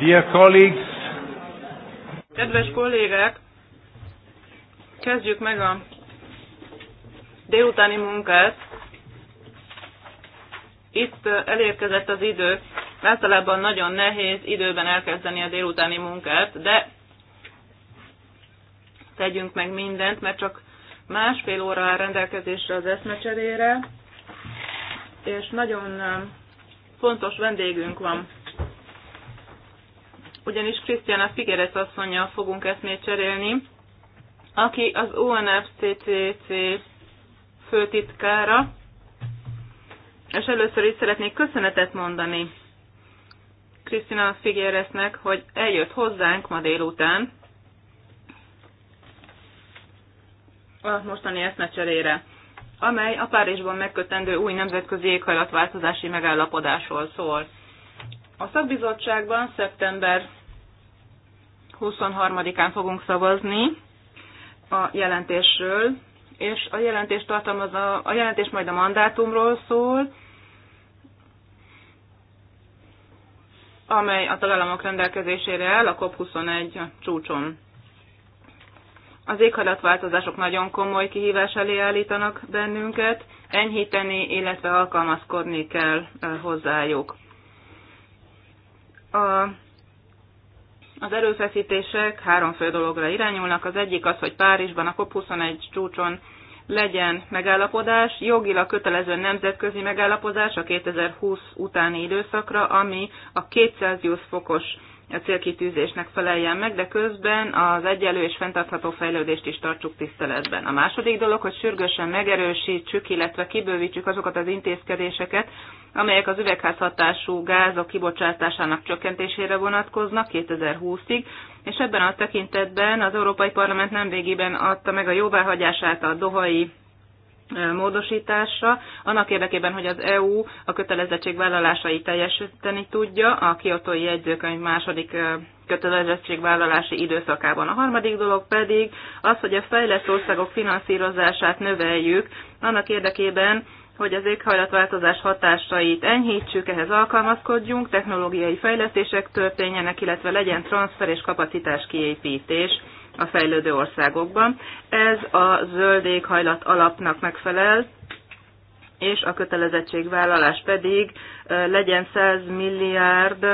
Dear colleagues, Kedves kollégák, kezdjük meg a délutáni munkát. Itt elérkezett az idő. Általában nagyon nehéz időben elkezdeni a délutáni munkát, de tegyünk meg mindent, mert csak másfél óra áll rendelkezésre az eszmecserére, és nagyon fontos vendégünk van. Ugyanis Krisztiana Figueres asszonyjal fogunk eszmét cserélni, aki az UNFCCC főtitkára, és először is szeretnék köszönetet mondani Krisztina Figueresnek, hogy eljött hozzánk ma délután a mostani eszmecserére amely a Párizsban megkötendő új nemzetközi éghajlatváltozási megállapodásról szól. A szakbizottságban szeptember 23-án fogunk szavazni a jelentésről, és a jelentés, tartalmaz a, a jelentés majd a mandátumról szól, amely a tagállamok rendelkezésére áll a COP21 csúcson. Az éghajlatváltozások nagyon komoly kihívás elé állítanak bennünket, enyhíteni, illetve alkalmazkodni kell hozzájuk. A, az erőfeszítések három fő dologra irányulnak. Az egyik az, hogy Párizsban a COP21 csúcson legyen megállapodás, jogilag kötelező nemzetközi megállapodás a 2020 utáni időszakra, ami a 200 fokos a célkitűzésnek feleljen meg, de közben az egyenlő és fenntartható fejlődést is tartsuk tiszteletben. A második dolog, hogy sürgősen megerősítsük, illetve kibővítsük azokat az intézkedéseket, amelyek az üvegházhatású gázok kibocsátásának csökkentésére vonatkoznak 2020-ig, és ebben a tekintetben az Európai Parlament nem végiben adta meg a jóváhagyását a dohai módosítása, annak érdekében, hogy az EU a kötelezettségvállalásai teljesíteni tudja a kiotói jegyzőkönyv második kötelezettségvállalási időszakában. A harmadik dolog pedig az, hogy a fejlett országok finanszírozását növeljük, annak érdekében, hogy az éghajlatváltozás hatásait enyhítsük, ehhez alkalmazkodjunk, technológiai fejlesztések történjenek, illetve legyen transfer és kapacitás kiépítés a fejlődő országokban. Ez a zöld éghajlat alapnak megfelel, és a kötelezettségvállalás pedig legyen 100 milliárd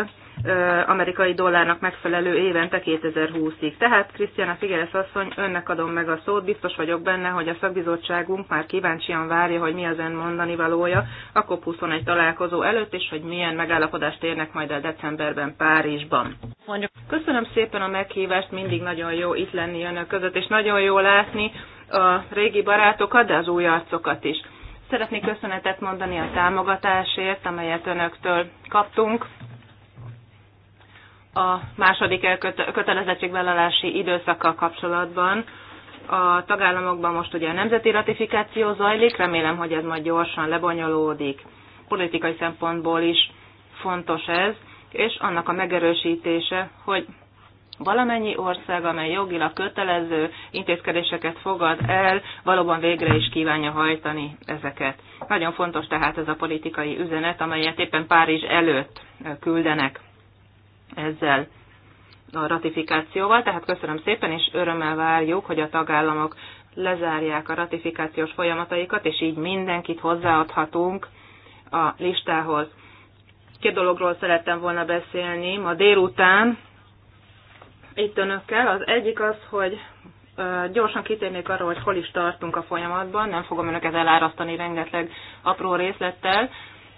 amerikai dollárnak megfelelő évente 2020-ig. Tehát, Krisztiana Figueres asszony, önnek adom meg a szót, biztos vagyok benne, hogy a szakbizottságunk már kíváncsian várja, hogy mi az ön mondani valója a COP21 találkozó előtt, és hogy milyen megállapodást érnek majd el decemberben Párizsban. Köszönöm szépen a meghívást, mindig nagyon jó itt lenni önök között, és nagyon jó látni a régi barátokat, de az új arcokat is. Szeretnék köszönetet mondani a támogatásért, amelyet önöktől kaptunk a második kötelezettségvállalási időszakkal kapcsolatban. A tagállamokban most ugye a nemzeti ratifikáció zajlik, remélem, hogy ez majd gyorsan lebonyolódik. Politikai szempontból is fontos ez, és annak a megerősítése, hogy valamennyi ország, amely jogilag kötelező intézkedéseket fogad el, valóban végre is kívánja hajtani ezeket. Nagyon fontos tehát ez a politikai üzenet, amelyet éppen Párizs előtt küldenek ezzel a ratifikációval. Tehát köszönöm szépen, és örömmel várjuk, hogy a tagállamok lezárják a ratifikációs folyamataikat, és így mindenkit hozzáadhatunk a listához. Két dologról szerettem volna beszélni ma délután itt önökkel. Az egyik az, hogy gyorsan kitérnék arra, hogy hol is tartunk a folyamatban, nem fogom önöket elárasztani rengeteg apró részlettel,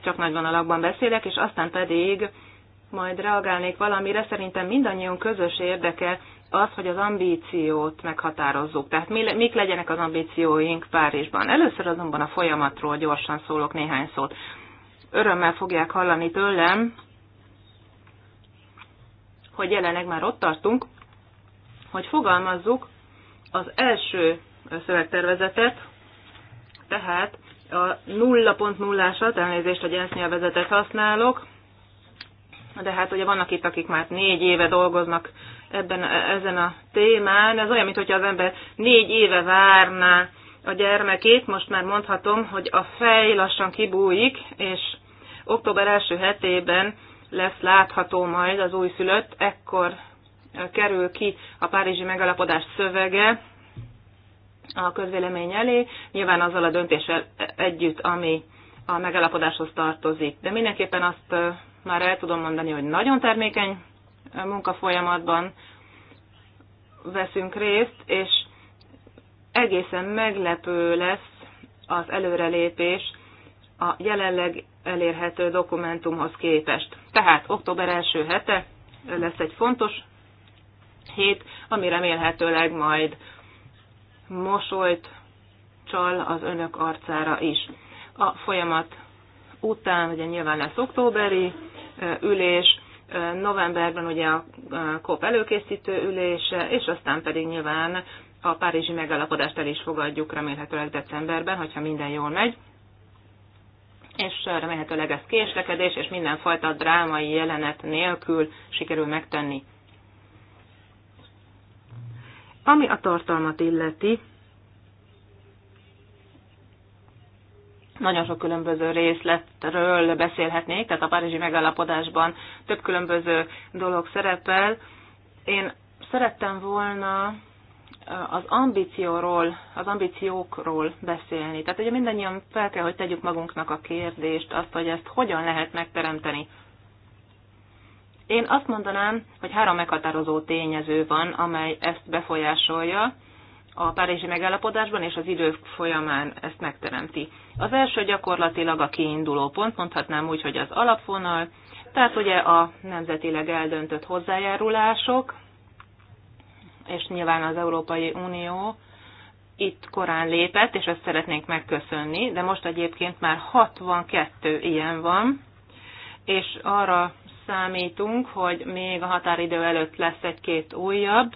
csak nagy vonalakban beszélek, és aztán pedig majd reagálnék valamire, szerintem mindannyiunk közös érdeke az, hogy az ambíciót meghatározzuk. Tehát mi, mik legyenek az ambícióink Párizsban. Először azonban a folyamatról gyorsan szólok néhány szót. Örömmel fogják hallani tőlem, hogy jelenleg már ott tartunk, hogy fogalmazzuk az első szövegtervezetet, tehát a pont nullásat, elnézést, hogy ezt nyelvezetet használok, de hát ugye vannak itt, akik már négy éve dolgoznak ebben, ezen a témán. Ez olyan, mintha az ember négy éve várná a gyermekét. Most már mondhatom, hogy a fej lassan kibújik, és október első hetében lesz látható majd az újszülött. Ekkor kerül ki a Párizsi megalapodás szövege a közvélemény elé, nyilván azzal a döntéssel e-, együtt, ami a megalapodáshoz tartozik. De mindenképpen azt már el tudom mondani, hogy nagyon termékeny eh, munkafolyamatban veszünk részt, és egészen meglepő lesz az előrelépés a jelenleg elérhető dokumentumhoz képest. Tehát október első hete lesz egy fontos hét, ami remélhetőleg majd mosolyt csal az önök arcára is. A folyamat után, ugye nyilván lesz októberi ülés, novemberben ugye a COP előkészítő ülése, és aztán pedig nyilván a párizsi megállapodást el is fogadjuk remélhetőleg decemberben, hogyha minden jól megy és remélhetőleg ez késlekedés, és mindenfajta drámai jelenet nélkül sikerül megtenni. Ami a tartalmat illeti, nagyon sok különböző részletről beszélhetnék, tehát a Párizsi megállapodásban több különböző dolog szerepel. Én szerettem volna az ambícióról, az ambíciókról beszélni. Tehát ugye mindannyian fel kell, hogy tegyük magunknak a kérdést, azt, hogy ezt hogyan lehet megteremteni. Én azt mondanám, hogy három meghatározó tényező van, amely ezt befolyásolja, a párizsi megállapodásban és az idő folyamán ezt megteremti. Az első gyakorlatilag a kiinduló pont, mondhatnám úgy, hogy az alapvonal, tehát ugye a nemzetileg eldöntött hozzájárulások, és nyilván az Európai Unió itt korán lépett, és ezt szeretnénk megköszönni, de most egyébként már 62 ilyen van, és arra számítunk, hogy még a határidő előtt lesz egy-két újabb,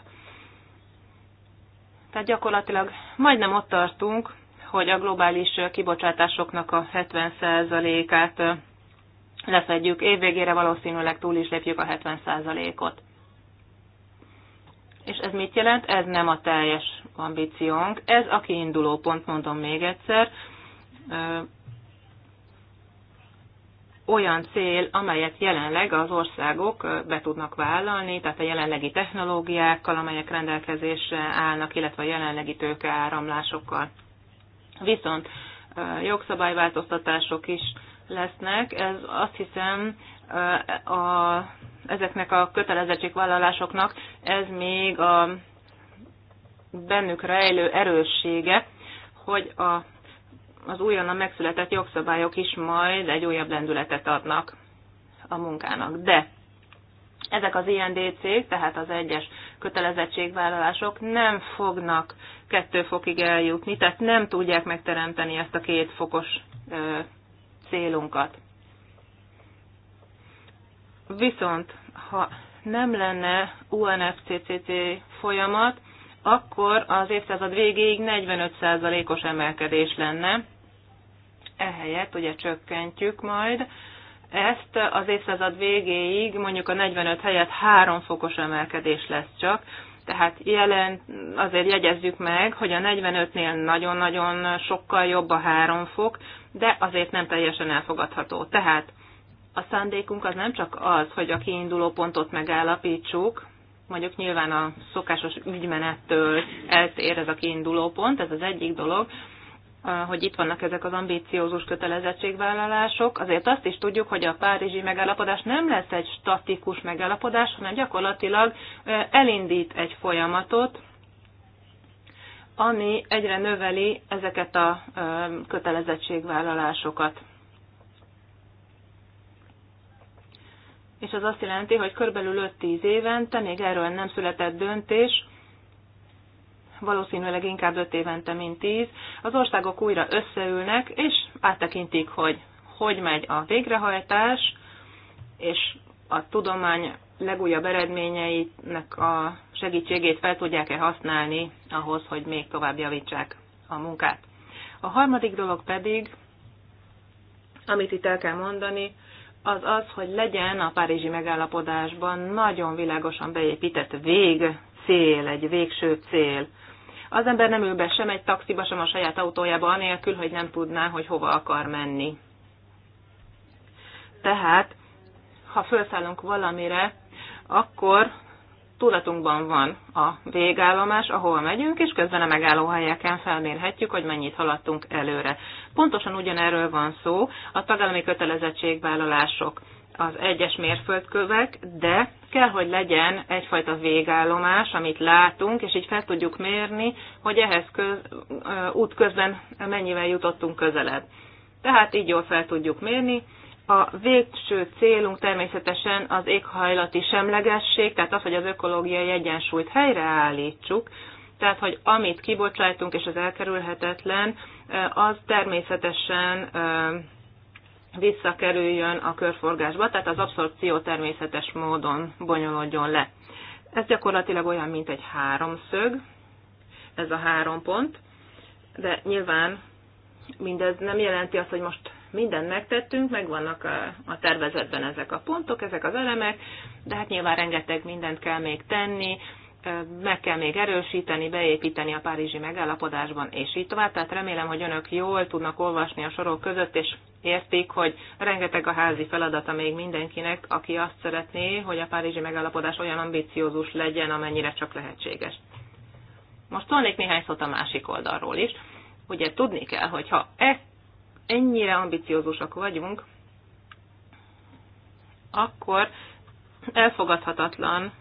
tehát gyakorlatilag majdnem ott tartunk, hogy a globális kibocsátásoknak a 70%-át lefedjük. Évvégére valószínűleg túl is lépjük a 70%-ot. És ez mit jelent? Ez nem a teljes ambíciónk. Ez a kiinduló pont, mondom még egyszer olyan cél, amelyet jelenleg az országok be tudnak vállalni, tehát a jelenlegi technológiákkal, amelyek rendelkezésre állnak, illetve a jelenlegi tőkeáramlásokkal. Viszont jogszabályváltoztatások is lesznek. Ez azt hiszem a, ezeknek a kötelezettségvállalásoknak ez még a bennük rejlő erőssége, hogy a az újonnan megszületett jogszabályok is majd egy újabb lendületet adnak a munkának. De ezek az INDC-k, tehát az egyes kötelezettségvállalások nem fognak kettő fokig eljutni, tehát nem tudják megteremteni ezt a két fokos ö, célunkat. Viszont, ha nem lenne UNFCCC folyamat, akkor az évszázad végéig 45%-os emelkedés lenne. Ehelyett ugye csökkentjük majd. Ezt az évszázad végéig mondjuk a 45 helyett 3 fokos emelkedés lesz csak. Tehát jelen, azért jegyezzük meg, hogy a 45-nél nagyon-nagyon sokkal jobb a 3 fok, de azért nem teljesen elfogadható. Tehát a szándékunk az nem csak az, hogy a kiinduló pontot megállapítsuk, mondjuk nyilván a szokásos ügymenettől eltér ez a kiinduló pont, ez az egyik dolog, hogy itt vannak ezek az ambíciózus kötelezettségvállalások. Azért azt is tudjuk, hogy a párizsi megállapodás nem lesz egy statikus megállapodás, hanem gyakorlatilag elindít egy folyamatot, ami egyre növeli ezeket a kötelezettségvállalásokat. és az azt jelenti, hogy körülbelül 5-10 évente, még erről nem született döntés, valószínűleg inkább 5 évente, mint 10, az országok újra összeülnek, és áttekintik, hogy hogy megy a végrehajtás, és a tudomány legújabb eredményeinek a segítségét fel tudják-e használni ahhoz, hogy még tovább javítsák a munkát. A harmadik dolog pedig, amit itt el kell mondani, az az, hogy legyen a párizsi megállapodásban nagyon világosan beépített vég cél, egy végső cél. Az ember nem ül be sem egy taxiba, sem a saját autójába, anélkül, hogy nem tudná, hogy hova akar menni. Tehát, ha felszállunk valamire, akkor tudatunkban van a végállomás, ahova megyünk, és közben a megállóhelyeken felmérhetjük, hogy mennyit haladtunk előre. Pontosan ugyanerről van szó, a tagállami kötelezettségvállalások az egyes mérföldkövek, de kell, hogy legyen egyfajta végállomás, amit látunk, és így fel tudjuk mérni, hogy ehhez köz, közben mennyivel jutottunk közelebb. Tehát így jól fel tudjuk mérni, a végső célunk természetesen az éghajlati semlegesség, tehát az, hogy az ökológiai egyensúlyt helyreállítsuk, tehát hogy amit kibocsájtunk, és az elkerülhetetlen, eh, az természetesen eh, visszakerüljön a körforgásba, tehát az abszorpció természetes módon bonyolódjon le. Ez gyakorlatilag olyan, mint egy háromszög, ez a három pont, de nyilván mindez nem jelenti azt, hogy most mindent megtettünk, vannak a, a tervezetben ezek a pontok, ezek az elemek, de hát nyilván rengeteg mindent kell még tenni, meg kell még erősíteni, beépíteni a párizsi megállapodásban, és így tovább. Tehát remélem, hogy önök jól tudnak olvasni a sorok között, és értik, hogy rengeteg a házi feladata még mindenkinek, aki azt szeretné, hogy a párizsi megállapodás olyan ambiciózus legyen, amennyire csak lehetséges. Most szólnék néhány szót a másik oldalról is. Ugye tudni kell, hogy ha ezt ennyire ambiciózusak vagyunk, akkor elfogadhatatlan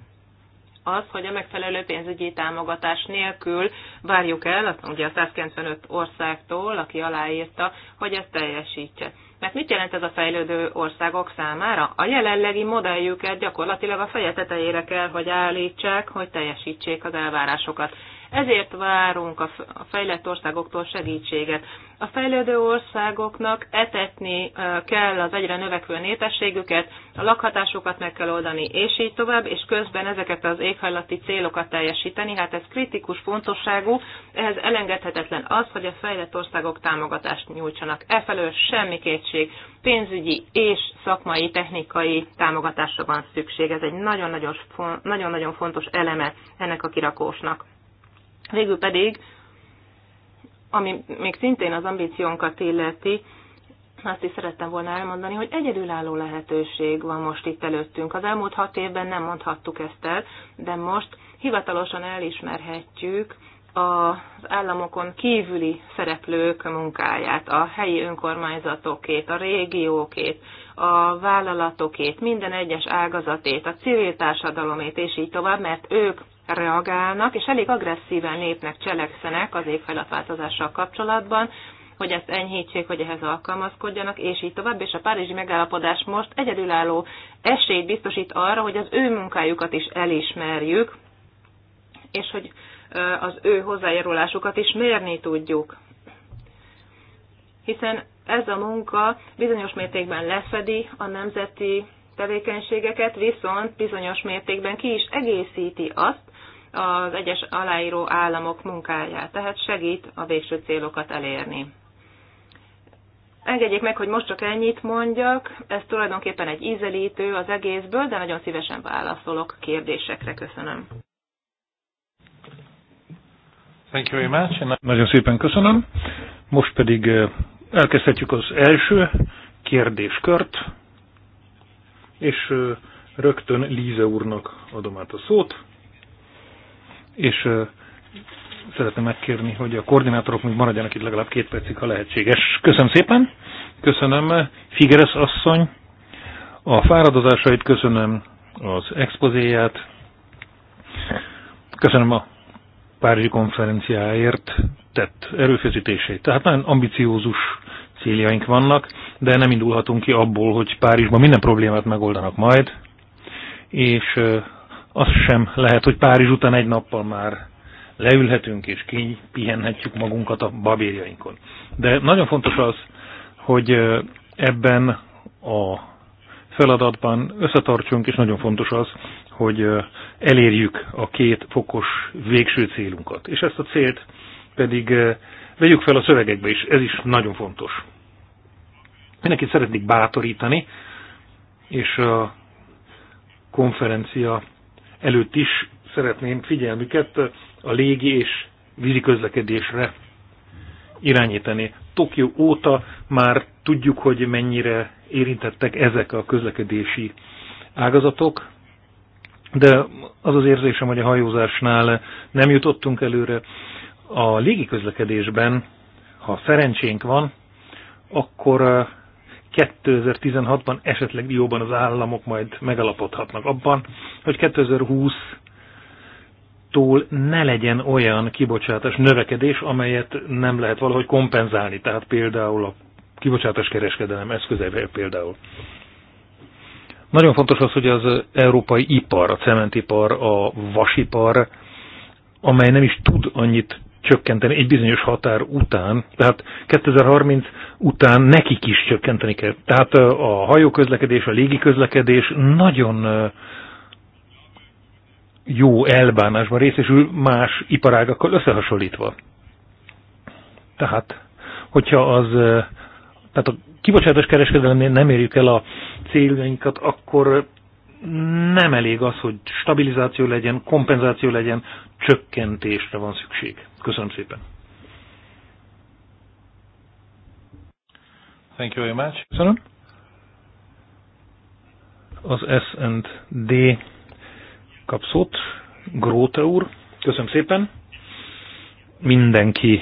az, hogy a megfelelő pénzügyi támogatás nélkül várjuk el, azt ugye a 195 országtól, aki aláírta, hogy ezt teljesítse. Mert mit jelent ez a fejlődő országok számára? A jelenlegi modelljüket gyakorlatilag a feje tetejére kell, hogy állítsák, hogy teljesítsék az elvárásokat. Ezért várunk a fejlett országoktól segítséget. A fejlődő országoknak etetni kell az egyre növekvő népességüket, a lakhatásokat meg kell oldani, és így tovább, és közben ezeket az éghajlati célokat teljesíteni. Hát ez kritikus fontosságú, ehhez elengedhetetlen az, hogy a fejlett országok támogatást nyújtsanak. Efelől semmi kétség, pénzügyi és szakmai, technikai támogatásra van szükség. Ez egy nagyon-nagyon fontos eleme ennek a kirakósnak. Végül pedig, ami még szintén az ambíciónkat illeti, azt is szerettem volna elmondani, hogy egyedülálló lehetőség van most itt előttünk. Az elmúlt hat évben nem mondhattuk ezt el, de most hivatalosan elismerhetjük az államokon kívüli szereplők munkáját, a helyi önkormányzatokét, a régiókét, a vállalatokét, minden egyes ágazatét, a civil társadalomét, és így tovább, mert ők reagálnak, és elég agresszíven népnek cselekszenek az éghajlatváltozással kapcsolatban, hogy ezt enyhítsék, hogy ehhez alkalmazkodjanak, és így tovább, és a párizsi megállapodás most egyedülálló esélyt biztosít arra, hogy az ő munkájukat is elismerjük, és hogy az ő hozzájárulásukat is mérni tudjuk. Hiszen ez a munka bizonyos mértékben lefedi a nemzeti tevékenységeket, viszont bizonyos mértékben ki is egészíti azt, az egyes aláíró államok munkáját, tehát segít a végső célokat elérni. Engedjék meg, hogy most csak ennyit mondjak, ez tulajdonképpen egy ízelítő az egészből, de nagyon szívesen válaszolok kérdésekre. Köszönöm. Thank you very much. Nagyon szépen köszönöm. Most pedig eh, elkezdhetjük az első kérdéskört, és eh, rögtön Líze úrnak adom át a szót és szeretném megkérni, hogy a koordinátorok még maradjanak itt legalább két percig, ha lehetséges. Köszönöm szépen, köszönöm Figeres asszony, a fáradozásait köszönöm, az expozéját, köszönöm a Párizsi konferenciáért tett erőfeszítését. Tehát nagyon ambiciózus céljaink vannak, de nem indulhatunk ki abból, hogy Párizsban minden problémát megoldanak majd, és az sem lehet, hogy Párizs után egy nappal már leülhetünk és kény pihenhetjük magunkat a babérjainkon. De nagyon fontos az, hogy ebben a feladatban összetartsunk, és nagyon fontos az, hogy elérjük a két fokos végső célunkat. És ezt a célt pedig vegyük fel a szövegekbe is, ez is nagyon fontos. Mindenkit szeretnék bátorítani, és a konferencia előtt is szeretném figyelmüket a légi és vízi közlekedésre irányítani. Tokió óta már tudjuk, hogy mennyire érintettek ezek a közlekedési ágazatok, de az az érzésem, hogy a hajózásnál nem jutottunk előre. A légi közlekedésben, ha szerencsénk van, akkor 2016-ban esetleg jóban az államok majd megalapodhatnak abban, hogy 2020-tól ne legyen olyan kibocsátás növekedés, amelyet nem lehet valahogy kompenzálni, tehát például a kibocsátás kereskedelem eszközeivel például. Nagyon fontos az, hogy az európai ipar, a cementipar, a vasipar, amely nem is tud annyit csökkenteni egy bizonyos határ után, tehát 2030 után nekik is csökkenteni kell. Tehát a hajóközlekedés, a légiközlekedés nagyon jó elbánásban részesül más iparágakkal összehasonlítva. Tehát, hogyha az, tehát a kibocsátás kereskedelemnél nem érjük el a céljainkat, akkor nem elég az, hogy stabilizáció legyen, kompenzáció legyen, csökkentésre van szükség. Köszönöm szépen. Thank you very much. Köszönöm. Az S&D kapszót, Gróte úr. Köszönöm szépen. Mindenki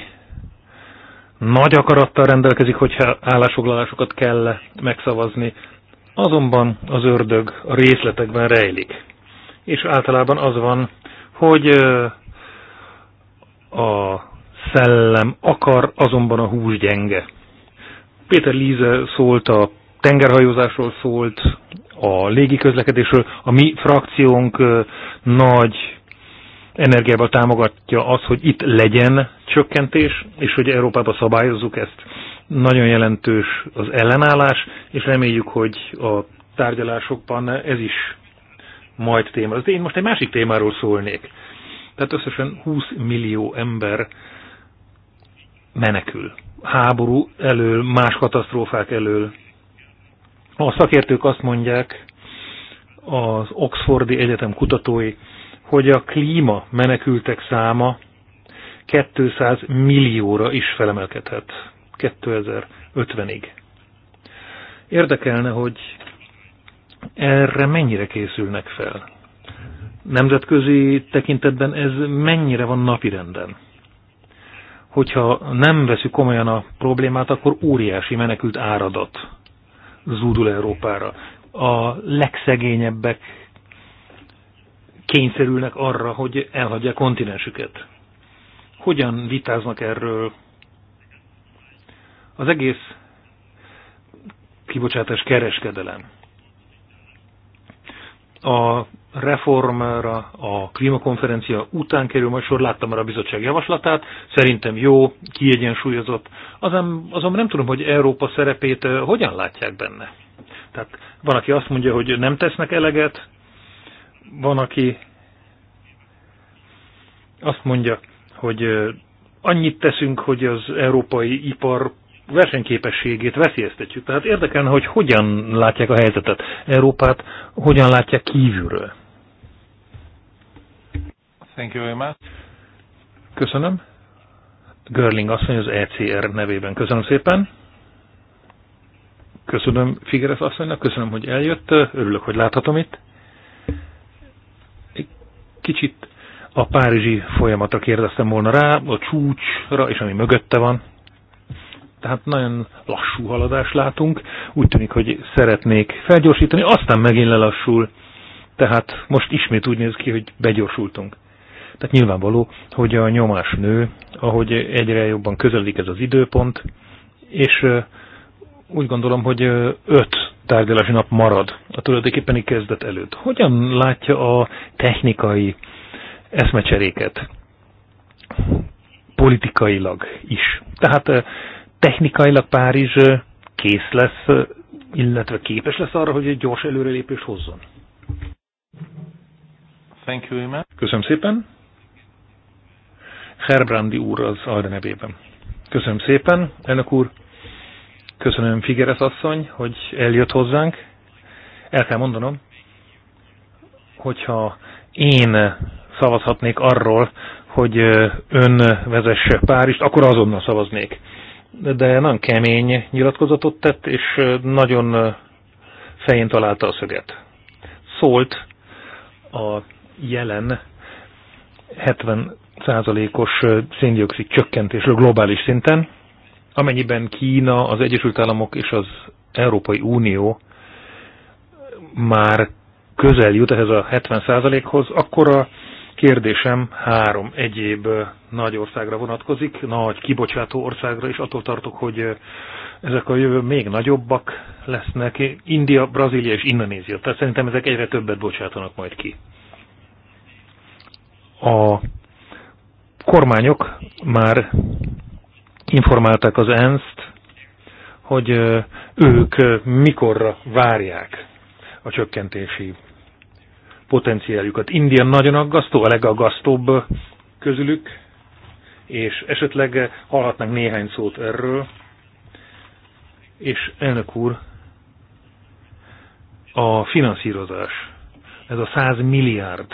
nagy akarattal rendelkezik, hogyha állásfoglalásokat kell megszavazni. Azonban az ördög a részletekben rejlik. És általában az van, hogy a szellem akar, azonban a hús gyenge. Péter Líze szólt a tengerhajózásról szólt, a légiközlekedésről. A mi frakciónk nagy energiával támogatja az, hogy itt legyen csökkentés, és hogy Európába szabályozzuk ezt. Nagyon jelentős az ellenállás, és reméljük, hogy a tárgyalásokban ez is majd téma. De én most egy másik témáról szólnék. Tehát összesen 20 millió ember menekül. Háború elől, más katasztrófák elől. A szakértők azt mondják, az Oxfordi Egyetem kutatói, hogy a klíma menekültek száma 200 millióra is felemelkedhet 2050-ig. Érdekelne, hogy erre mennyire készülnek fel nemzetközi tekintetben ez mennyire van napirenden. Hogyha nem veszük komolyan a problémát, akkor óriási menekült áradat zúdul Európára. A legszegényebbek kényszerülnek arra, hogy a kontinensüket. Hogyan vitáznak erről? Az egész kibocsátás kereskedelem. A reformra a klímakonferencia után kerül majd sor, láttam már a bizottság javaslatát, szerintem jó, kiegyensúlyozott, azon, azon nem tudom, hogy Európa szerepét hogyan látják benne. Tehát van, aki azt mondja, hogy nem tesznek eleget, van, aki azt mondja, hogy annyit teszünk, hogy az európai ipar versenyképességét veszélyeztetjük. Tehát érdekelne, hogy hogyan látják a helyzetet, Európát, hogyan látják kívülről. Thank you very much. Köszönöm. Görling asszony az ECR nevében. Köszönöm szépen. Köszönöm Figueres asszonynak, köszönöm, hogy eljött. Örülök, hogy láthatom itt. Egy kicsit a párizsi folyamatra kérdeztem volna rá, a csúcsra és ami mögötte van. Tehát nagyon lassú haladást látunk. Úgy tűnik, hogy szeretnék felgyorsítani, aztán megint lelassul. Tehát most ismét úgy néz ki, hogy begyorsultunk. Tehát nyilvánvaló, hogy a nyomás nő, ahogy egyre jobban közeledik ez az időpont, és úgy gondolom, hogy öt tárgyalási nap marad a tulajdonképpeni kezdet előtt. Hogyan látja a technikai eszmecseréket? Politikailag is. Tehát technikailag Párizs kész lesz, illetve képes lesz arra, hogy egy gyors előrelépést hozzon. Thank you, Köszönöm szépen. Herbrandi úr az Alde nevében. Köszönöm szépen, elnök úr. Köszönöm Figeres asszony, hogy eljött hozzánk. El kell mondanom, hogyha én szavazhatnék arról, hogy ön vezesse Párizst, akkor azonnal szavaznék. De nagyon kemény nyilatkozatot tett, és nagyon fején találta a szöget. Szólt a jelen 70 százalékos széndiokszid csökkentésről globális szinten, amennyiben Kína, az Egyesült Államok és az Európai Unió már közel jut ehhez a 70 százalékhoz, akkor a kérdésem három egyéb nagy országra vonatkozik, nagy kibocsátó országra, és attól tartok, hogy ezek a jövő még nagyobbak lesznek. India, Brazília és Indonézia. Tehát szerintem ezek egyre többet bocsátanak majd ki. A kormányok már informálták az ENSZ-t, hogy ők mikorra várják a csökkentési potenciáljukat. India nagyon aggasztó, a legaggasztóbb közülük, és esetleg hallhatnánk néhány szót erről. És elnök úr, a finanszírozás, ez a 100 milliárd,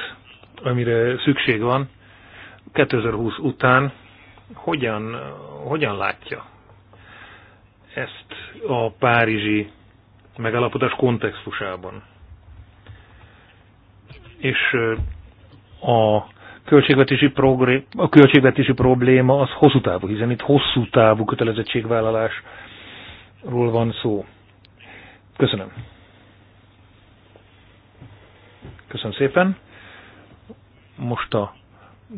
amire szükség van, 2020 után hogyan, hogyan látja ezt a párizsi megállapodás kontextusában? És a költségvetési, progré, a költségvetési probléma az hosszú távú, hiszen itt hosszú távú kötelezettségvállalásról van szó. Köszönöm. Köszönöm szépen. Most a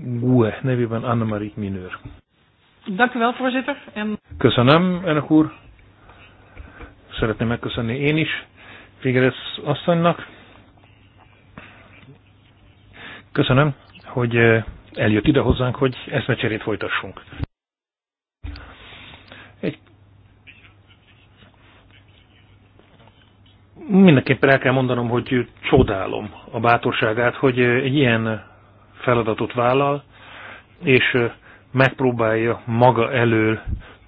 GUE nevében Anna-Marie Minőr. Dank u wel, voorzitter. En... Köszönöm, elnök úr. Szeretném megköszönni én is Figueres asszonynak. Köszönöm, hogy eh, eljött ide hozzánk, hogy eszmecserét folytassunk. Egy... Mindenképpen el kell mondanom, hogy csodálom a bátorságát, hogy eh, egy ilyen feladatot vállal, és megpróbálja maga elől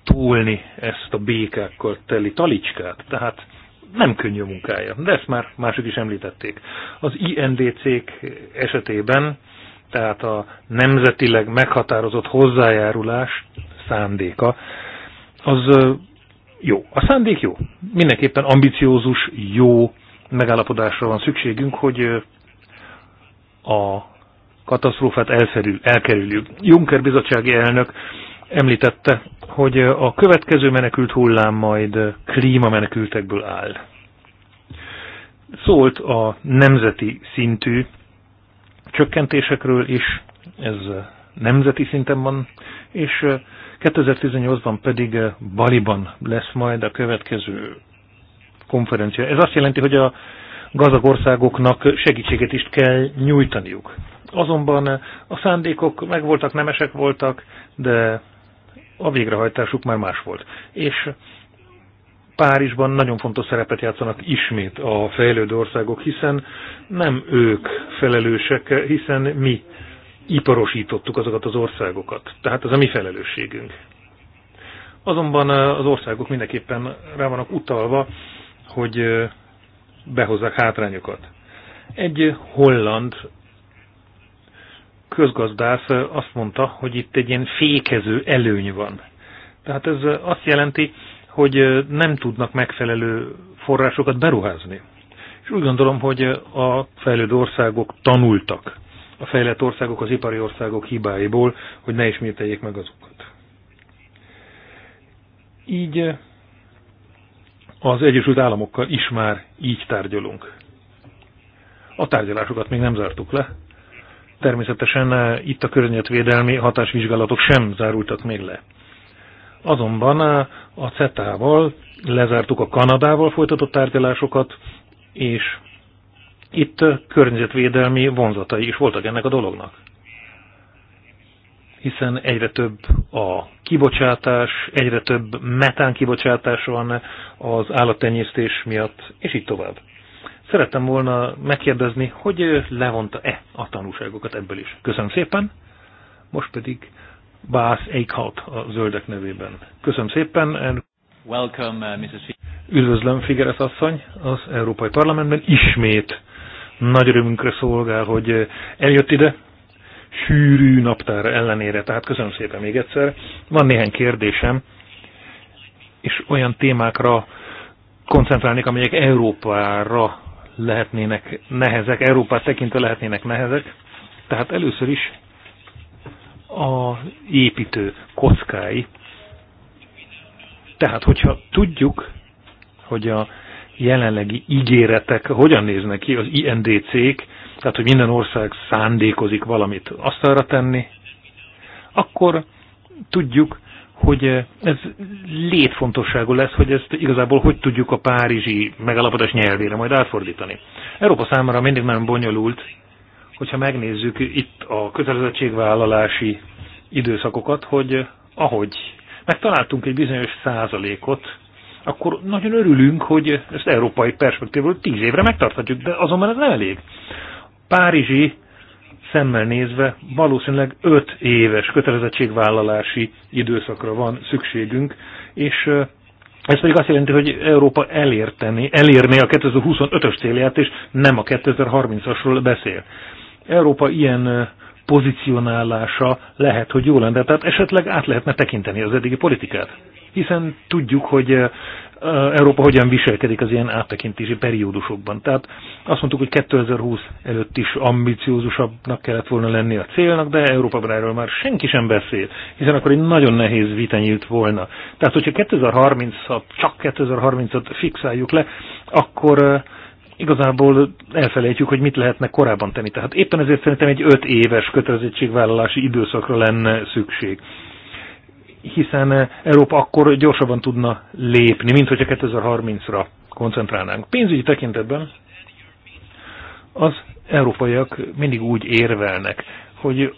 túlni ezt a békákkal teli talicskát. Tehát nem könnyű munkája, de ezt már mások is említették. Az INDC-k esetében, tehát a nemzetileg meghatározott hozzájárulás szándéka, az jó. A szándék jó. Mindenképpen ambiciózus, jó megállapodásra van szükségünk, hogy a katasztrófát elferül, elkerüljük. Juncker bizottsági elnök említette, hogy a következő menekült hullám majd klímamenekültekből áll. Szólt a nemzeti szintű csökkentésekről is, ez nemzeti szinten van, és 2018-ban pedig Baliban lesz majd a következő konferencia. Ez azt jelenti, hogy a gazdag országoknak segítséget is kell nyújtaniuk. Azonban a szándékok megvoltak, nemesek voltak, de a végrehajtásuk már más volt. És Párizsban nagyon fontos szerepet játszanak ismét a fejlődő országok, hiszen nem ők felelősek, hiszen mi iparosítottuk azokat az országokat. Tehát ez a mi felelősségünk. Azonban az országok mindenképpen rá vannak utalva, hogy behozzák hátrányokat. Egy holland közgazdász azt mondta, hogy itt egy ilyen fékező előny van. Tehát ez azt jelenti, hogy nem tudnak megfelelő forrásokat beruházni. És úgy gondolom, hogy a fejlődő országok tanultak. A fejlett országok, az ipari országok hibáiból, hogy ne ismételjék meg azokat. Így az Egyesült Államokkal is már így tárgyalunk. A tárgyalásokat még nem zártuk le, Természetesen eh, itt a környezetvédelmi hatásvizsgálatok sem zárultak még le. Azonban eh, a CETA-val lezártuk a Kanadával folytatott tárgyalásokat, és itt eh, környezetvédelmi vonzatai is voltak ennek a dolognak. Hiszen egyre több a kibocsátás, egyre több metán kibocsátás van az állattenyésztés miatt, és így tovább. Szerettem volna megkérdezni, hogy levonta-e a tanulságokat ebből is. Köszönöm szépen, most pedig Bász Eichhout a zöldek nevében. Köszönöm szépen. Welcome, uh, Mrs. Üdvözlöm, Figueres asszony, az Európai Parlamentben. Ismét nagy örömünkre szolgál, hogy eljött ide, sűrű naptára ellenére. Tehát köszönöm szépen még egyszer. Van néhány kérdésem, és olyan témákra koncentrálnék, amelyek Európára lehetnének nehezek, Európát tekintve lehetnének nehezek. Tehát először is a építő kockái. Tehát, hogyha tudjuk, hogy a jelenlegi ígéretek hogyan néznek ki az INDC-k, tehát, hogy minden ország szándékozik valamit asztalra tenni, akkor tudjuk, hogy eh, ez létfontosságú lesz, hogy ezt igazából hogy tudjuk a párizsi megállapodás nyelvére majd átfordítani. Európa számára mindig nagyon bonyolult, hogyha megnézzük itt a kötelezettségvállalási időszakokat, hogy eh, ahogy megtaláltunk egy bizonyos százalékot, akkor nagyon örülünk, hogy ezt európai perspektívból tíz évre megtarthatjuk, de azonban ez nem elég. Párizsi szemmel nézve valószínűleg 5 éves kötelezettségvállalási időszakra van szükségünk, és ez pedig azt jelenti, hogy Európa elérteni, elérné a 2025-ös célját, és nem a 2030-asról beszél. Európa ilyen pozicionálása lehet, hogy jó lenne, tehát esetleg át lehetne tekinteni az eddigi politikát. Hiszen tudjuk, hogy Európa hogyan viselkedik az ilyen áttekintési periódusokban. Tehát azt mondtuk, hogy 2020 előtt is ambiciózusabbnak kellett volna lenni a célnak, de Európában erről már senki sem beszél, hiszen akkor egy nagyon nehéz vita nyílt volna. Tehát, hogyha 2030 csak 2030-at fixáljuk le, akkor igazából elfelejtjük, hogy mit lehetne korábban tenni. Tehát éppen ezért szerintem egy öt éves kötelezettségvállalási időszakra lenne szükség hiszen eh, Európa akkor gyorsabban tudna lépni, mint hogyha 2030-ra koncentrálnánk. Pénzügyi tekintetben az európaiak mindig úgy érvelnek, hogy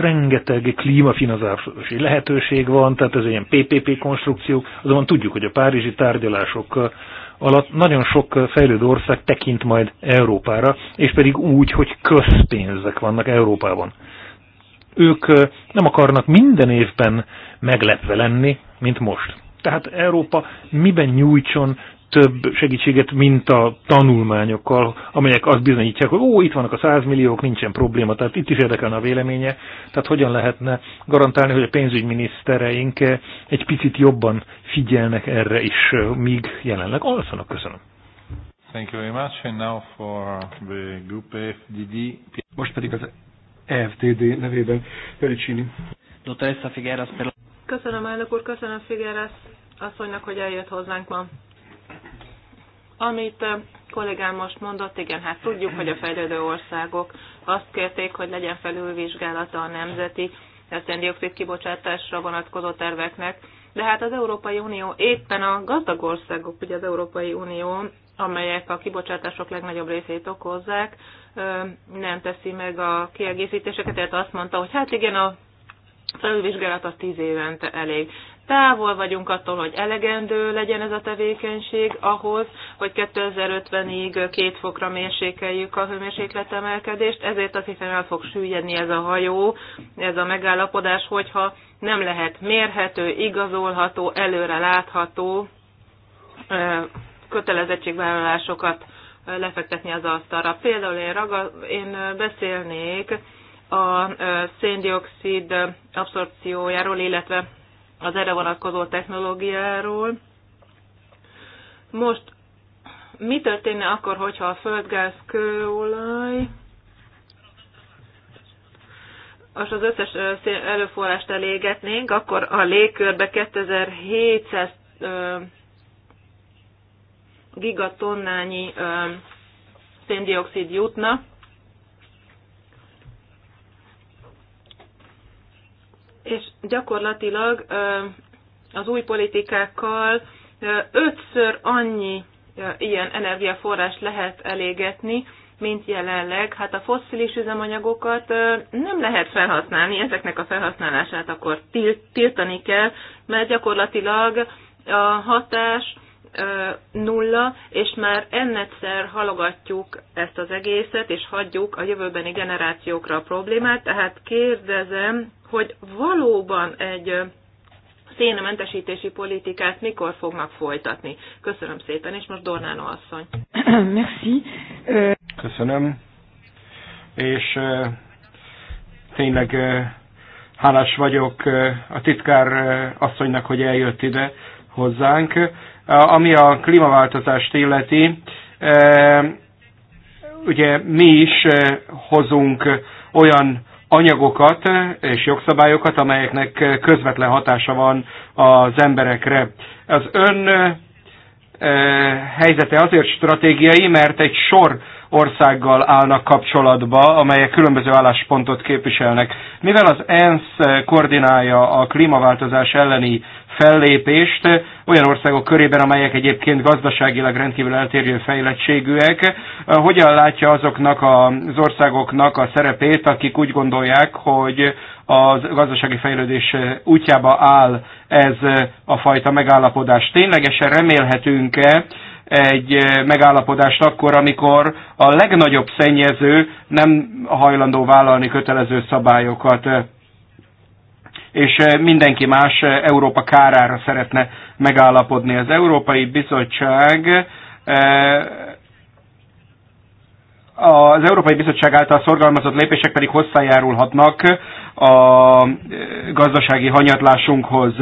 rengeteg klímafinanszározási lehetőség van, tehát ez egy ilyen PPP konstrukciók, azonban tudjuk, hogy a párizsi tárgyalások alatt nagyon sok fejlődő ország tekint majd Európára, és pedig úgy, hogy közpénzek vannak Európában ők nem akarnak minden évben meglepve lenni, mint most. Tehát Európa miben nyújtson több segítséget, mint a tanulmányokkal, amelyek azt bizonyítják, hogy ó, itt vannak a 100 milliók, nincsen probléma, tehát itt is érdekelne a véleménye. Tehát hogyan lehetne garantálni, hogy a pénzügyminisztereink egy picit jobban figyelnek erre is, míg jelenleg alszanak. Köszönöm. Thank you very much. And now for the group FDD. Most pedig az EFTD nevében. Pericini. Dottoressa Figueras. Köszönöm, elnök úr, köszönöm Figueras asszonynak, hogy eljött hozzánk ma. Amit eh, kollégám most mondott, igen, hát tudjuk, hogy a fejlődő országok azt kérték, hogy legyen felülvizsgálata a nemzeti széndiokszid kibocsátásra vonatkozó terveknek, de hát az Európai Unió éppen a gazdag országok, ugye az Európai Unió amelyek a kibocsátások legnagyobb részét okozzák, nem teszi meg a kiegészítéseket, tehát azt mondta, hogy hát igen, a felülvizsgálat az tíz évente elég. Távol vagyunk attól, hogy elegendő legyen ez a tevékenység ahhoz, hogy 2050-ig két fokra mérsékeljük a hőmérséklet emelkedést, ezért azt hiszem el fog süllyedni ez a hajó, ez a megállapodás, hogyha nem lehet mérhető, igazolható, előre látható kötelezettségvállalásokat lefektetni az asztalra. Például én, raga, én beszélnék a széndiokszid abszorpciójáról, illetve az erre vonatkozó technológiáról. Most mi történne akkor, hogyha a földgáz kőolaj és az összes előforrást elégetnénk, akkor a légkörbe 2700 gigatonnányi széndiokszid jutna, és gyakorlatilag az új politikákkal ötször annyi ilyen energiaforrás lehet elégetni, mint jelenleg. Hát a fosszilis üzemanyagokat nem lehet felhasználni, ezeknek a felhasználását akkor tiltani kell, mert gyakorlatilag a hatás nulla, és már ennetszer halogatjuk ezt az egészet, és hagyjuk a jövőbeni generációkra a problémát. Tehát kérdezem, hogy valóban egy szénmentesítési politikát mikor fognak folytatni. Köszönöm szépen, és most Dornánó asszony. Merci. Köszönöm. És tényleg hálás vagyok a titkár asszonynak, hogy eljött ide hozzánk. Ami a klímaváltozást illeti, e, ugye mi is e, hozunk olyan anyagokat és jogszabályokat, amelyeknek közvetlen hatása van az emberekre. Az ön e, helyzete azért stratégiai, mert egy sor országgal állnak kapcsolatba, amelyek különböző álláspontot képviselnek. Mivel az ENSZ koordinálja a klímaváltozás elleni fellépést olyan országok körében, amelyek egyébként gazdaságilag rendkívül eltérő fejlettségűek. Hogyan látja azoknak az országoknak a szerepét, akik úgy gondolják, hogy a gazdasági fejlődés útjába áll ez a fajta megállapodás. Ténylegesen remélhetünk-e egy megállapodást akkor, amikor a legnagyobb szennyező nem hajlandó vállalni kötelező szabályokat? és eh, mindenki más eh, Európa kárára szeretne megállapodni. Az Európai Bizottság eh, az Európai Bizottság által szorgalmazott lépések pedig hozzájárulhatnak a gazdasági hanyatlásunkhoz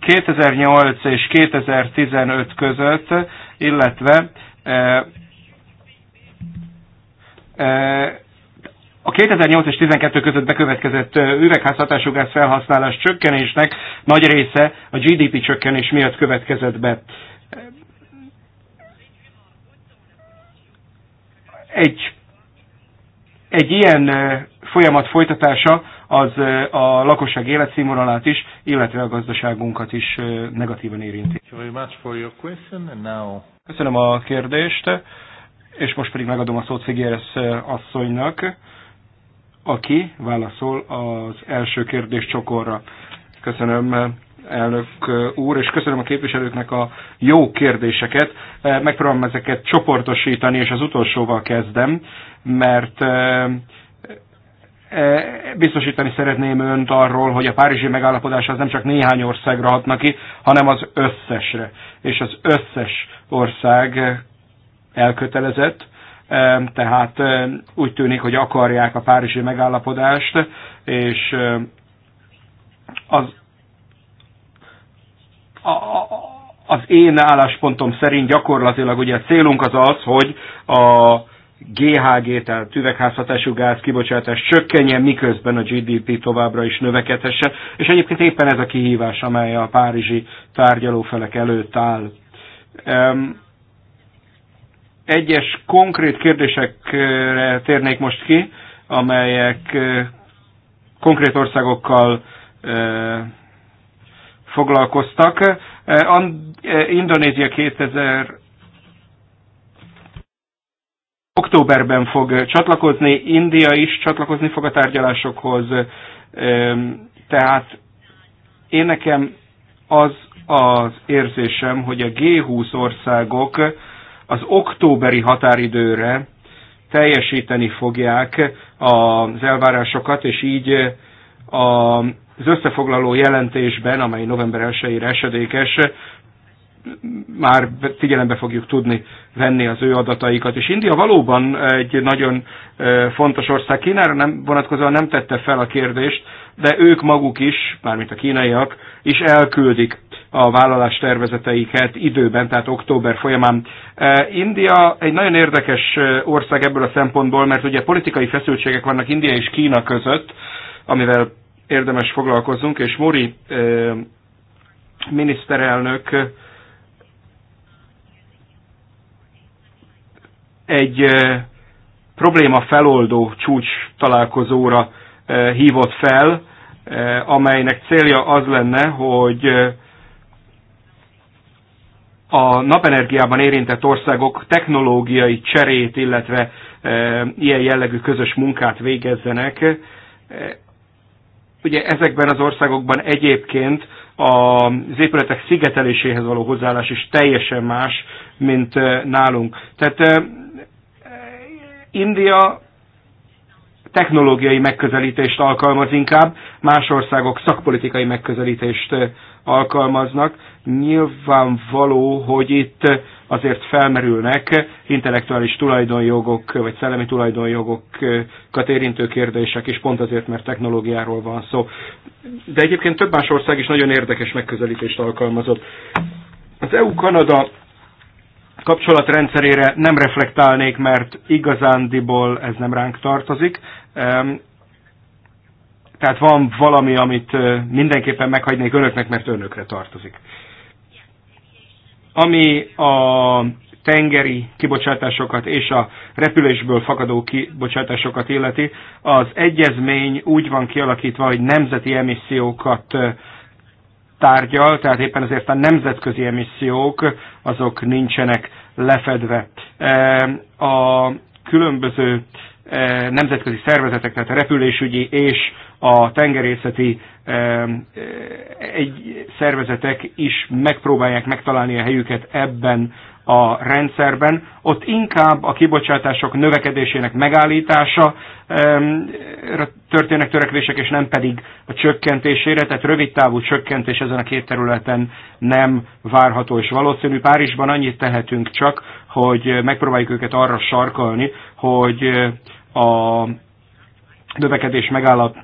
2008 és 2015 között, illetve a 2008 és 12 között bekövetkezett üvegházhatású gáz felhasználás csökkenésnek nagy része a GDP csökkenés miatt következett be. Egy, egy ilyen folyamat folytatása az a lakosság életszínvonalát is, illetve a gazdaságunkat is negatívan érinti. Köszönöm a kérdést, és most pedig megadom a szót Figueres asszonynak aki válaszol az első kérdés csokorra. Köszönöm elnök úr, és köszönöm a képviselőknek a jó kérdéseket. Megpróbálom ezeket csoportosítani, és az utolsóval kezdem, mert e, biztosítani szeretném önt arról, hogy a párizsi megállapodás az nem csak néhány országra hatna ki, hanem az összesre. És az összes ország elkötelezett, tehát úgy tűnik, hogy akarják a párizsi megállapodást, és az, a, az én álláspontom szerint gyakorlatilag ugye a célunk az az, hogy a GHG, tehát üvegházhatású gáz kibocsátás csökkenjen, miközben a GDP továbbra is növekedhesse, és egyébként éppen ez a kihívás, amely a párizsi tárgyalófelek előtt áll. Um, egyes konkrét kérdésekre térnék most ki, amelyek konkrét országokkal foglalkoztak. Indonézia 2000 októberben fog csatlakozni, India is csatlakozni fog a tárgyalásokhoz, tehát én nekem az az érzésem, hogy a G20 országok az októberi határidőre teljesíteni fogják az elvárásokat, és így az összefoglaló jelentésben, amely november 1-ére esedékes, már figyelembe fogjuk tudni venni az ő adataikat. És India valóban egy nagyon fontos ország. Kínára nem, vonatkozóan nem tette fel a kérdést, de ők maguk is, mármint a kínaiak, is elküldik a vállalás tervezeteiket időben, tehát október folyamán. E, India egy nagyon érdekes e, ország ebből a szempontból, mert ugye politikai feszültségek vannak India és Kína között, amivel érdemes foglalkozunk, és Mori e, miniszterelnök egy probléma feloldó csúcs találkozóra hívott fel, amelynek célja az lenne, hogy a napenergiában érintett országok technológiai cserét, illetve e, ilyen jellegű közös munkát végezzenek. E, ugye ezekben az országokban egyébként az épületek szigeteléséhez való hozzáállás is teljesen más, mint e, nálunk. Tehát India technológiai megközelítést alkalmaz inkább, más országok szakpolitikai megközelítést alkalmaznak. Nyilvánvaló, hogy itt azért felmerülnek intellektuális tulajdonjogok, vagy szellemi tulajdonjogokat érintő kérdések, és pont azért, mert technológiáról van szó. De egyébként több más ország is nagyon érdekes megközelítést alkalmazott. Az EU-Kanada kapcsolatrendszerére nem reflektálnék, mert igazándiból ez nem ránk tartozik. Tehát van valami, amit mindenképpen meghagynék önöknek, mert önökre tartozik. Ami a tengeri kibocsátásokat és a repülésből fakadó kibocsátásokat illeti, az egyezmény úgy van kialakítva, hogy nemzeti emissziókat tárgyal, tehát éppen ezért a nemzetközi emissziók azok nincsenek lefedve. A különböző nemzetközi szervezetek, tehát a repülésügyi és a tengerészeti egy szervezetek is megpróbálják megtalálni a helyüket ebben a rendszerben, ott inkább a kibocsátások növekedésének megállítása történnek törekvések, és nem pedig a csökkentésére, tehát rövid távú csökkentés ezen a két területen nem várható és valószínű. Párizsban annyit tehetünk csak, hogy megpróbáljuk őket arra sarkalni, hogy eh, a növekedés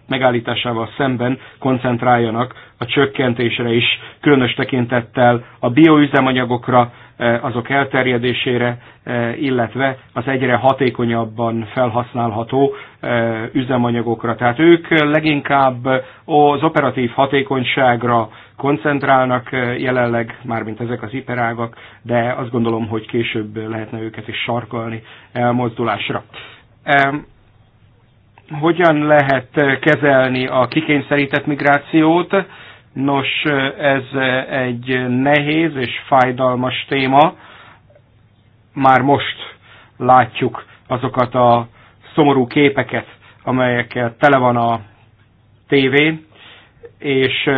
megállításával szemben koncentráljanak a csökkentésre is, különös tekintettel a bioüzemanyagokra, eh, azok elterjedésére, eh, illetve az egyre hatékonyabban felhasználható eh, üzemanyagokra. Tehát ők leginkább az operatív hatékonyságra koncentrálnak jelenleg, mármint ezek az iperágak, de azt gondolom, hogy később lehetne őket is sarkalni elmozdulásra. Hogyan lehet kezelni a kikényszerített migrációt? Nos, ez egy nehéz és fájdalmas téma. Már most látjuk azokat a szomorú képeket, amelyekkel tele van a tévé, és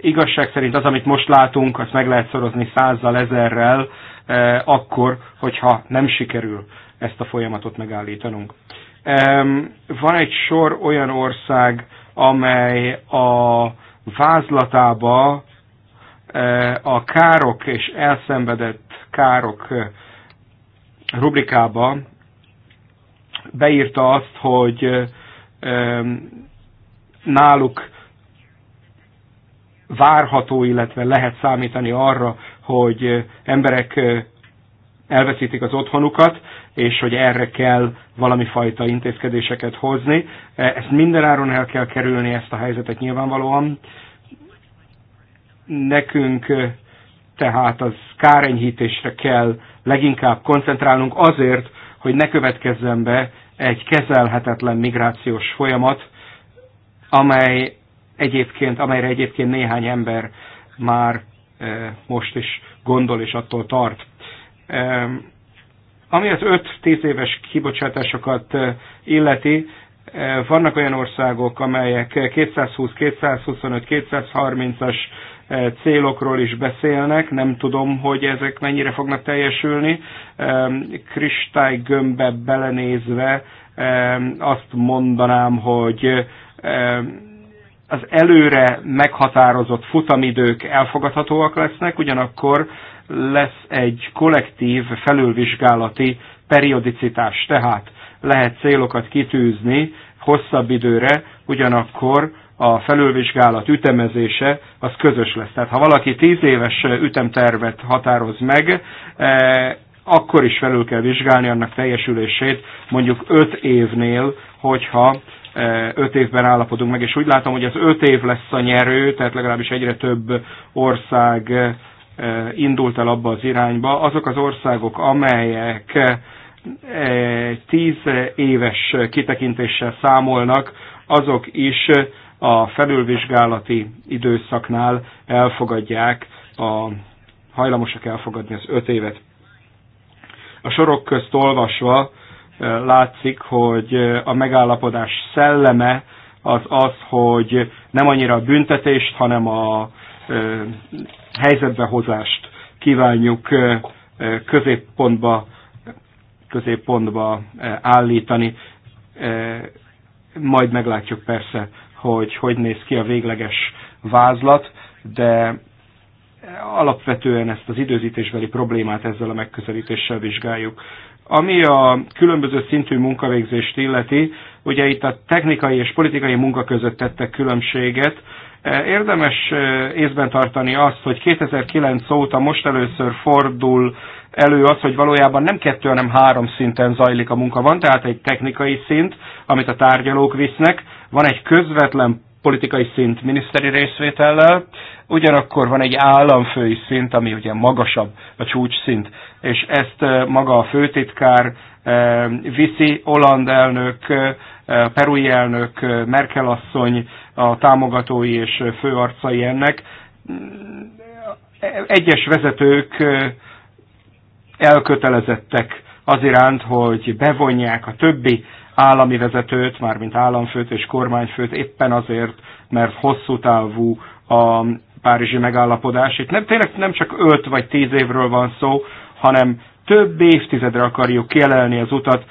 igazság szerint az, amit most látunk, azt meg lehet szorozni százzal, ezerrel, akkor, hogyha nem sikerül ezt a folyamatot megállítanunk. Van egy sor olyan ország, amely a vázlatába e, a károk és elszenvedett károk e, rubrikába beírta azt, hogy e, náluk várható, illetve lehet számítani arra, hogy emberek elveszítik az otthonukat és hogy erre kell valami fajta intézkedéseket hozni. E, ezt mindenáron el kell kerülni, ezt a helyzetet nyilvánvalóan. Nekünk e, tehát az kárenyhítésre kell leginkább koncentrálnunk azért, hogy ne következzen be egy kezelhetetlen migrációs folyamat, amely egyébként, amelyre egyébként néhány ember már e, most is gondol és attól tart. Ami az 5-10 éves kibocsátásokat eh, illeti, eh, vannak olyan országok, amelyek 220, 225, 230-as célokról is beszélnek, nem tudom, hogy ezek mennyire fognak teljesülni. Kristálygömbbe belenézve azt mondanám, hogy az előre meghatározott futamidők elfogadhatóak lesznek, ugyanakkor lesz egy kollektív felülvizsgálati periodicitás, tehát lehet célokat kitűzni hosszabb időre, ugyanakkor a felülvizsgálat ütemezése az közös lesz. Tehát ha valaki tíz éves ütemtervet határoz meg, eh, akkor is felül kell vizsgálni annak teljesülését, mondjuk öt évnél, hogyha eh, öt évben állapodunk meg, és úgy látom, hogy az öt év lesz a nyerő, tehát legalábbis egyre több ország eh, indult el abba az irányba. Azok az országok, amelyek tíz éves kitekintéssel számolnak, azok is a felülvizsgálati időszaknál elfogadják, a, hajlamosak elfogadni az öt évet. A sorok közt olvasva látszik, hogy a megállapodás szelleme az az, hogy nem annyira a büntetést, hanem a helyzetbehozást hozást kívánjuk középpontba, középpontba állítani. Majd meglátjuk persze, hogy hogy néz ki a végleges vázlat, de alapvetően ezt az időzítésbeli problémát ezzel a megközelítéssel vizsgáljuk. Ami a különböző szintű munkavégzést illeti, ugye itt a technikai és politikai munka között tettek különbséget, Érdemes észben tartani azt, hogy 2009 óta most először fordul elő az, hogy valójában nem kettő, hanem három szinten zajlik a munka. Van tehát egy technikai szint, amit a tárgyalók visznek, van egy közvetlen politikai szint miniszteri részvétellel, ugyanakkor van egy államfői szint, ami ugye magasabb, a csúcs szint, és ezt maga a főtitkár viszi, Holland elnök, perui elnök, Merkel asszony, a támogatói és főarcai ennek. Egyes vezetők elkötelezettek az iránt, hogy bevonják a többi állami vezetőt, mármint államfőt és kormányfőt éppen azért, mert hosszú távú a párizsi megállapodás. Itt nem, tényleg nem csak 5 vagy 10 évről van szó, hanem több évtizedre akarjuk kielelni az utat,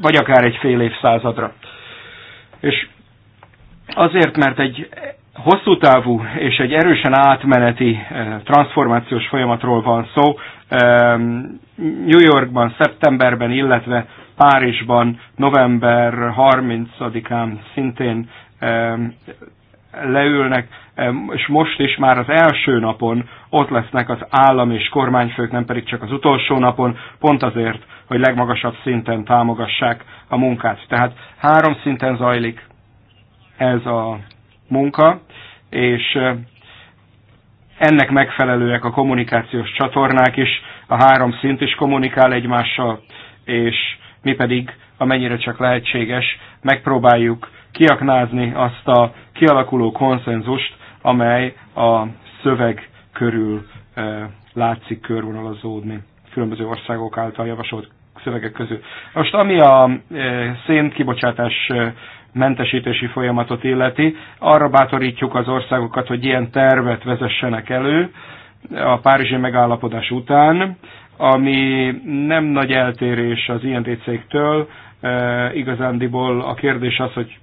vagy akár egy fél évszázadra. És Azért, mert egy hosszú távú és egy erősen átmeneti eh, transformációs folyamatról van szó. Eh, New Yorkban, szeptemberben, illetve Párizsban, november 30-án szintén eh, leülnek, és most is már az első napon ott lesznek az állam és kormányfők, nem pedig csak az utolsó napon, pont azért, hogy legmagasabb szinten támogassák a munkát. Tehát három szinten zajlik ez a munka, és ennek megfelelőek a kommunikációs csatornák is, a három szint is kommunikál egymással, és mi pedig, amennyire csak lehetséges, megpróbáljuk kiaknázni azt a kialakuló konszenzust, amely a szöveg körül látszik körvonalazódni különböző országok által javasolt szövegek közül. Most ami a szénkibocsátás mentesítési folyamatot illeti. Arra bátorítjuk az országokat, hogy ilyen tervet vezessenek elő a Párizsi megállapodás után, ami nem nagy eltérés az INDC-től. E, igazándiból a kérdés az, hogy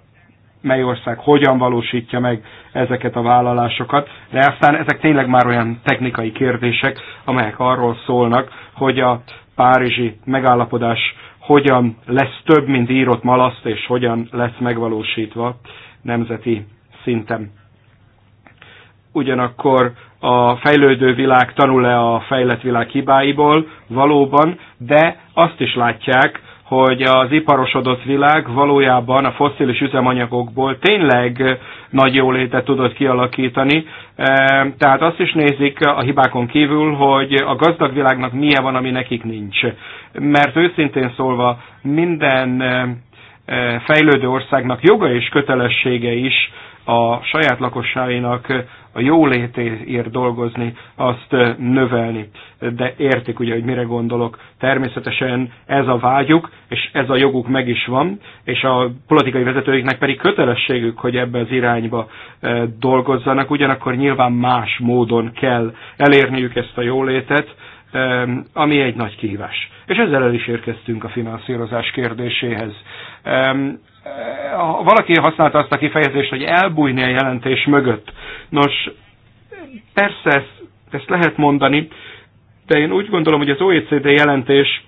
mely ország hogyan valósítja meg ezeket a vállalásokat, de aztán ezek tényleg már olyan technikai kérdések, amelyek arról szólnak, hogy a párizsi megállapodás hogyan lesz több, mint írott malaszt, és hogyan lesz megvalósítva nemzeti szinten. Ugyanakkor a fejlődő világ tanul-e a fejlett világ hibáiból valóban, de azt is látják, hogy az iparosodott világ valójában a fosszilis üzemanyagokból tényleg nagy jólétet tudott kialakítani. Ehm, tehát azt is nézik a hibákon kívül, hogy a gazdag világnak milyen van, ami nekik nincs. Mert őszintén szólva minden ehm, ehm, fejlődő országnak joga és kötelessége is a saját lakosságainak a jólétért dolgozni, azt növelni. De értik ugye, hogy mire gondolok. Természetesen ez a vágyuk, és ez a joguk meg is van, és a politikai vezetőiknek pedig kötelességük, hogy ebbe az irányba dolgozzanak, ugyanakkor nyilván más módon kell elérniük ezt a jólétet, ami egy nagy kihívás. És ezzel el is érkeztünk a finanszírozás kérdéséhez valaki használta azt a kifejezést, hogy elbújni a jelentés mögött. Nos, persze ezt, ezt lehet mondani, de én úgy gondolom, hogy az OECD jelentés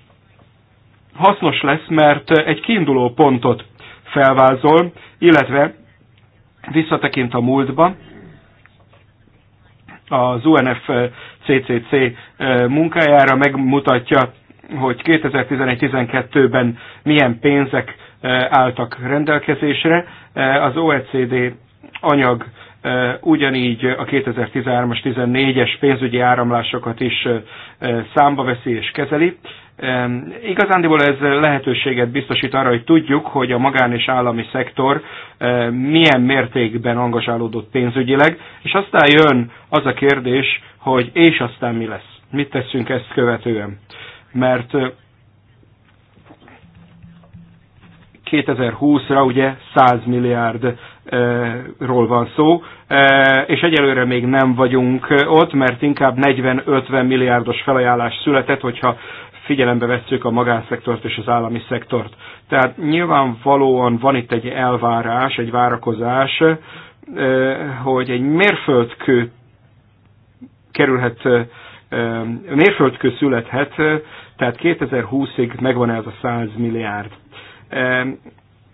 hasznos lesz, mert egy kiinduló pontot felvázol, illetve visszatekint a múltba, az UNFCCC munkájára megmutatja, hogy 2011-12-ben milyen pénzek álltak rendelkezésre. Az OECD anyag ugyanígy a 2013-as, 14-es pénzügyi áramlásokat is számba veszi és kezeli. Igazándiból ez lehetőséget biztosít arra, hogy tudjuk, hogy a magán és állami szektor milyen mértékben angazsálódott pénzügyileg, és aztán jön az a kérdés, hogy és aztán mi lesz, mit teszünk ezt követően. Mert 2020-ra ugye 100 milliárdról eh, van szó, eh, és egyelőre még nem vagyunk eh, ott, mert inkább 40-50 milliárdos felajánlás született, hogyha figyelembe vesszük a magánszektort és az állami szektort. Tehát nyilvánvalóan van itt egy elvárás, egy várakozás, hogy egy mérföldkő kerülhet, mérföldkő születhet, tehát 2020-ig megvan ez a 100 milliárd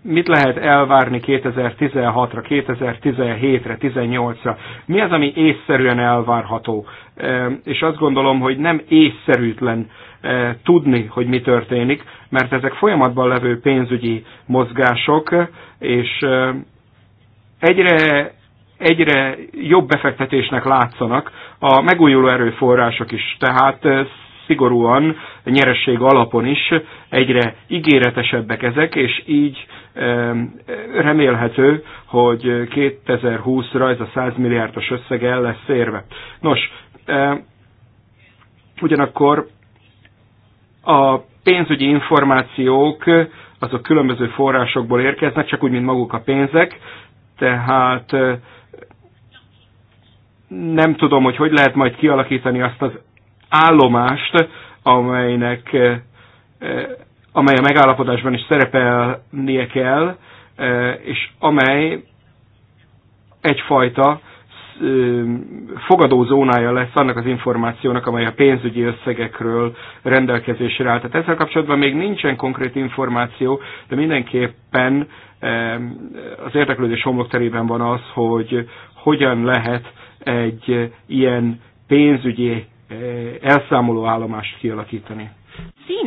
mit lehet elvárni 2016-ra, 2017-re, 18-ra, mi az, ami észszerűen elvárható. És azt gondolom, hogy nem észszerűtlen e, tudni, hogy mi történik, mert ezek folyamatban levő pénzügyi mozgások, és e, egyre egyre jobb befektetésnek látszanak a megújuló erőforrások is. Tehát e, szigorúan nyeresség alapon is egyre ígéretesebbek ezek, és így remélhető, hogy 2020-ra ez a 100 milliárdos összeg el lesz érve. Nos, ugyanakkor a pénzügyi információk azok különböző forrásokból érkeznek, csak úgy, mint maguk a pénzek, tehát nem tudom, hogy hogy lehet majd kialakítani azt az állomást, amelynek, eh, eh, amely a megállapodásban is szerepelnie kell, eh, és amely egyfajta fogadózónája lesz annak az információnak, amely a pénzügyi összegekről rendelkezésre áll. Tehát ezzel kapcsolatban még nincsen konkrét információ, de mindenképpen az érdeklődés homlokterében van az, hogy hogyan lehet egy ilyen pénzügyi Eh, elszámoló állomást kialakítani.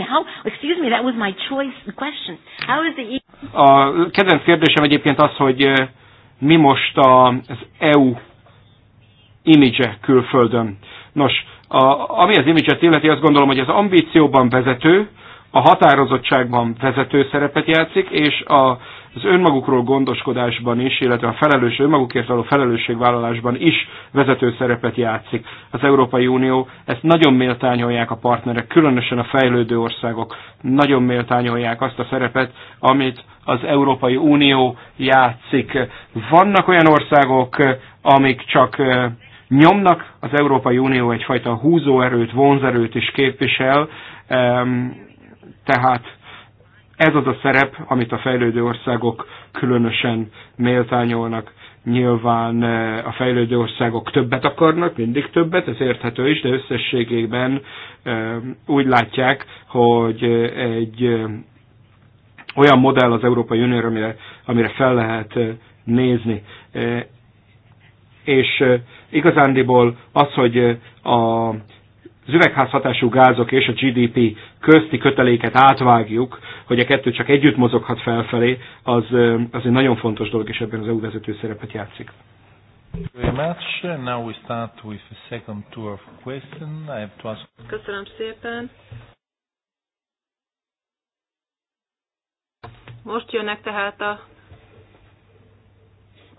how, excuse me, that was my choice question. How is the... E- a kedvenc kérdésem egyébként az, hogy eh, mi most az EU image külföldön. Nos, a, ami az image-et illeti, azt gondolom, hogy az ambícióban vezető, a határozottságban vezető szerepet játszik, és a, az önmagukról gondoskodásban is, illetve a felelős, önmagukért való felelősségvállalásban is vezető szerepet játszik az Európai Unió. Ezt nagyon méltányolják a partnerek, különösen a fejlődő országok nagyon méltányolják azt a szerepet, amit az Európai Unió játszik. Vannak olyan országok, amik csak nyomnak, az Európai Unió egyfajta húzóerőt, vonzerőt is képvisel, tehát ez az a szerep, amit a fejlődő országok különösen méltányolnak. Nyilván eh, a fejlődő országok többet akarnak, mindig többet, ez érthető is, de összességében eh, úgy látják, hogy eh, egy olyan modell az Európai Unió, amire, amire fel lehet nézni. És igazándiból az, hogy a az üvegházhatású gázok és a GDP közti köteléket átvágjuk, hogy a kettő csak együtt mozoghat felfelé, az, az egy nagyon fontos dolog, és ebben az EU vezető szerepet játszik. Köszönöm szépen. Most jönnek tehát a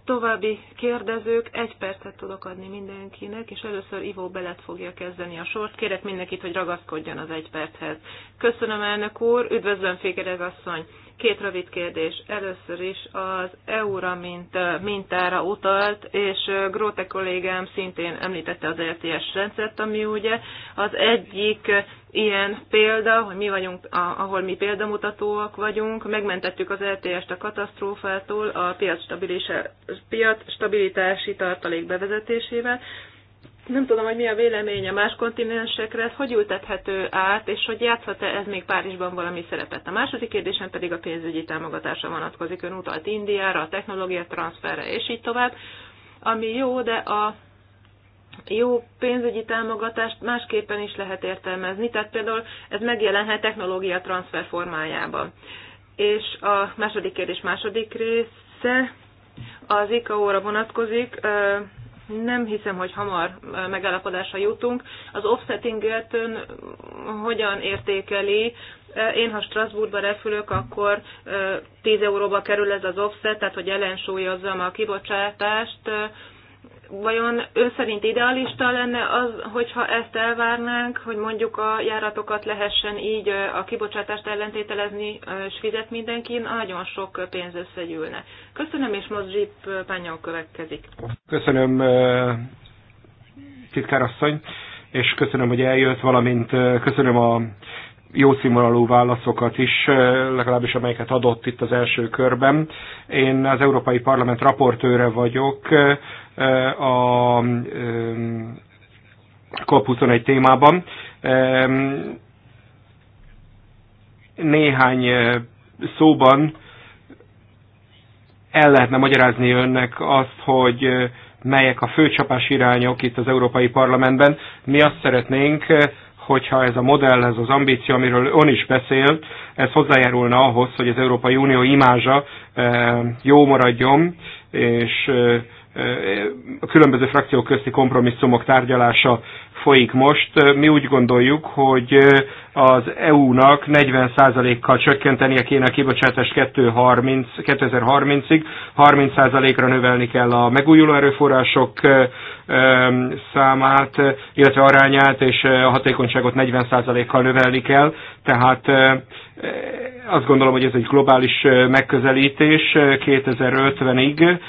további kérdezők, egy percet tudok adni mindenkinek, és először Ivó Belet fogja kezdeni a sort. Kérek mindenkit, hogy ragaszkodjon az egy perchez. Köszönöm, elnök úr, üdvözlöm, Fékerez asszony! Két rövid kérdés. Először is az EU-ra mint mintára utalt, és Gróte kollégám szintén említette az RTS rendszert, ami ugye az egyik ilyen példa, hogy mi vagyunk, ahol mi példamutatóak vagyunk, megmentettük az LTS-t a katasztrófától a piac, stabilitási tartalék bevezetésével, nem tudom, hogy mi a véleménye más kontinensekre, ez hogy ültethető át, és hogy játszhat-e ez még Párizsban valami szerepet. A második kérdésem pedig a pénzügyi támogatásra vonatkozik. Ön utalt Indiára, a technológia transferre, és így tovább. Ami jó, de a jó pénzügyi támogatást másképpen is lehet értelmezni, tehát például ez megjelenhet technológia transfer formájában. És a második kérdés második része az ICAO-ra vonatkozik nem hiszem, hogy hamar megállapodásra jutunk. Az offsettinget hogyan értékeli? Én, ha Strasbourgba repülök, akkor 10 euróba kerül ez az offset, tehát hogy ellensúlyozzam a kibocsátást vajon ő szerint idealista lenne az, hogyha ezt elvárnánk, hogy mondjuk a járatokat lehessen így a kibocsátást ellentételezni, és fizet mindenki, nagyon sok pénz összegyűlne. Köszönöm, és most Zsip Pányol következik. Köszönöm, titkárasszony, és köszönöm, hogy eljött, valamint köszönöm a jó színvonalú válaszokat is, legalábbis amelyeket adott itt az első körben. Én az Európai Parlament raportőre vagyok a COP21 témában. Néhány szóban el lehetne magyarázni önnek azt, hogy melyek a fő csapás irányok itt az Európai Parlamentben. Mi azt szeretnénk, hogyha ez a modell, ez az ambíció, amiről ön is beszélt, ez hozzájárulna ahhoz, hogy az Európai Unió imázsa eh, jó maradjon, és eh, a különböző frakciók közti kompromisszumok tárgyalása folyik most. Mi úgy gondoljuk, hogy az EU-nak 40%-kal csökkentenie kéne a kibocsátást 2030-ig, 30%-ra növelni kell a megújuló erőforrások számát, illetve arányát, és a hatékonyságot 40%-kal növelni kell. Tehát azt gondolom, hogy ez egy globális megközelítés 2050-ig,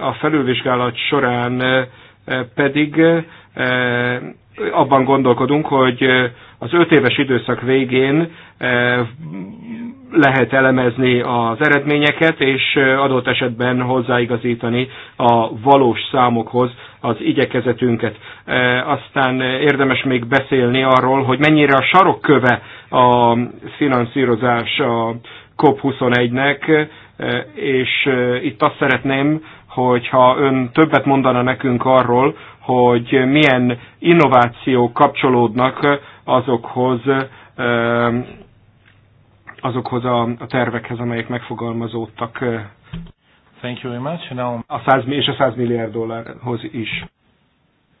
a felülvizsgálat során pedig abban gondolkodunk, hogy az öt éves időszak végén lehet elemezni az eredményeket, és adott esetben hozzáigazítani a valós számokhoz az igyekezetünket. Aztán érdemes még beszélni arról, hogy mennyire a sarokköve a finanszírozás a COP21-nek, Eh, és eh, itt azt szeretném, hogyha ön többet mondana nekünk arról, hogy milyen innovációk kapcsolódnak azokhoz, eh, azokhoz a tervekhez, amelyek megfogalmazódtak. Thank you very much. Now... A 100, és a 100 milliárd dollárhoz is.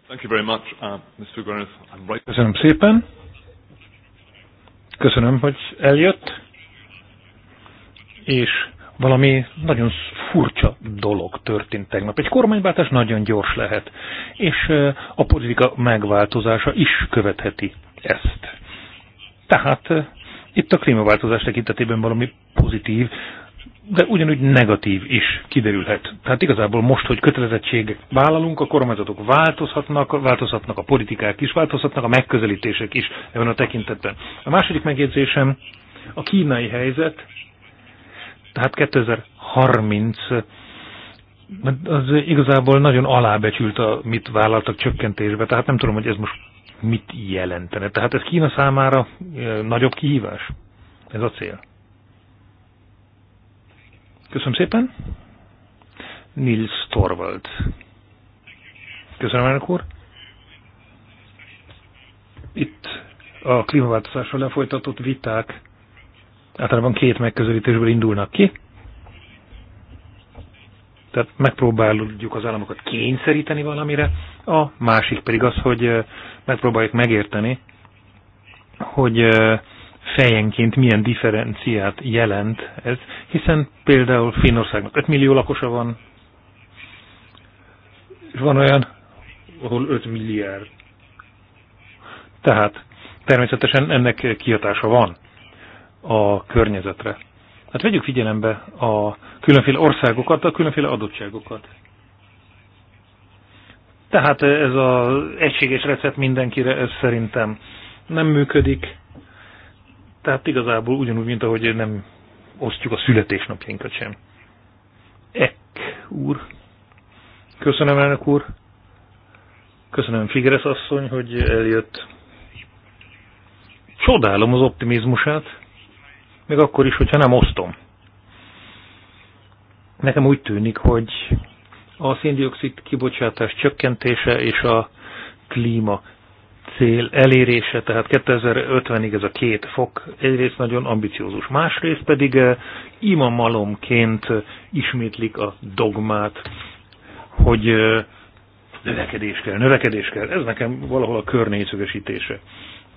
Thank you very much, uh, Mr. Gunners. I'm right. Köszönöm szépen. Köszönöm, hogy eljött. És valami nagyon furcsa dolog történt tegnap. Egy kormányváltás nagyon gyors lehet, és a politika megváltozása is követheti ezt. Tehát itt a klímaváltozás tekintetében valami pozitív, de ugyanúgy negatív is kiderülhet. Tehát igazából most, hogy kötelezettségek vállalunk, a kormányzatok változhatnak, változhatnak a politikák is, változhatnak a megközelítések is ebben a tekintetben. A második megjegyzésem a kínai helyzet tehát 2030 az igazából nagyon alábecsült, a, mit vállaltak csökkentésbe, tehát nem tudom, hogy ez most mit jelentene. Tehát ez Kína számára nagyobb kihívás? Ez a cél. Köszönöm szépen. Nils Torvald. Köszönöm, elnök úr. Itt a klímaváltozásra lefolytatott viták általában két megközelítésből indulnak ki. Tehát megpróbáljuk az államokat kényszeríteni valamire, a másik pedig az, hogy megpróbáljuk megérteni, hogy fejenként milyen differenciát jelent ez, hiszen például Finnországnak 5 millió lakosa van, és van olyan, ahol 5 milliárd. Tehát természetesen ennek kiatása van a környezetre. Hát vegyük figyelembe a különféle országokat, a különféle adottságokat. Tehát ez az egységes recept mindenkire, ez szerintem nem működik. Tehát igazából ugyanúgy, mint ahogy nem osztjuk a születésnapjainkat sem. Ek úr. Köszönöm, elnök úr. Köszönöm, Figeres asszony, hogy eljött. Csodálom az optimizmusát még akkor is, hogyha nem osztom. Nekem úgy tűnik, hogy a széndiokszid kibocsátás csökkentése és a klíma cél elérése, tehát 2050-ig ez a két fok egyrészt nagyon ambiciózus, másrészt pedig eh, imamalomként ismétlik a dogmát, hogy eh, növekedés kell, növekedés kell. Ez nekem valahol a környészögesítése.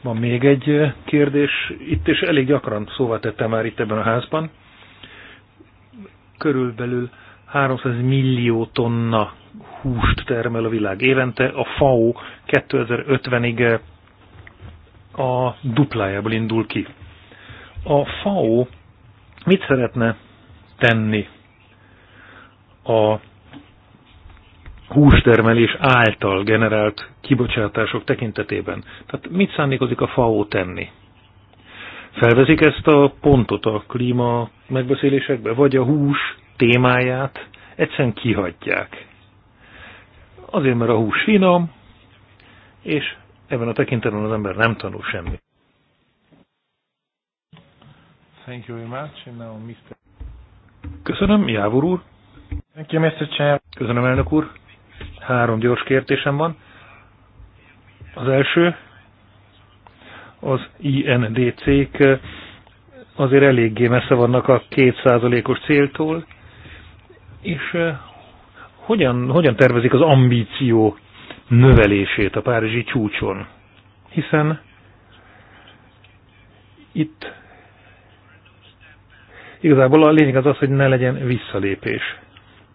Van még egy kérdés, itt is elég gyakran szóval tettem már itt ebben a házban. Körülbelül 300 millió tonna húst termel a világ évente, a FAO 2050-ig a duplájából indul ki. A FAO mit szeretne tenni a hústermelés által generált kibocsátások tekintetében. Tehát mit szándékozik a FAO tenni? Felvezik ezt a pontot a klíma megbeszélésekbe, vagy a hús témáját egyszerűen kihagyják. Azért, mert a hús finom, és ebben a tekintetben az ember nem tanul semmit. Thank you very much. now Mr. Köszönöm, Jávor úr. Thank you, Mr. Chair. Köszönöm, elnök úr. Három gyors kérdésem van. Az első, az INDC-k azért eléggé messze vannak a kétszázalékos céltól, és eh, hogyan, hogyan tervezik az ambíció növelését a párizsi csúcson? Hiszen itt igazából a lényeg az az, hogy ne legyen visszalépés.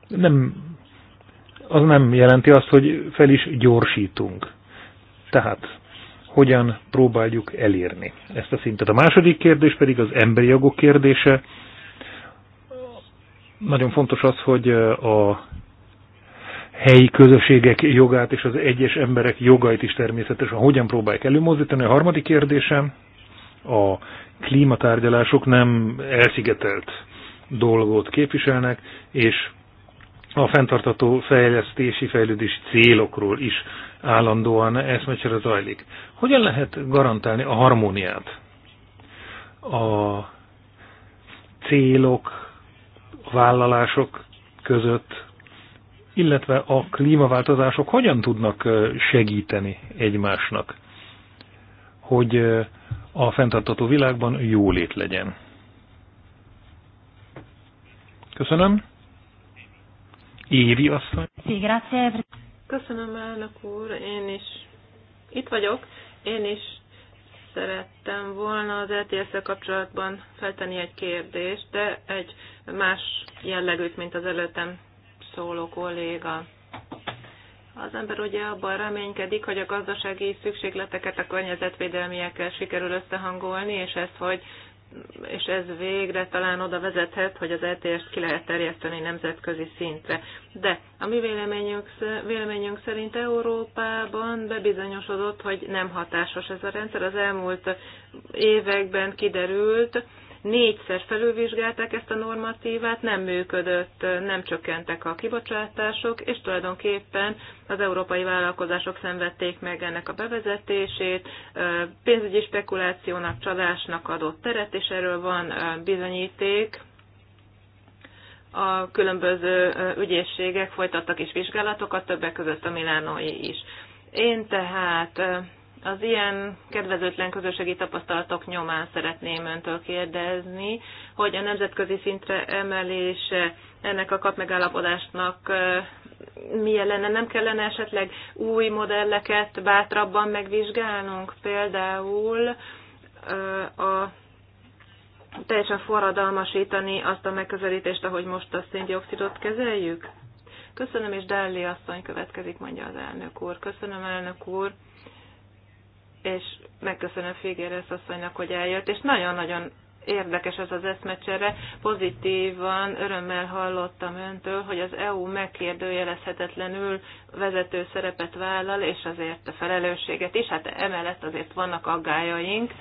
Nem az nem jelenti azt, hogy fel is gyorsítunk. Tehát hogyan próbáljuk elérni ezt a szintet. A második kérdés pedig az emberi jogok kérdése. Nagyon fontos az, hogy a helyi közösségek jogát és az egyes emberek jogait is természetesen hogyan próbálják előmozdítani. A harmadik kérdésem a klímatárgyalások nem elszigetelt dolgot képviselnek, és a fenntartató fejlesztési, fejlődési célokról is állandóan eszmecsere zajlik. Hogyan lehet garantálni a harmóniát? A célok, a vállalások között, illetve a klímaváltozások hogyan tudnak segíteni egymásnak, hogy a fenntartató világban jólét legyen. Köszönöm. Évi asszony. Köszönöm, elnök úr, én is itt vagyok. Én is szerettem volna az ets kapcsolatban feltenni egy kérdést, de egy más jellegűt, mint az előttem szóló kolléga. Az ember ugye abban reménykedik, hogy a gazdasági szükségleteket a környezetvédelmiekkel sikerül összehangolni, és ezt hogy és ez végre talán oda vezethet, hogy az ETS-t ki lehet terjeszteni nemzetközi szintre. De a mi véleményünk, véleményünk szerint Európában bebizonyosodott, hogy nem hatásos ez a rendszer. Az elmúlt években kiderült, négyszer felülvizsgálták ezt a normatívát, nem működött, nem csökkentek a kibocsátások, és tulajdonképpen az európai vállalkozások szenvedték meg ennek a bevezetését, pénzügyi spekulációnak, csalásnak adott teret, és erről van bizonyíték, a különböző ügyészségek folytattak is vizsgálatokat, többek között a milánói is. Én tehát az ilyen kedvezőtlen közösségi tapasztalatok nyomán szeretném öntől kérdezni, hogy a nemzetközi szintre emelése ennek a kapmegállapodásnak milyen lenne? Nem kellene esetleg új modelleket bátrabban megvizsgálnunk? Például a teljesen forradalmasítani azt a megközelítést, ahogy most a széndiokszidot kezeljük? Köszönöm, és Dálli asszony következik, mondja az elnök úr. Köszönöm, elnök úr és megköszönöm Figueres asszonynak, hogy eljött, és nagyon-nagyon érdekes ez az eszmecsere. Pozitívan, örömmel hallottam öntől, hogy az EU megkérdőjelezhetetlenül vezető szerepet vállal, és azért a felelősséget is. Hát emellett azért vannak aggájaink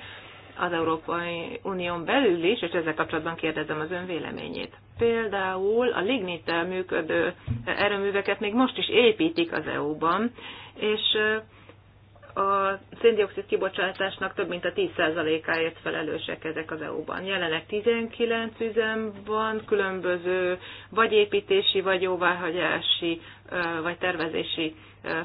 az Európai Unión belül is, és ezzel kapcsolatban kérdezem az ön véleményét. Például a lignittel működő erőműveket még most is építik az EU-ban, és a széndiokszid kibocsátásnak több mint a 10%-áért felelősek ezek az EU-ban. Jelenleg 19 üzem van, különböző vagy építési, vagy jóváhagyási, vagy tervezési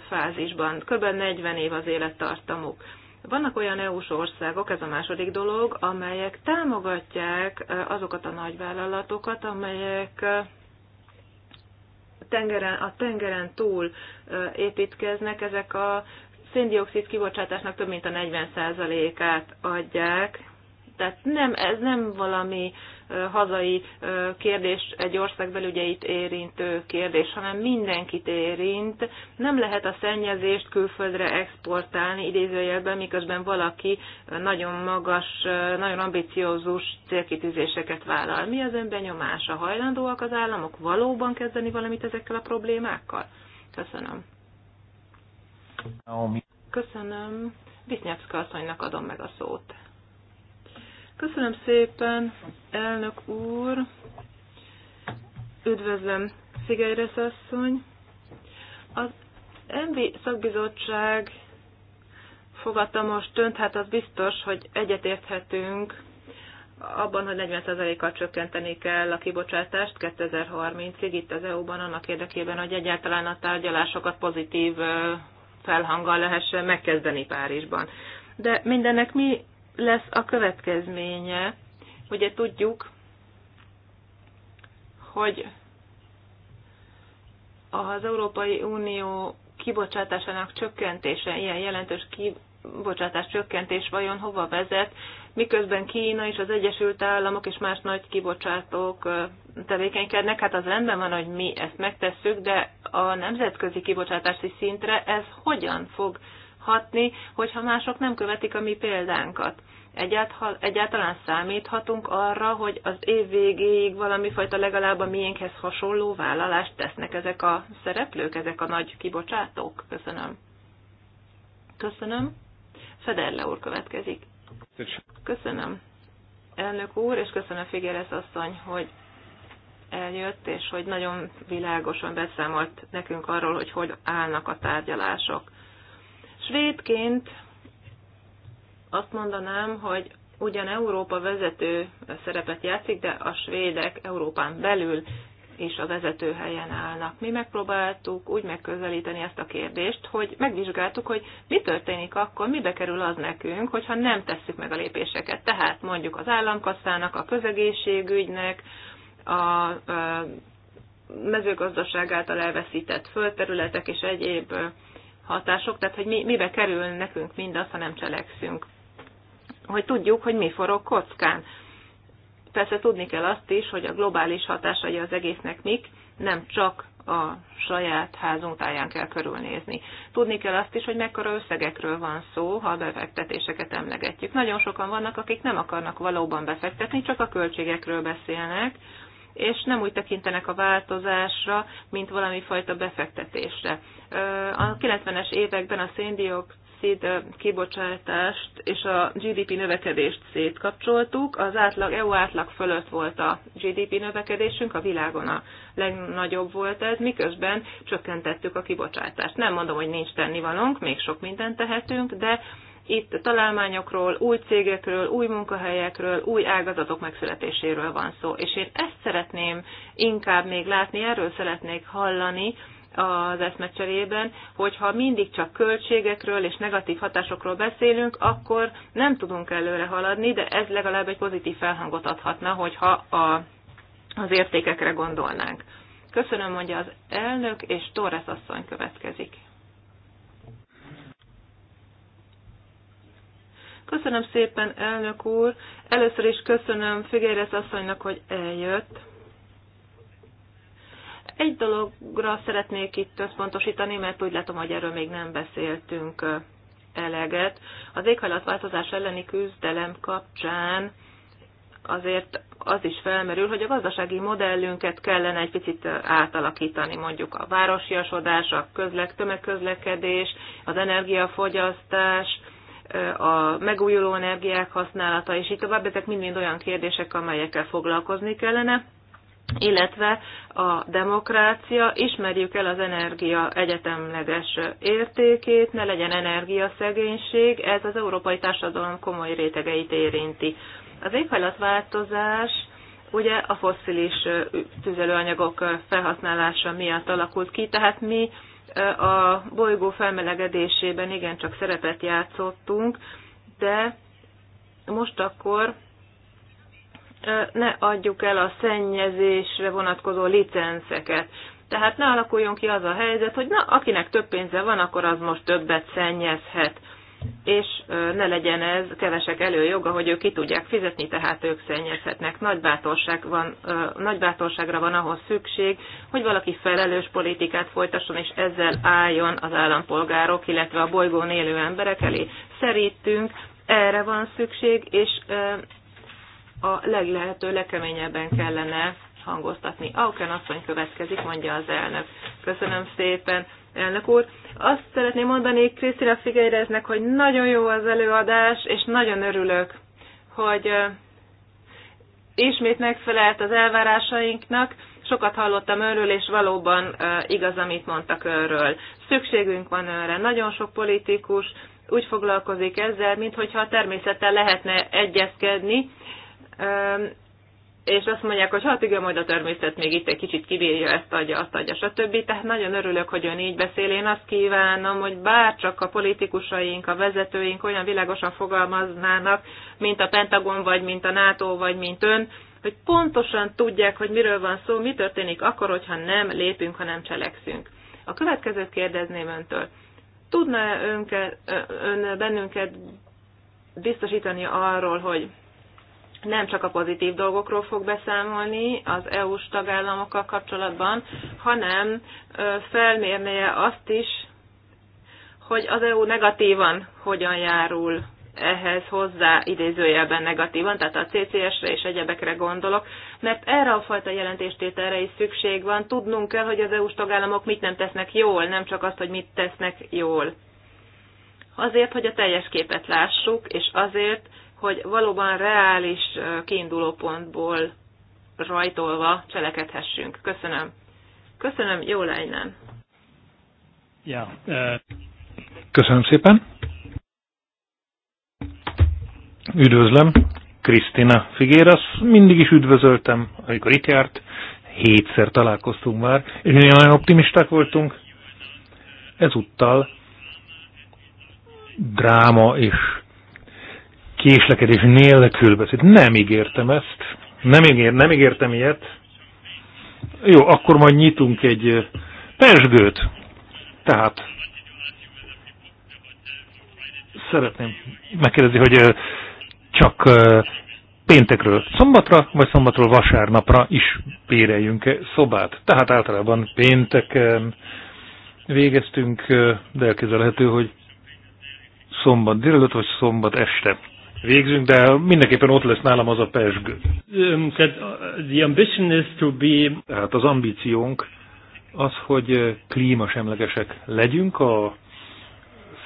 fázisban. Kb. 40 év az élettartamuk. Vannak olyan EU-s országok, ez a második dolog, amelyek támogatják azokat a nagyvállalatokat, amelyek tengeren, a tengeren túl építkeznek ezek a széndiokszid kibocsátásnak több mint a 40%-át adják. Tehát nem, ez nem valami hazai kérdés, egy ország belügyeit érintő kérdés, hanem mindenkit érint. Nem lehet a szennyezést külföldre exportálni idézőjelben, miközben valaki nagyon magas, nagyon ambiciózus célkitűzéseket vállal. Mi az önbenyomása? Hajlandóak az államok valóban kezdeni valamit ezekkel a problémákkal? Köszönöm. Köszönöm. Visznyevszka asszonynak adom meg a szót. Köszönöm szépen, elnök úr. Üdvözlöm, Szigeires asszony. Az MV szakbizottság fogadta most önt, hát az biztos, hogy egyetérthetünk abban, hogy 40%-kal csökkenteni kell a kibocsátást 2030-ig itt az EU-ban, annak érdekében, hogy egyáltalán a tárgyalásokat pozitív felhanggal lehessen megkezdeni Párizsban. De mindennek mi lesz a következménye? Ugye tudjuk, hogy az Európai Unió kibocsátásának csökkentése, ilyen jelentős kibocsátás csökkentés vajon hova vezet, miközben Kína és az Egyesült Államok és más nagy kibocsátók tevékenykednek, hát az rendben van, hogy mi ezt megtesszük, de a nemzetközi kibocsátási szintre ez hogyan fog hatni, hogyha mások nem követik a mi példánkat? Egyáltalán számíthatunk arra, hogy az év végéig valami fajta legalább a miénkhez hasonló vállalást tesznek ezek a szereplők, ezek a nagy kibocsátók? Köszönöm. Köszönöm. Federle úr következik. Köszönöm. Elnök úr, és köszönöm Figueres asszony, hogy eljött, és hogy nagyon világosan beszámolt nekünk arról, hogy hogy állnak a tárgyalások. Svédként azt mondanám, hogy ugyan Európa vezető szerepet játszik, de a svédek Európán belül is a vezető helyen állnak. Mi megpróbáltuk úgy megközelíteni ezt a kérdést, hogy megvizsgáltuk, hogy mi történik akkor, mi bekerül az nekünk, hogyha nem tesszük meg a lépéseket. Tehát mondjuk az államkasszának, a közegészségügynek, a mezőgazdaság által elveszített földterületek és egyéb hatások, tehát hogy mi, mibe kerül nekünk mindaz, ha nem cselekszünk. Hogy tudjuk, hogy mi forog kockán. Persze tudni kell azt is, hogy a globális hatásai az egésznek mik, nem csak a saját házunk táján kell körülnézni. Tudni kell azt is, hogy mekkora összegekről van szó, ha a befektetéseket emlegetjük. Nagyon sokan vannak, akik nem akarnak valóban befektetni, csak a költségekről beszélnek, és nem úgy tekintenek a változásra, mint valami fajta befektetésre. A 90-es években a széndiokszid kibocsátást és a GDP növekedést szétkapcsoltuk. Az átlag, EU átlag fölött volt a GDP növekedésünk, a világon a legnagyobb volt ez, miközben csökkentettük a kibocsátást. Nem mondom, hogy nincs tennivalónk, még sok mindent tehetünk, de itt a találmányokról, új cégekről, új munkahelyekről, új ágazatok megszületéséről van szó. És én ezt szeretném inkább még látni, erről szeretnék hallani, az eszmecserében, hogyha mindig csak költségekről és negatív hatásokról beszélünk, akkor nem tudunk előre haladni, de ez legalább egy pozitív felhangot adhatna, hogyha a, az értékekre gondolnánk. Köszönöm, mondja az elnök, és Torres asszony következik. Köszönöm szépen, elnök úr. Először is köszönöm Figyeres asszonynak, hogy eljött. Egy dologra szeretnék itt összpontosítani, mert úgy látom, hogy erről még nem beszéltünk eleget. Az éghajlatváltozás elleni küzdelem kapcsán azért az is felmerül, hogy a gazdasági modellünket kellene egy picit átalakítani, mondjuk a városiasodás, a közleg, tömegközlekedés, az energiafogyasztás, a megújuló energiák használata, és így tovább, ezek mind-mind olyan kérdések, amelyekkel foglalkozni kellene illetve a demokrácia, ismerjük el az energia egyetemleges értékét, ne legyen energiaszegénység, ez az európai társadalom komoly rétegeit érinti. Az éghajlatváltozás ugye a fosszilis tüzelőanyagok felhasználása miatt alakult ki, tehát mi a bolygó felmelegedésében igencsak szerepet játszottunk, de most akkor ne adjuk el a szennyezésre vonatkozó licenszeket. Tehát ne alakuljon ki az a helyzet, hogy na, akinek több pénze van, akkor az most többet szennyezhet és ne legyen ez kevesek előjoga, hogy ők ki tudják fizetni, tehát ők szennyezhetnek. Nagy, bátorság van, nagy bátorságra van ahhoz szükség, hogy valaki felelős politikát folytasson, és ezzel álljon az állampolgárok, illetve a bolygón élő emberek elé. Szerintünk erre van szükség, és a leglehető lekeményebben kellene hangoztatni. Auken asszony következik, mondja az elnök. Köszönöm szépen, elnök úr. Azt szeretném mondani Krisztina Figeireznek, hogy nagyon jó az előadás, és nagyon örülök, hogy ismét megfelelt az elvárásainknak. Sokat hallottam önről, és valóban igaz, amit mondtak önről. Szükségünk van önre. Nagyon sok politikus úgy foglalkozik ezzel, mintha a természettel lehetne egyezkedni, és azt mondják, hogy hát igen, majd a természet még itt egy kicsit kibírja, ezt adja, azt adja, stb. Tehát nagyon örülök, hogy ön így beszél. Én azt kívánom, hogy bár csak a politikusaink, a vezetőink olyan világosan fogalmaznának, mint a Pentagon, vagy mint a NATO, vagy mint ön, hogy pontosan tudják, hogy miről van szó, mi történik akkor, hogyha nem lépünk, ha nem cselekszünk. A következőt kérdezném öntől. Tudna önke, ön bennünket biztosítani arról, hogy nem csak a pozitív dolgokról fog beszámolni az EU-s tagállamokkal kapcsolatban, hanem felmérnie azt is, hogy az EU negatívan hogyan járul ehhez hozzá idézőjelben negatívan, tehát a CCS-re és egyebekre gondolok, mert erre a fajta jelentéstételre is szükség van. Tudnunk kell, hogy az EU-s tagállamok mit nem tesznek jól, nem csak azt, hogy mit tesznek jól. Azért, hogy a teljes képet lássuk, és azért, hogy valóban reális kiinduló pontból rajtolva cselekedhessünk. Köszönöm. Köszönöm, jó lejnem. Ja, Köszönöm szépen. Üdvözlöm, Krisztina Figéras. Mindig is üdvözöltem, amikor itt járt. Hétszer találkoztunk már, és nagyon optimisták voltunk. Ezúttal dráma és késlekedés nélkül beszélt. Nem ígértem ezt. Nem, ígér, nem ígértem ilyet. Jó, akkor majd nyitunk egy pesgőt. Tehát szeretném megkérdezni, hogy csak péntekről szombatra, vagy szombatról vasárnapra is béreljünk -e szobát. Tehát általában pénteken végeztünk, de elképzelhető, hogy szombat délelőtt, vagy szombat este végzünk, de mindenképpen ott lesz nálam az a pesgő. Um, uh, tehát az ambíciónk az, hogy uh, klímasemlegesek legyünk a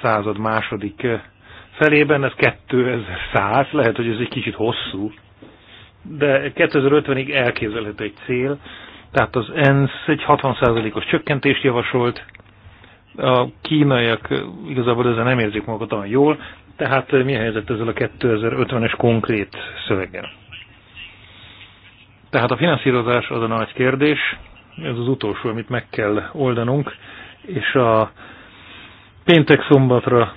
század második uh, felében, ez 2100, lehet, hogy ez egy kicsit hosszú, de 2050-ig elképzelhető egy cél, tehát az ENSZ egy 60%-os csökkentést javasolt, a kínaiak igazából ezzel nem érzik magukat olyan jól, tehát eh, mi a helyzet ezzel a 2050-es konkrét szöveggel? Tehát a finanszírozás az a nagy kérdés, ez az utolsó, amit meg kell oldanunk, és a péntek szombatra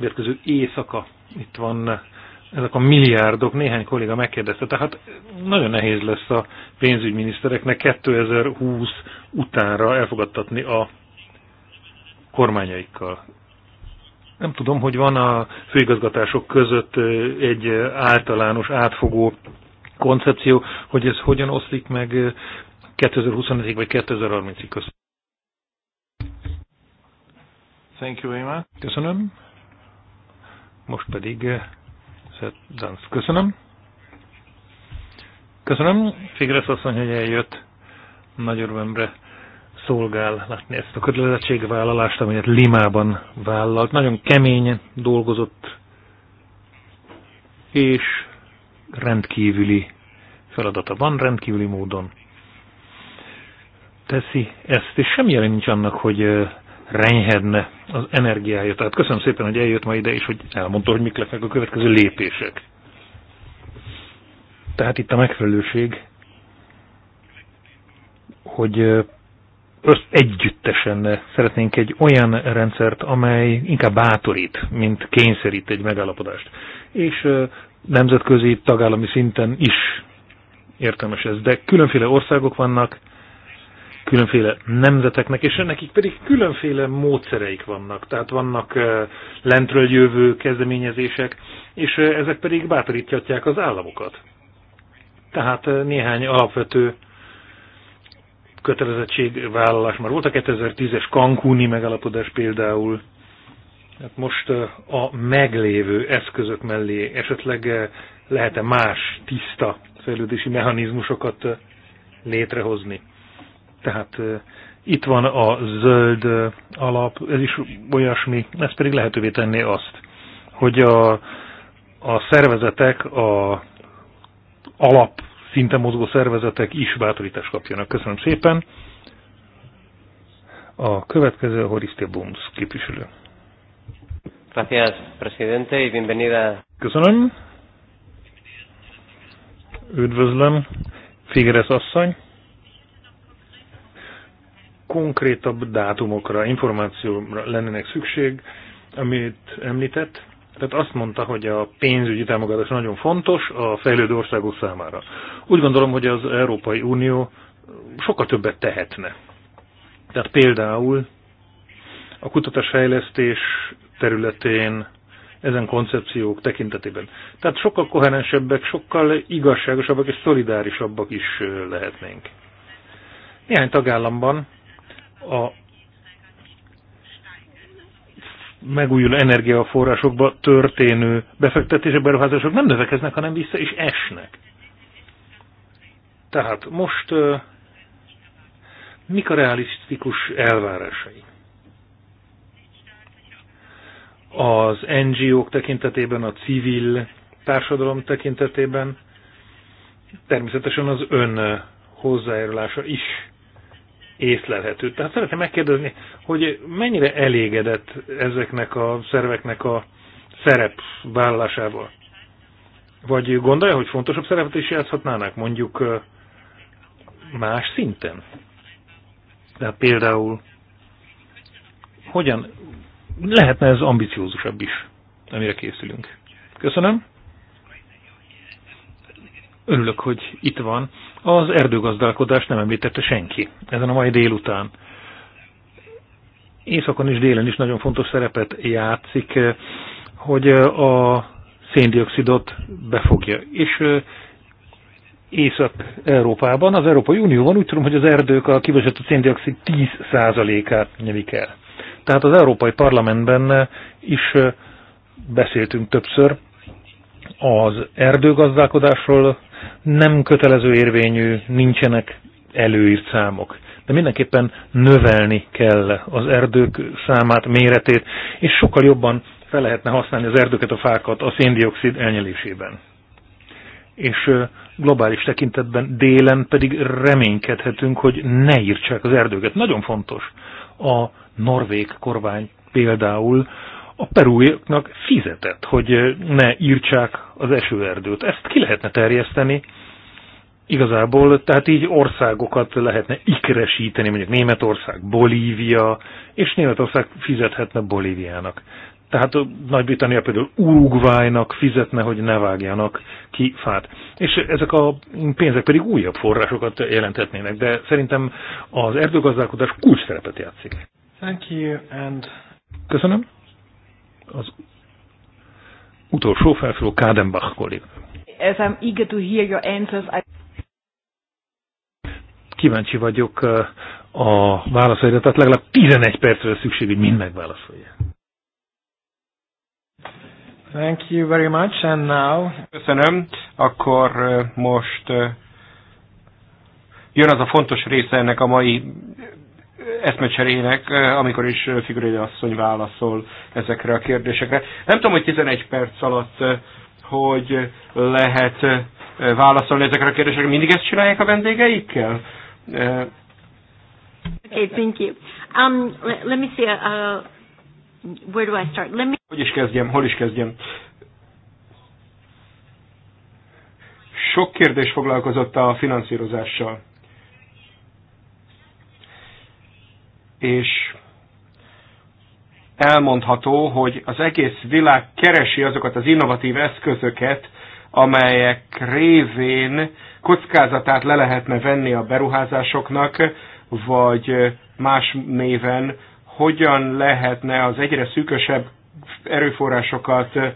érkező éjszaka itt van ezek a milliárdok, néhány kolléga megkérdezte, tehát nagyon nehéz lesz a pénzügyminisztereknek 2020 utánra elfogadtatni a kormányaikkal. Nem tudom, hogy van a főigazgatások között egy általános, átfogó koncepció, hogy ez hogyan oszlik meg 2025-ig vagy 2030-ig között. Thank you very much. Köszönöm. Most pedig Dansz. Köszönöm. Köszönöm. Figresz asszony, hogy eljött. Nagy örömömre szolgál látni ezt a kötelezettségvállalást, amelyet Limában vállalt. Nagyon kemény dolgozott, és rendkívüli feladata van, rendkívüli módon teszi ezt, és semmi jelen nincs annak, hogy renyhedne az energiája. Tehát köszönöm szépen, hogy eljött ma ide, és hogy elmondta, hogy mik lesznek a következő lépések. Tehát itt a megfelelőség, hogy Öszt együttesen szeretnénk egy olyan rendszert, amely inkább bátorít, mint kényszerít egy megállapodást. És nemzetközi, tagállami szinten is értelmes ez. De különféle országok vannak, különféle nemzeteknek, és nekik pedig különféle módszereik vannak. Tehát vannak lentről jövő kezdeményezések, és ezek pedig bátorítják az államokat. Tehát néhány alapvető kötelezettségvállalás már volt a 2010-es Cancúni megállapodás például. Hát most a meglévő eszközök mellé esetleg lehet-e más tiszta fejlődési mechanizmusokat létrehozni? Tehát itt van a zöld alap, ez is olyasmi, ez pedig lehetővé tenné azt, hogy a, a szervezetek a alap szinte mozgó szervezetek is bátorítást kapjanak. Köszönöm szépen. A következő Horiste Bums képviselő. Gracias, presidente, y bienvenida. Köszönöm. Üdvözlöm. Figueres asszony. Konkrétabb dátumokra, információra lennének szükség, amit említett tehát azt mondta, hogy a pénzügyi támogatás nagyon fontos a fejlődő országok számára. Úgy gondolom, hogy az Európai Unió sokkal többet tehetne. Tehát például a kutatásfejlesztés területén ezen koncepciók tekintetében. Tehát sokkal koherensebbek, sokkal igazságosabbak és szolidárisabbak is lehetnénk. Néhány tagállamban a megújuló energiaforrásokba történő befektetések, beruházások nem növekeznek, hanem vissza is esnek. Tehát most mik a realisztikus elvárásai? Az NGO-k tekintetében, a civil társadalom tekintetében, természetesen az ön hozzájárulása is észlelhető. Tehát szeretném megkérdezni, hogy mennyire elégedett ezeknek a szerveknek a szerep vállalásával? Vagy gondolja, hogy fontosabb szerepet is játszhatnának mondjuk más szinten? Tehát például hogyan lehetne ez ambiciózusabb is, amire készülünk? Köszönöm. Örülök, hogy itt van. Az erdőgazdálkodás nem említette senki ezen a mai délután. Északon is délen is nagyon fontos szerepet játszik, eh, hogy eh, a széndiokszidot befogja. És eh, Észak-Európában, az Európai Unióban úgy tudom, hogy az erdők a kivezetett széndiokszid 10%-át nyelik el. Tehát az Európai Parlamentben is beszéltünk többször az erdőgazdálkodásról, nem kötelező érvényű, nincsenek előírt számok. De mindenképpen növelni kell az erdők számát, méretét, és sokkal jobban fel lehetne használni az erdőket, a fákat a széndiokszid elnyelésében. És globális tekintetben délen pedig reménykedhetünk, hogy ne írtsák az erdőket. Nagyon fontos. A norvég kormány például a perújaknak fizetett, hogy ne írtsák az esőerdőt. Ezt ki lehetne terjeszteni, igazából, tehát így országokat lehetne ikresíteni, mondjuk Németország, Bolívia, és Németország fizethetne Bolíviának. Tehát Nagy-Britannia például Uruguaynak fizetne, hogy ne vágjanak ki fát. És ezek a pénzek pedig újabb forrásokat jelentetnének, de szerintem az erdőgazdálkodás kulcs szerepet játszik. Thank you and... Köszönöm. Az utolsó felszóló Kádenbach kollég. As I'm eager to hear your answers, I... Kíváncsi vagyok eh, a válaszaidat. tehát legalább 11 percre szükség, hogy mind megválaszolja. Thank you very much, and now... Köszönöm. Akkor eh, most eh, jön az a fontos része ennek a mai eszmecserének, eh, amikor is eh, Figuréde asszony válaszol ezekre a kérdésekre. Nem tudom, hogy 11 perc alatt eh, hogy lehet válaszolni ezekre a kérdésekre. Mindig ezt csinálják a vendégeikkel? Okay, thank you. Um, let me see, uh, uh, where do I start? Let me... Hogy is kezdjem, hol is kezdjem? Sok kérdés foglalkozott a finanszírozással. és elmondható, hogy az egész világ keresi azokat az innovatív eszközöket, amelyek révén kockázatát le lehetne venni a beruházásoknak, vagy más néven, hogyan lehetne az egyre szűkösebb erőforrásokat eh,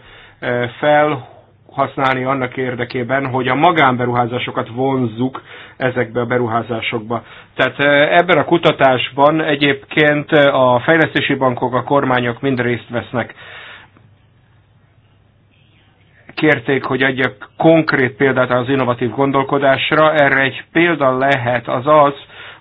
fel használni annak érdekében, hogy a magánberuházásokat vonzzuk ezekbe a beruházásokba. Tehát e, ebben a kutatásban egyébként a fejlesztési bankok, a kormányok mind részt vesznek. Kérték, hogy adjak konkrét példát az innovatív gondolkodásra. Erre egy példa lehet az az,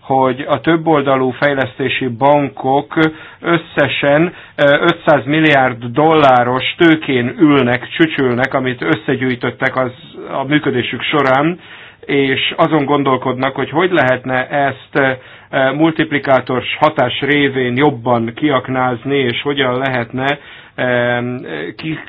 hogy a többoldalú fejlesztési bankok összesen 500 milliárd dolláros tőkén ülnek, csücsülnek, amit összegyűjtöttek az, a működésük során, és azon gondolkodnak, hogy hogy lehetne ezt multiplikátors hatás révén jobban kiaknázni, és hogyan lehetne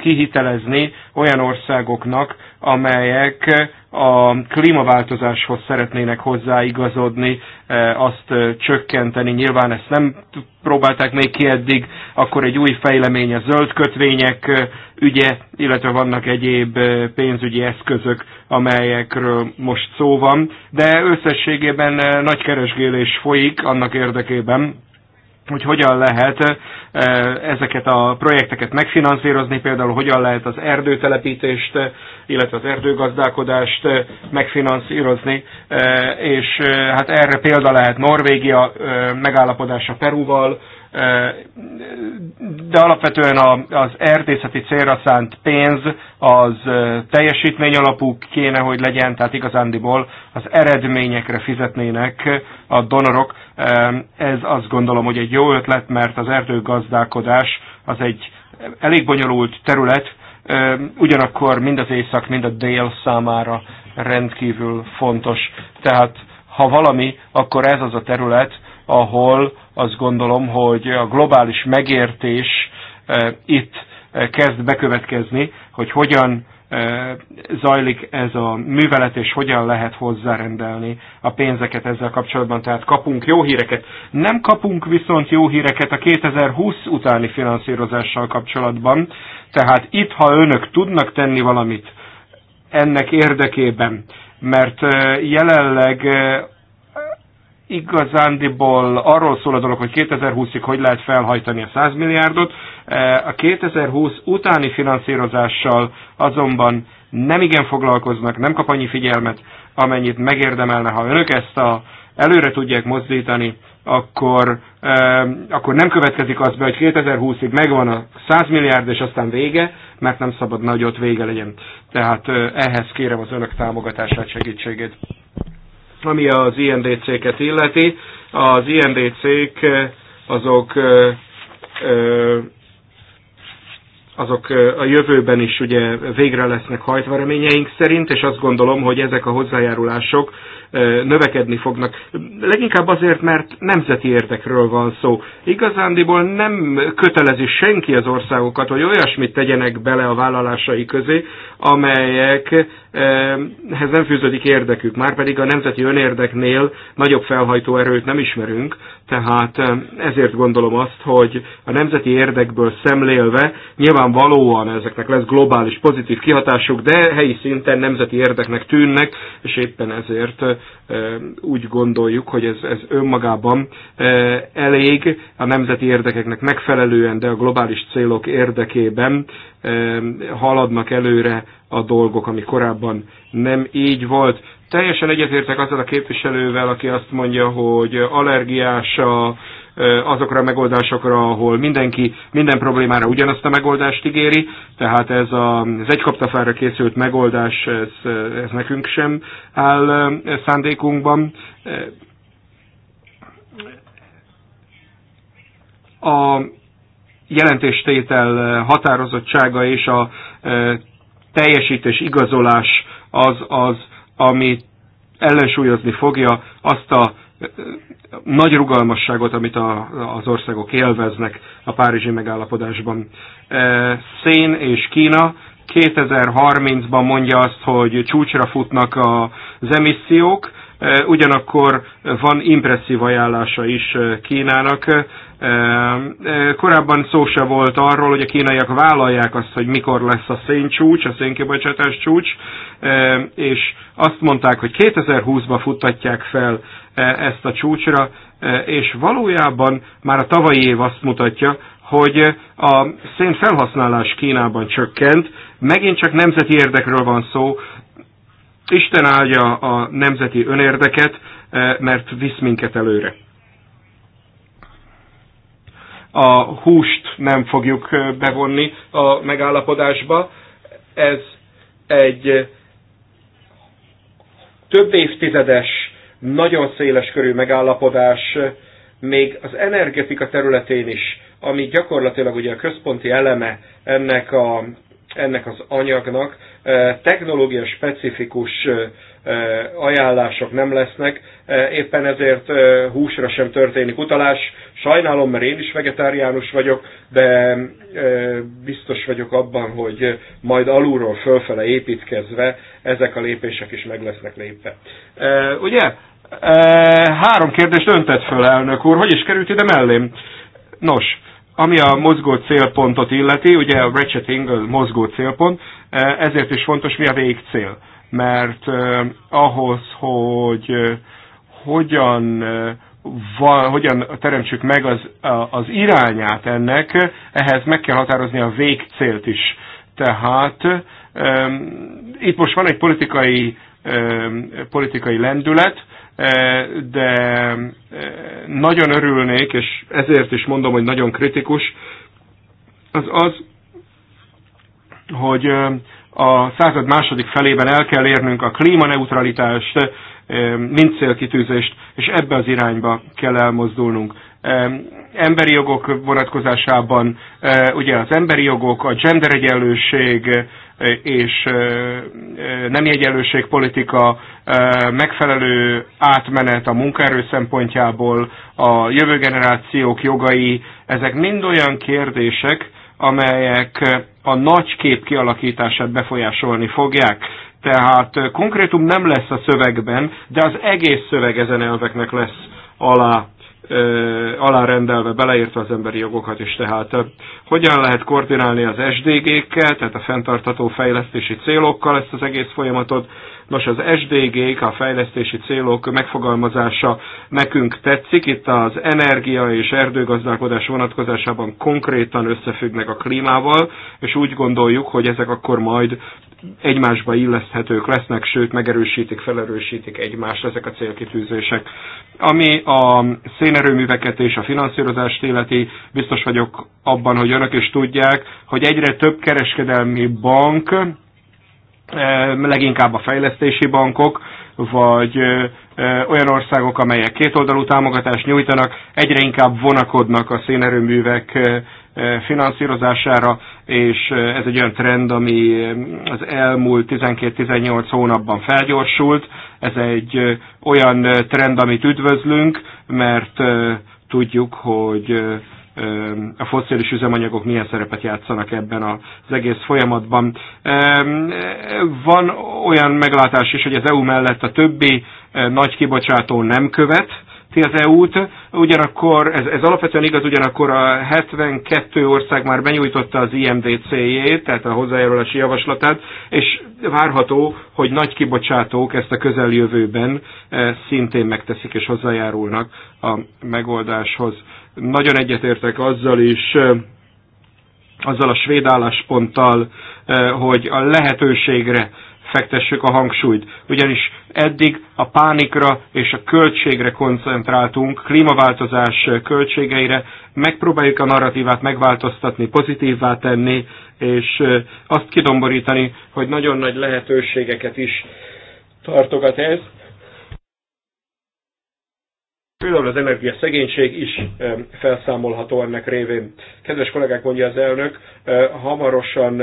kihitelezni olyan országoknak, amelyek a klímaváltozáshoz szeretnének hozzáigazodni, e, azt e, csökkenteni. Nyilván ezt nem próbálták még ki eddig, akkor egy új fejlemény a zöld kötvények e, ügye, illetve vannak egyéb pénzügyi eszközök, amelyekről most szó van, de összességében nagy keresgélés folyik annak érdekében, hogy hogyan lehet eh, ezeket a projekteket megfinanszírozni, például hogyan lehet az erdőtelepítést, eh, illetve az erdőgazdálkodást eh, megfinanszírozni, és hát erre példa lehet Norvégia megállapodása Perúval, de alapvetően az erdészeti célra szánt pénz az teljesítmény alapú kéne, hogy legyen, tehát igazándiból az eredményekre fizetnének a donorok. Ez azt gondolom, hogy egy jó ötlet, mert az erdőgazdálkodás az egy elég bonyolult terület, ugyanakkor mind az éjszak, mind a dél számára rendkívül fontos. Tehát ha valami, akkor ez az a terület, ahol azt gondolom, hogy a globális megértés eh, itt eh, kezd bekövetkezni, hogy hogyan zajlik ez a művelet, és hogyan lehet hozzárendelni a pénzeket ezzel kapcsolatban. Tehát kapunk jó híreket. Nem kapunk viszont jó híreket a 2020 utáni finanszírozással kapcsolatban. Tehát itt, ha önök tudnak tenni valamit ennek érdekében, mert jelenleg igazándiból arról szól a dolog, hogy 2020-ig hogy lehet felhajtani a 100 milliárdot. E, a 2020 utáni finanszírozással azonban nem igen foglalkoznak, nem kap annyi figyelmet, amennyit megérdemelne. Ha önök ezt a előre tudják mozdítani, akkor, e, akkor nem következik az be, hogy 2020-ig megvan a 100 milliárd, és aztán vége, mert nem szabad nagyot vége legyen. Tehát e, ehhez kérem az önök támogatását, segítségét. Ami az INDC-ket illeti, az INDC-k eh, azok eh, eh, azok a jövőben is ugye végre lesznek hajtva reményeink szerint, és azt gondolom, hogy ezek a hozzájárulások növekedni fognak. Leginkább azért, mert nemzeti érdekről van szó. Igazándiból nem kötelezi senki az országokat, hogy olyasmit tegyenek bele a vállalásai közé, amelyek ehhez nem fűződik érdekük, már pedig a nemzeti önérdeknél nagyobb felhajtó erőt nem ismerünk, tehát eh, ezért gondolom azt, hogy a nemzeti érdekből szemlélve nyilvánvalóan ezeknek lesz globális pozitív kihatásuk, de helyi szinten nemzeti érdeknek tűnnek, és éppen ezért eh, úgy gondoljuk, hogy ez, ez önmagában eh, elég a nemzeti érdekeknek megfelelően, de a globális célok érdekében haladnak előre a dolgok, ami korábban nem így volt. Teljesen egyetértek azzal a képviselővel, aki azt mondja, hogy allergiás a, azokra a megoldásokra, ahol mindenki minden problémára ugyanazt a megoldást ígéri, tehát ez a, az egykaptafára készült megoldás, ez, ez nekünk sem áll szándékunkban. A jelentéstétel eh, határozottsága és a eh, teljesítés igazolás az az, ami ellensúlyozni fogja azt a eh, nagy rugalmasságot, amit a, az országok élveznek a Párizsi megállapodásban. Szén és Kína 2030-ban mondja azt, hogy csúcsra futnak az emissziók, E, ugyanakkor van impresszív ajánlása is e, Kínának. E, korábban szó se volt arról, hogy a kínaiak vállalják azt, hogy mikor lesz a széncsúcs, a szénkibocsátás csúcs, és azt mondták, hogy 2020-ba futtatják fel ezt a csúcsra, és valójában már a tavalyi év azt mutatja, hogy a szén felhasználás Kínában csökkent, megint csak nemzeti érdekről van szó, Isten áldja a nemzeti önérdeket, eh, mert visz minket előre. A húst nem fogjuk eh, bevonni a megállapodásba. Ez egy több évtizedes, nagyon széles körű megállapodás, eh, még az energetika területén is, ami gyakorlatilag ugye a központi eleme ennek, a, ennek az anyagnak, technológia specifikus ajánlások nem lesznek, éppen ezért húsra sem történik utalás. Sajnálom, mert én is vegetáriánus vagyok, de biztos vagyok abban, hogy majd alulról fölfele építkezve ezek a lépések is meg lesznek lépve. Ugye? Három kérdést öntett föl, elnök úr. Hogy is került ide mellém? Nos, ami a mozgó célpontot illeti, ugye a Ratchet Ingle mozgó célpont, Eh, ezért is fontos, mi a végcél. Mert eh, ahhoz, hogy eh, hogyan van, hogyan teremtsük meg az, az irányát ennek, ehhez meg kell határozni a végcélt is. Tehát itt most van egy politikai, politikai lendület, de nagyon örülnék, és ezért is mondom, hogy nagyon kritikus, az az, hogy a század második felében el kell érnünk a klímaneutralitást, mint célkitűzést, és ebbe az irányba kell elmozdulnunk. Emberi jogok vonatkozásában ugye az emberi jogok, a gender egyenlőség és nem egyenlőség politika megfelelő átmenet a munkaerő szempontjából, a jövő generációk jogai, ezek mind olyan kérdések, amelyek a nagy kép kialakítását befolyásolni fogják. Tehát konkrétum nem lesz a szövegben, de az egész szöveg ezen elveknek lesz alá alárendelve, beleértve az emberi jogokat is. Tehát hogyan lehet koordinálni az SDG-kkel, tehát a fenntartató fejlesztési célokkal ezt az egész folyamatot, Nos, az SDG-k, a fejlesztési célok megfogalmazása nekünk tetszik. Itt az energia és erdőgazdálkodás vonatkozásában konkrétan összefüggnek a klímával, és úgy gondoljuk, hogy ezek akkor majd egymásba illeszthetők lesznek, sőt megerősítik, felerősítik egymást ezek a célkitűzések. Ami a szénerőműveket és a finanszírozást illeti, biztos vagyok abban, hogy önök is tudják, hogy egyre több kereskedelmi bank leginkább a fejlesztési bankok, vagy olyan országok, amelyek kétoldalú támogatást nyújtanak, egyre inkább vonakodnak a szénerőművek finanszírozására, és ez egy olyan trend, ami az elmúlt 12-18 hónapban felgyorsult. Ez egy olyan trend, amit üdvözlünk, mert tudjuk, hogy a foszilis üzemanyagok milyen szerepet játszanak ebben az egész folyamatban. Van olyan meglátás is, hogy az EU mellett a többi nagy kibocsátó nem követ, az EU-t, ugyanakkor, ez, ez alapvetően igaz, ugyanakkor a 72 ország már benyújtotta az IMDC-jét, tehát a hozzájárulási javaslatát, és várható, hogy nagy kibocsátók ezt a közeljövőben szintén megteszik és hozzájárulnak a megoldáshoz. Nagyon egyetértek azzal is, azzal a svéd állásponttal, hogy a lehetőségre fektessük a hangsúlyt. Ugyanis eddig a pánikra és a költségre koncentráltunk, klímaváltozás költségeire, megpróbáljuk a narratívát megváltoztatni, pozitívvá tenni, és azt kidomborítani, hogy nagyon nagy lehetőségeket is tartogat ez, Például az energiaszegénység is felszámolható ennek révén. Kedves kollégák, mondja az elnök, hamarosan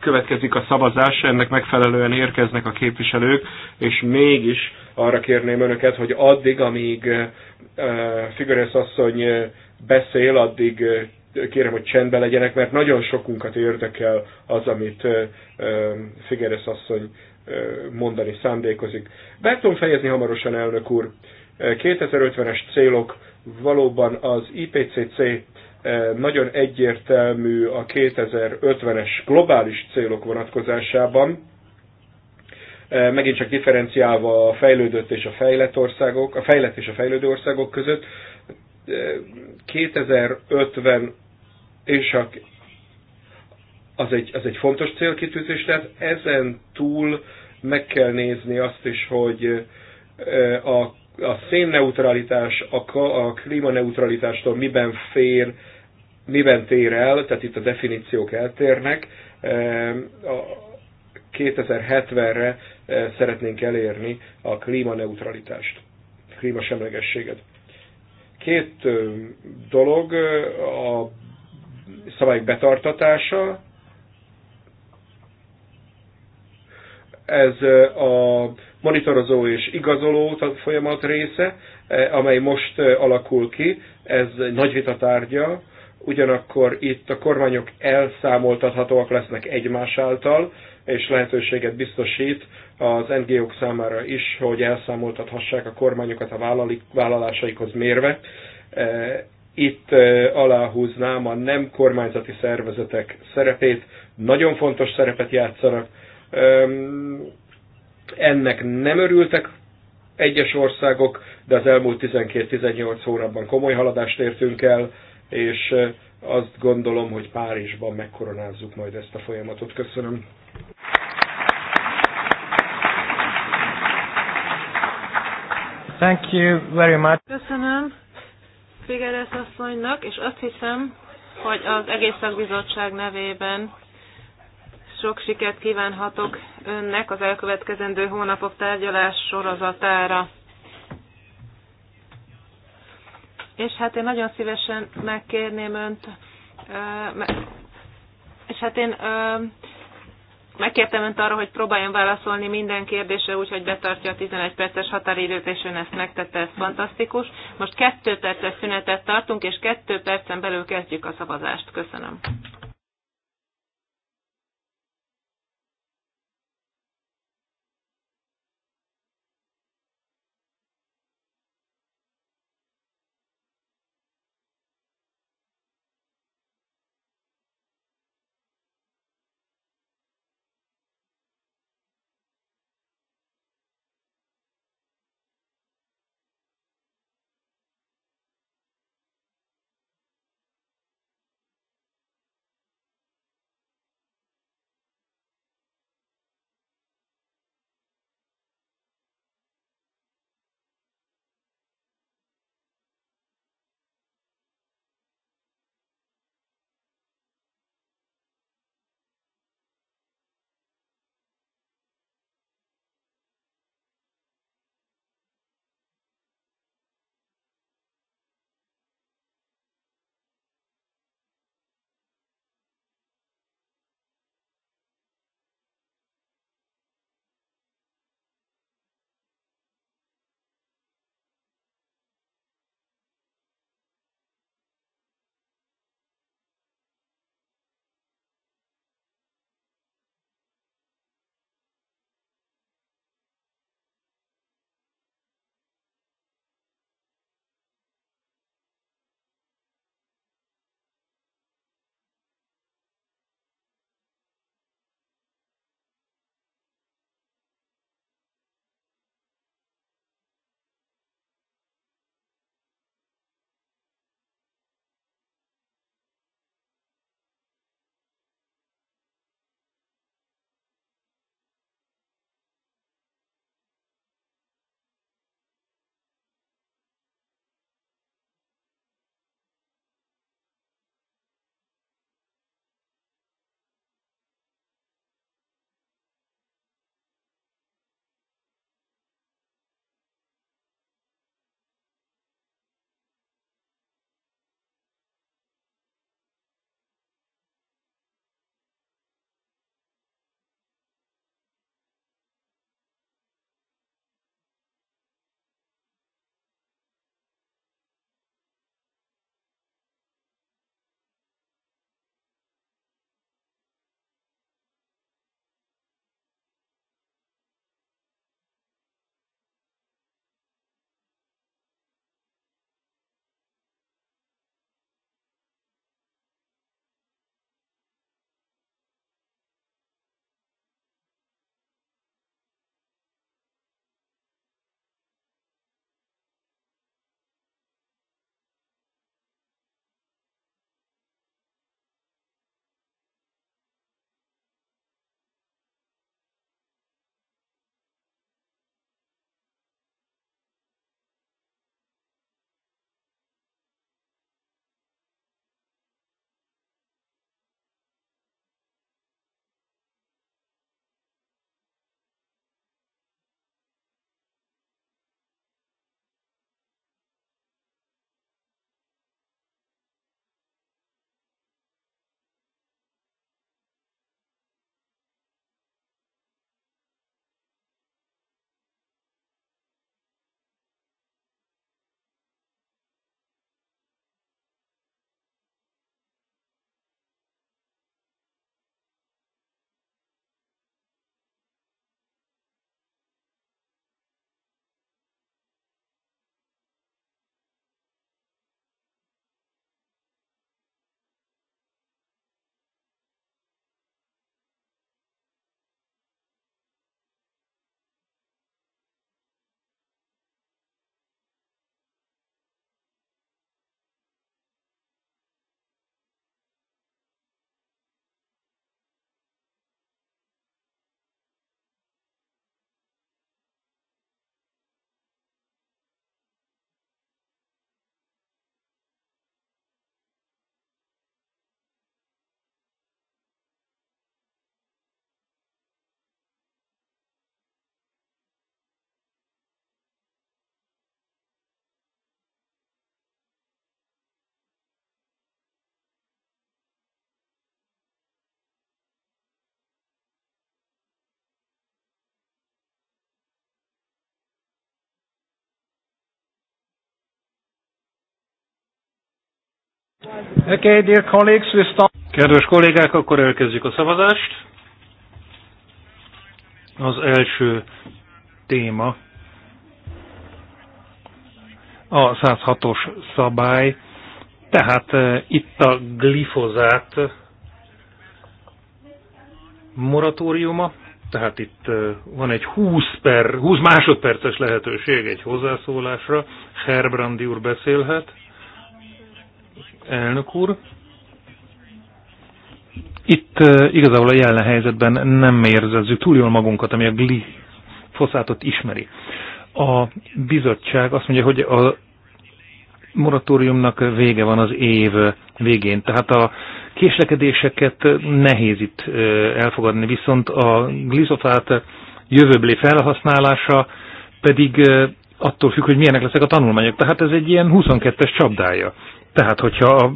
következik a szavazás, ennek megfelelően érkeznek a képviselők, és mégis arra kérném önöket, hogy addig, amíg Figueres asszony beszél, addig kérem, hogy csendben legyenek, mert nagyon sokunkat érdekel az, amit Figueres asszony mondani szándékozik. Be tudom fejezni hamarosan, elnök úr. 2050-es célok valóban az IPCC eh, nagyon egyértelmű a 2050-es globális célok vonatkozásában, eh, megint csak differenciálva a fejlődött és a fejlett országok, a fejlett és a fejlődő országok között. 2050 eh, és a, az, egy, az egy fontos célkitűzés, tehát ezen túl meg kell nézni azt is, hogy a a szénneutralitás, a, a klímaneutralitástól miben fér, miben tér el, tehát itt a definíciók eltérnek. Ehm, a 2070-re e, szeretnénk elérni a klímaneutralitást, klímasemlegességet. Két dolog, a szabályok betartatása, ez a monitorozó és igazoló folyamat része, e, amely most e, alakul ki, ez nagy vita tárgya, ugyanakkor itt a kormányok elszámoltathatóak lesznek egymás által, és lehetőséget biztosít az NGO-k számára is, hogy elszámoltathassák a kormányokat a vállalásaikhoz mérve. E, itt aláhúznám a nem kormányzati szervezetek szerepét, nagyon fontos szerepet játszanak. Ennek nem örültek egyes országok, de az elmúlt 12-18 hónapban komoly haladást értünk el, és azt gondolom, hogy Párizsban megkoronázzuk majd ezt a folyamatot. Köszönöm. Thank you very much. Köszönöm Figueres asszonynak, és azt hiszem, hogy az egész szakbizottság nevében sok sikert kívánhatok önnek az elkövetkezendő hónapok tárgyalás sorozatára. És hát én nagyon szívesen megkérném önt, és hát én megkértem önt arra, hogy próbáljon válaszolni minden kérdésre, úgyhogy betartja a 11 perces határidőt, és ön ezt megtette, ez fantasztikus. Most kettő perces szünetet tartunk, és kettő percen belül kezdjük a szavazást. Köszönöm. Okay, dear colleagues, we start. Kedves kollégák, akkor elkezdjük a szavazást. Az első téma a 106-os szabály, tehát uh, itt a glifozát moratóriuma, tehát itt eh, van egy 20, per, 20 másodperces lehetőség egy hozzászólásra, Herbrandi úr beszélhet, elnök úr. Itt igazából a jelen helyzetben nem érzezzük túl jól magunkat, ami a glifoszátot ismeri. A bizottság azt mondja, hogy a moratóriumnak vége van az év végén, tehát a késlekedéseket nehéz itt elfogadni, viszont a glizofát jövőbeli felhasználása pedig attól függ, hogy milyenek lesznek a tanulmányok. Tehát ez egy ilyen 22-es csapdája. Tehát, hogyha a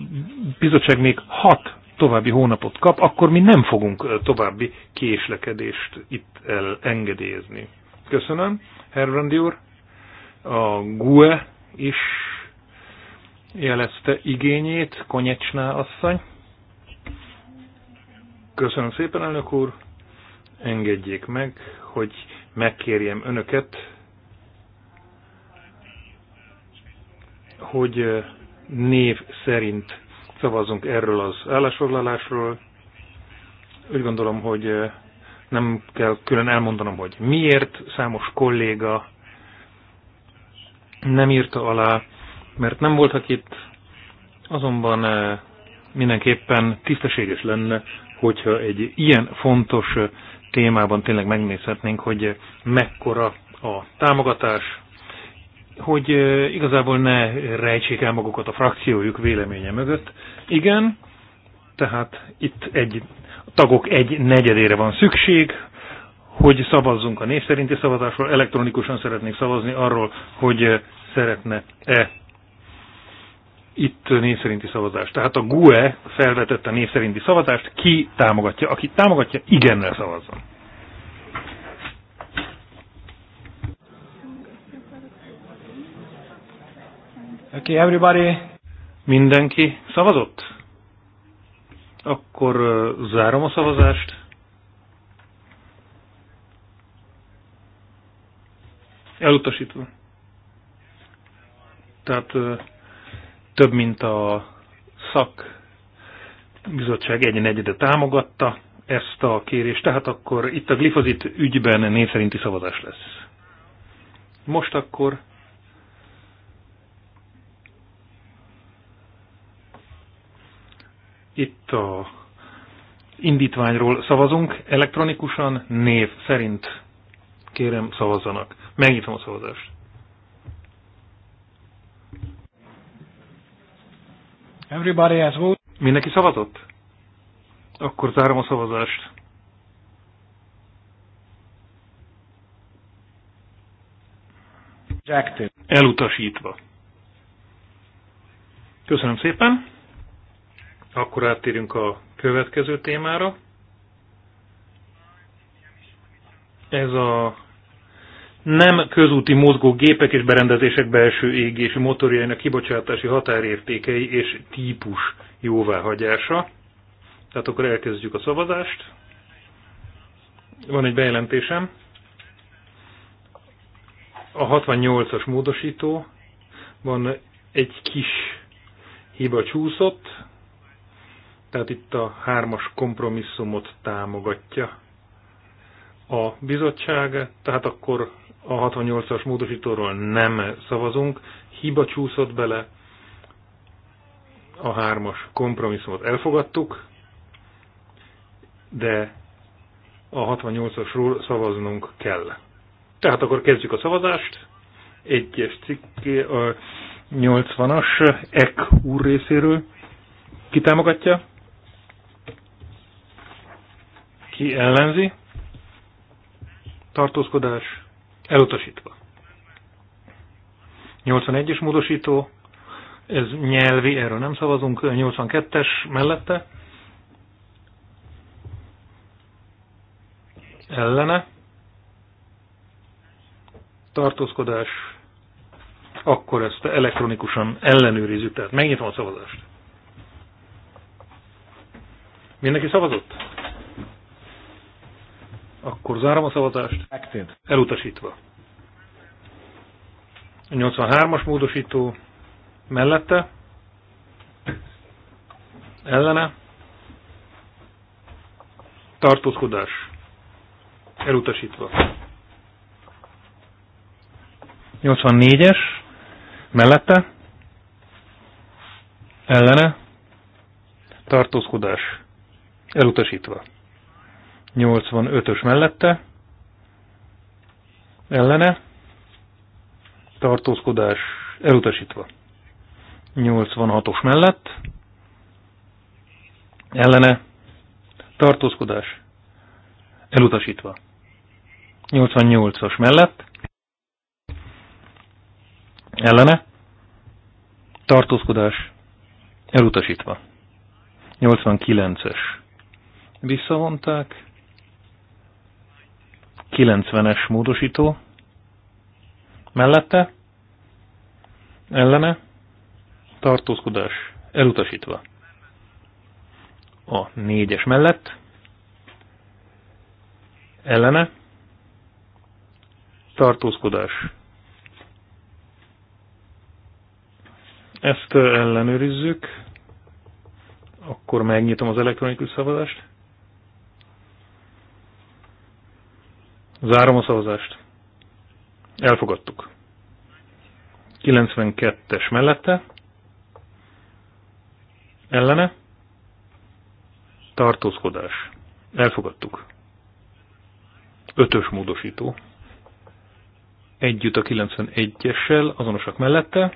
bizottság még hat további hónapot kap, akkor mi nem fogunk további késlekedést itt engedélyezni. Köszönöm, Herbrandi úr. A GUE is jelezte igényét, Konyecsná asszony. Köszönöm szépen, elnök úr. Engedjék meg, hogy megkérjem önöket, hogy név szerint szavazunk erről az állásfoglalásról. Úgy gondolom, hogy nem kell külön elmondanom, hogy miért számos kolléga nem írta alá, mert nem voltak itt, azonban mindenképpen tisztességes lenne, hogyha egy ilyen fontos témában tényleg megnézhetnénk, hogy mekkora a támogatás, hogy igazából ne rejtsék el magukat a frakciójuk véleménye mögött. Igen, tehát itt egy, a tagok egy negyedére van szükség, hogy szavazzunk a név szerinti szavazásról, elektronikusan szeretnék szavazni arról, hogy szeretne-e itt név szerinti szavazást. Tehát a GUE felvetette a név szerinti szavazást, ki támogatja. Aki támogatja, igennel szavazzon. Okay, everybody. Mindenki szavazott? Akkor uh, zárom a szavazást. Elutasítva. Tehát uh, több, mint a szak bizottság egyen negyede támogatta ezt a kérést, tehát akkor itt a glifozit ügyben név szerinti szavazás lesz. Most akkor Itt a indítványról szavazunk, elektronikusan név szerint kérem szavazzanak. Megnyitom a szavazást. Everybody has voted. Mindenki szavazott? Akkor zárom a szavazást. Elutasítva. Köszönöm szépen. Akkor áttérünk a következő témára. Ez a nem közúti mozgó gépek és berendezések belső égési motorjainak kibocsátási határértékei és típus jóváhagyása. Tehát akkor elkezdjük a szavazást. Van egy bejelentésem. A 68-as módosító van egy kis hiba csúszott, tehát itt a hármas kompromisszumot támogatja a bizottság, tehát akkor a 68-as módosítóról nem szavazunk, hiba csúszott bele, a hármas kompromisszumot elfogadtuk, de a 68-asról szavaznunk kell. Tehát akkor kezdjük a szavazást. Egyes cikk a 80-as EK úr részéről. Ki támogatja? Ki ellenzi? Tartózkodás elutasítva. 81-es módosító, ez nyelvi, erről nem szavazunk, 82-es mellette. Ellene. Tartózkodás. Akkor ezt elektronikusan ellenőrizzük, tehát megnyitom a szavazást. Mindenki szavazott? Akkor zárom a szavazást. Elutasítva. 83-as módosító mellette, ellene, tartózkodás, elutasítva. 84-es, mellette, ellene, tartózkodás, elutasítva. 85-ös mellette, ellene, tartózkodás elutasítva. 86-os mellett, ellene, tartózkodás elutasítva. 88-as mellett, ellene, tartózkodás elutasítva. 89-es. Visszavonták. 90-es módosító. Mellette? Ellene? Tartózkodás. Elutasítva. A 4-es mellett. Ellene? Tartózkodás. Ezt ellenőrizzük. Akkor megnyitom az elektronikus szavazást. Zárom a szavazást. Elfogadtuk. 92-es mellette. Ellene. Tartózkodás. Elfogadtuk. Ötös módosító. Együtt a 91-essel, azonosak mellette.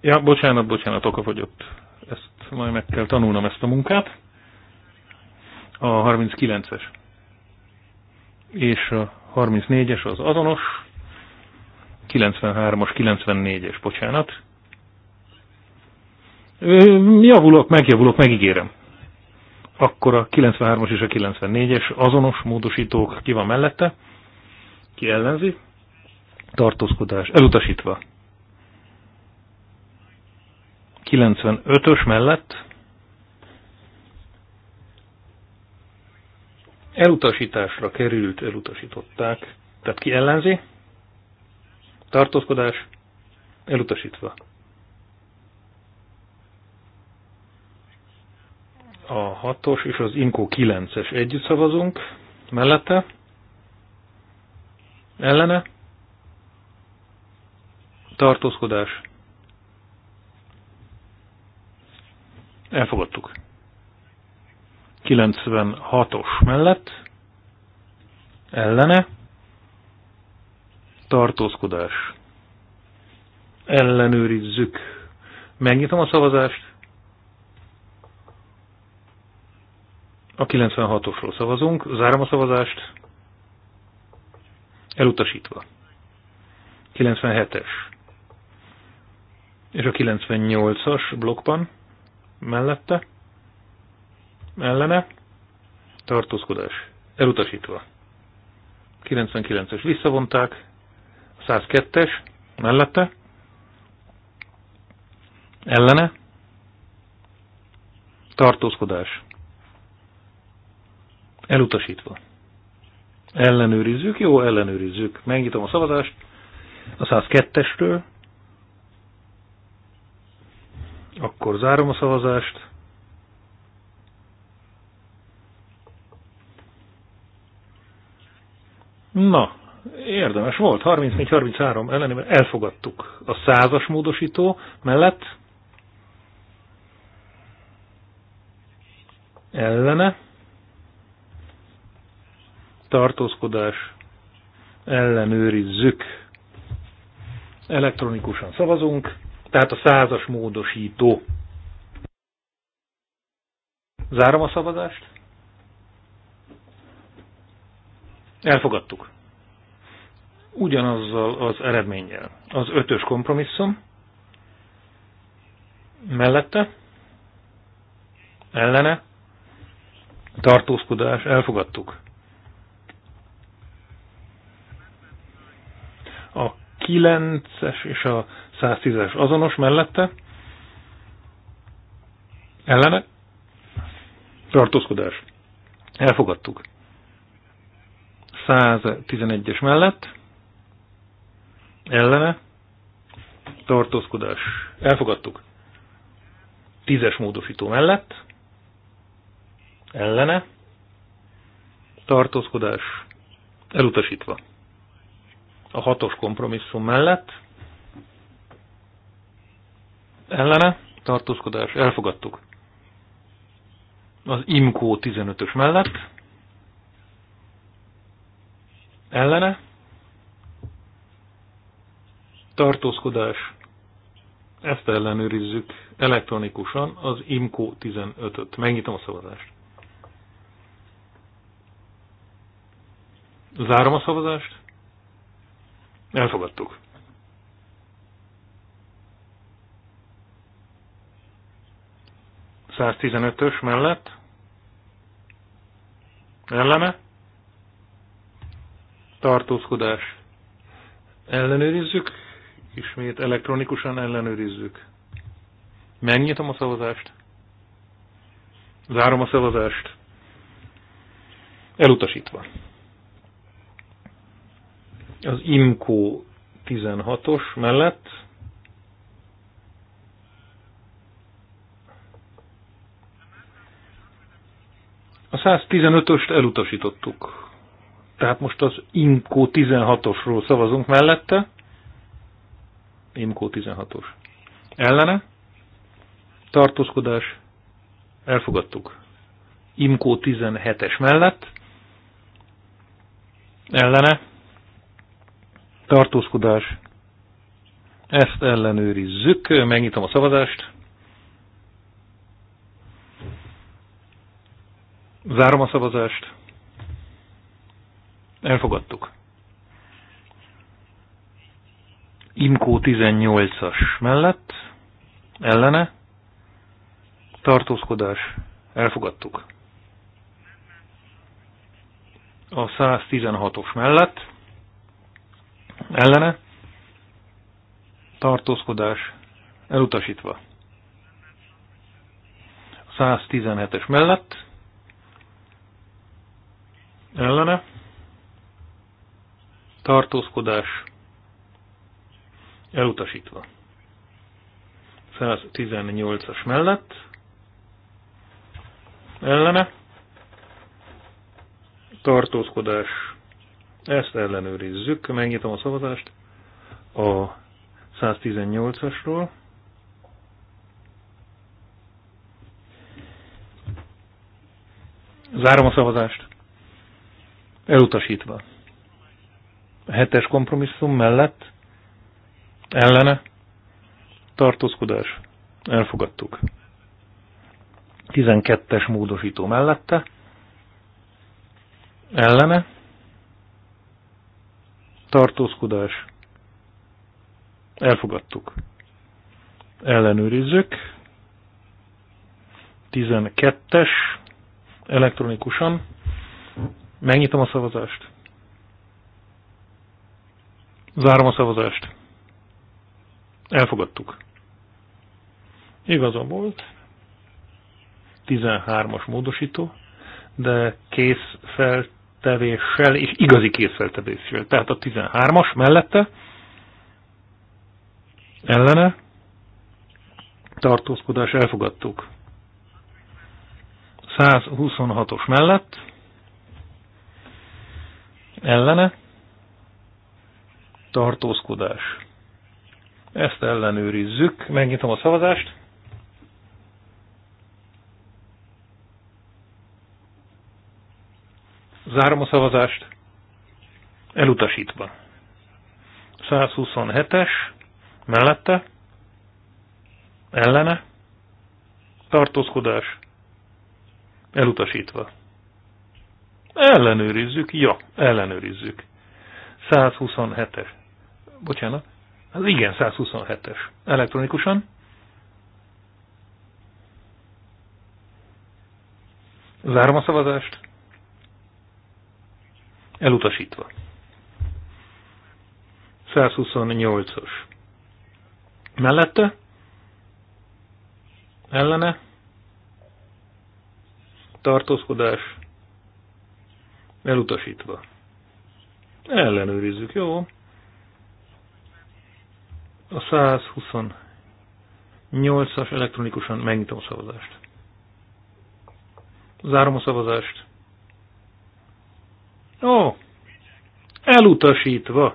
Ja, bocsánat, bocsánat, okafogyott. Ezt majd meg kell tanulnom ezt a munkát a 39-es és a 34-es az azonos, 93-as, 94-es, bocsánat. Javulok, megjavulok, megígérem. Akkor a 93-as és a 94-es azonos módosítók ki van mellette, ki ellenzi, tartózkodás elutasítva. 95-ös mellett elutasításra került, elutasították. Tehát ki ellenzi? Tartózkodás elutasítva. A 6-os és az Inko 9-es együtt szavazunk. Mellette? Ellene? Tartózkodás. Elfogadtuk. 96-os mellett ellene tartózkodás. Ellenőrizzük. Megnyitom a szavazást. A 96-osról szavazunk, zárom a szavazást. Elutasítva. 97-es. És a 98-as blokkban mellette ellene, tartózkodás elutasítva. 99-es visszavonták, 102-es mellette, ellene, tartózkodás elutasítva. Ellenőrizzük, jó, ellenőrizzük. Megnyitom a szavazást a 102-esről, akkor zárom a szavazást, Na, érdemes volt. 34-33 ellenében elfogadtuk a százas módosító mellett. Ellene. Tartózkodás. Ellenőrizzük. Elektronikusan szavazunk. Tehát a százas módosító. Zárom a szavazást. Elfogadtuk. Ugyanazzal az eredménnyel. Az ötös kompromisszum mellette, ellene, tartózkodás, elfogadtuk. A 9-es és a 110-es azonos mellette, ellene, tartózkodás, elfogadtuk. 111-es mellett ellene tartózkodás. Elfogadtuk. 10-es módosító mellett ellene tartózkodás elutasítva. A hatos kompromisszum mellett ellene tartózkodás elfogadtuk. Az IMCO 15-ös mellett ellene, tartózkodás, ezt ellenőrizzük elektronikusan az IMCO 15-öt. Megnyitom a szavazást. Zárom a szavazást. Elfogadtuk. Száztizenötös mellett. Ellene tartózkodás. Ellenőrizzük, ismét elektronikusan ellenőrizzük. Megnyitom a szavazást. Zárom a szavazást. Elutasítva. Az IMCO 16-os mellett a 115-öst elutasítottuk. Tehát most az IMCO 16-osról szavazunk mellette. IMCO 16-os. Ellene. Tartózkodás. Elfogadtuk. IMCO 17-es mellett. Ellene. Tartózkodás. Ezt ellenőrizzük. Megnyitom a szavazást. Zárom a szavazást. Elfogadtuk. Imkó 18-as mellett, ellene, tartózkodás, elfogadtuk. A 116-os mellett, ellene, tartózkodás, elutasítva. A 117-es mellett, ellene, tartózkodás elutasítva. 118-as mellett ellene tartózkodás ezt ellenőrizzük, megnyitom a szavazást a 118-asról. Zárom a szavazást. Elutasítva hetes kompromisszum mellett ellene tartózkodás elfogadtuk. 12-es módosító mellette ellene tartózkodás elfogadtuk. Ellenőrizzük. 12-es elektronikusan megnyitom a szavazást. Zárom a szavazást. Elfogadtuk. Igazam volt. 13-as módosító, de készfeltevéssel és igazi készfeltevéssel. Tehát a 13-as mellette ellene tartózkodás elfogadtuk. 126-os mellett ellene tartózkodás. Ezt ellenőrizzük. Megnyitom a szavazást. Zárom a szavazást. Elutasítva. 127-es mellette ellene tartózkodás elutasítva. Ellenőrizzük, ja, ellenőrizzük. 127-es bocsánat, az igen 127-es. Elektronikusan. Zárom a szavazást. Elutasítva. 128-os. Mellette? Ellene? Tartózkodás? Elutasítva. Ellenőrizzük, jó? A 128-as elektronikusan megnyitom a szavazást. Zárom a szavazást. Ó, elutasítva.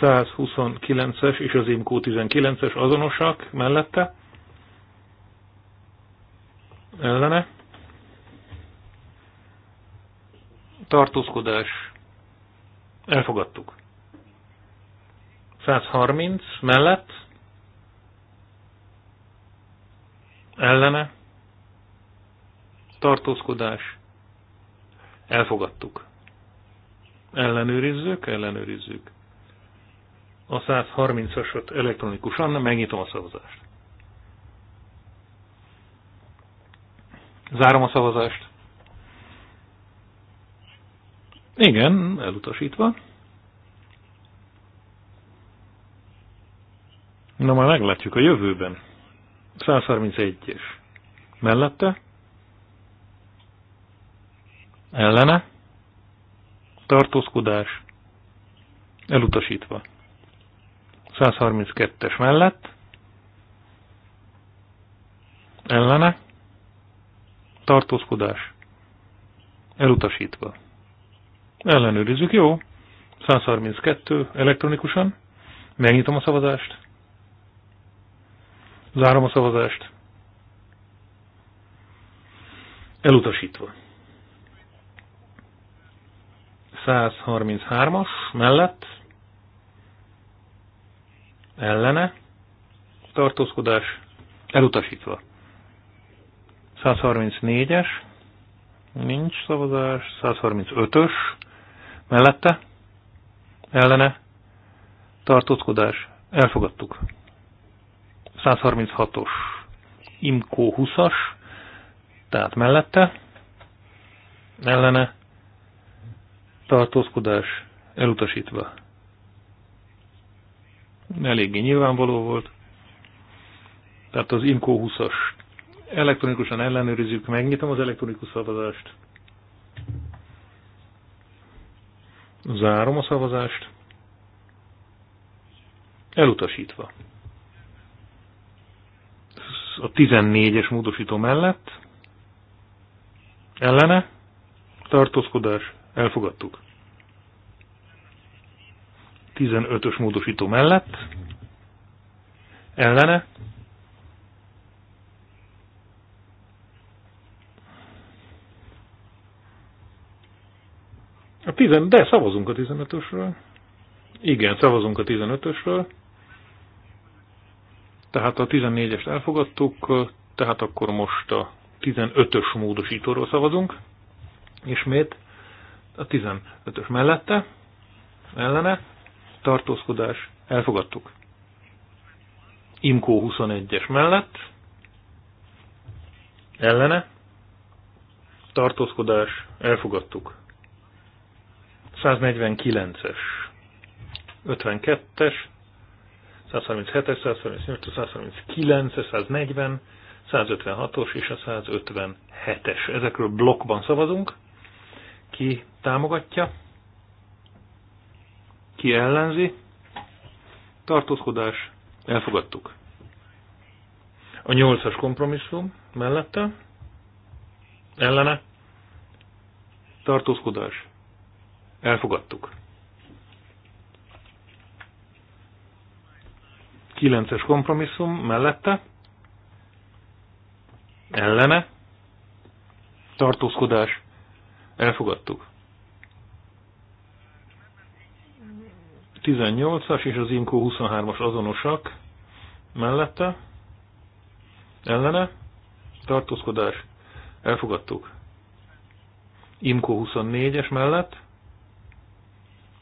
...129-es és az IMQ 19-es azonosak mellette ellene. Tartózkodás. Elfogadtuk. 130 mellett. Ellene. Tartózkodás. Elfogadtuk. Ellenőrizzük, ellenőrizzük. A 130-asat elektronikusan, megnyitom a szavazást. Zárom a szavazást. Igen, elutasítva. Na majd meglátjuk a jövőben. 131-es. Mellette? Ellene? Tartózkodás? Elutasítva. 132-es mellett? Ellene? tartózkodás, elutasítva. Ellenőrizzük, jó? 132 elektronikusan. Megnyitom a szavazást. Zárom a szavazást. Elutasítva. 133-as mellett ellene tartózkodás elutasítva. 134-es, nincs szavazás, 135-ös, mellette, ellene, tartózkodás, elfogadtuk. 136-os, imkó 20-as, tehát mellette, ellene, tartózkodás, elutasítva. Eléggé nyilvánvaló volt. Tehát az IMCO 20-as elektronikusan ellenőrizzük, megnyitom az elektronikus szavazást. Zárom a szavazást. Elutasítva. A 14-es módosító mellett. Ellene. Tartózkodás. Elfogadtuk. 15-ös módosító mellett. Ellene. A tizen, de szavazunk a 15-ösről. Igen, szavazunk a 15-ösről. Tehát a 14-est elfogadtuk, tehát akkor most a 15-ös módosítóról szavazunk. Ismét a 15-ös mellette, ellene, tartózkodás, elfogadtuk. Imkó 21-es mellett, ellene, tartózkodás, elfogadtuk. 149-es, 52-es, 137-es, 138-es, 139-es, 140, 156-os és a 157-es. Ezekről blokkban szavazunk. Ki támogatja? Ki ellenzi? Tartózkodás. Elfogadtuk. A 8-as kompromisszum mellette. Ellene. Tartózkodás. Elfogadtuk. 9-es kompromisszum mellette, ellene, tartózkodás, elfogadtuk. 18-as és az Inkó 23-as azonosak mellette, ellene, tartózkodás, elfogadtuk. Imko 24-es mellett,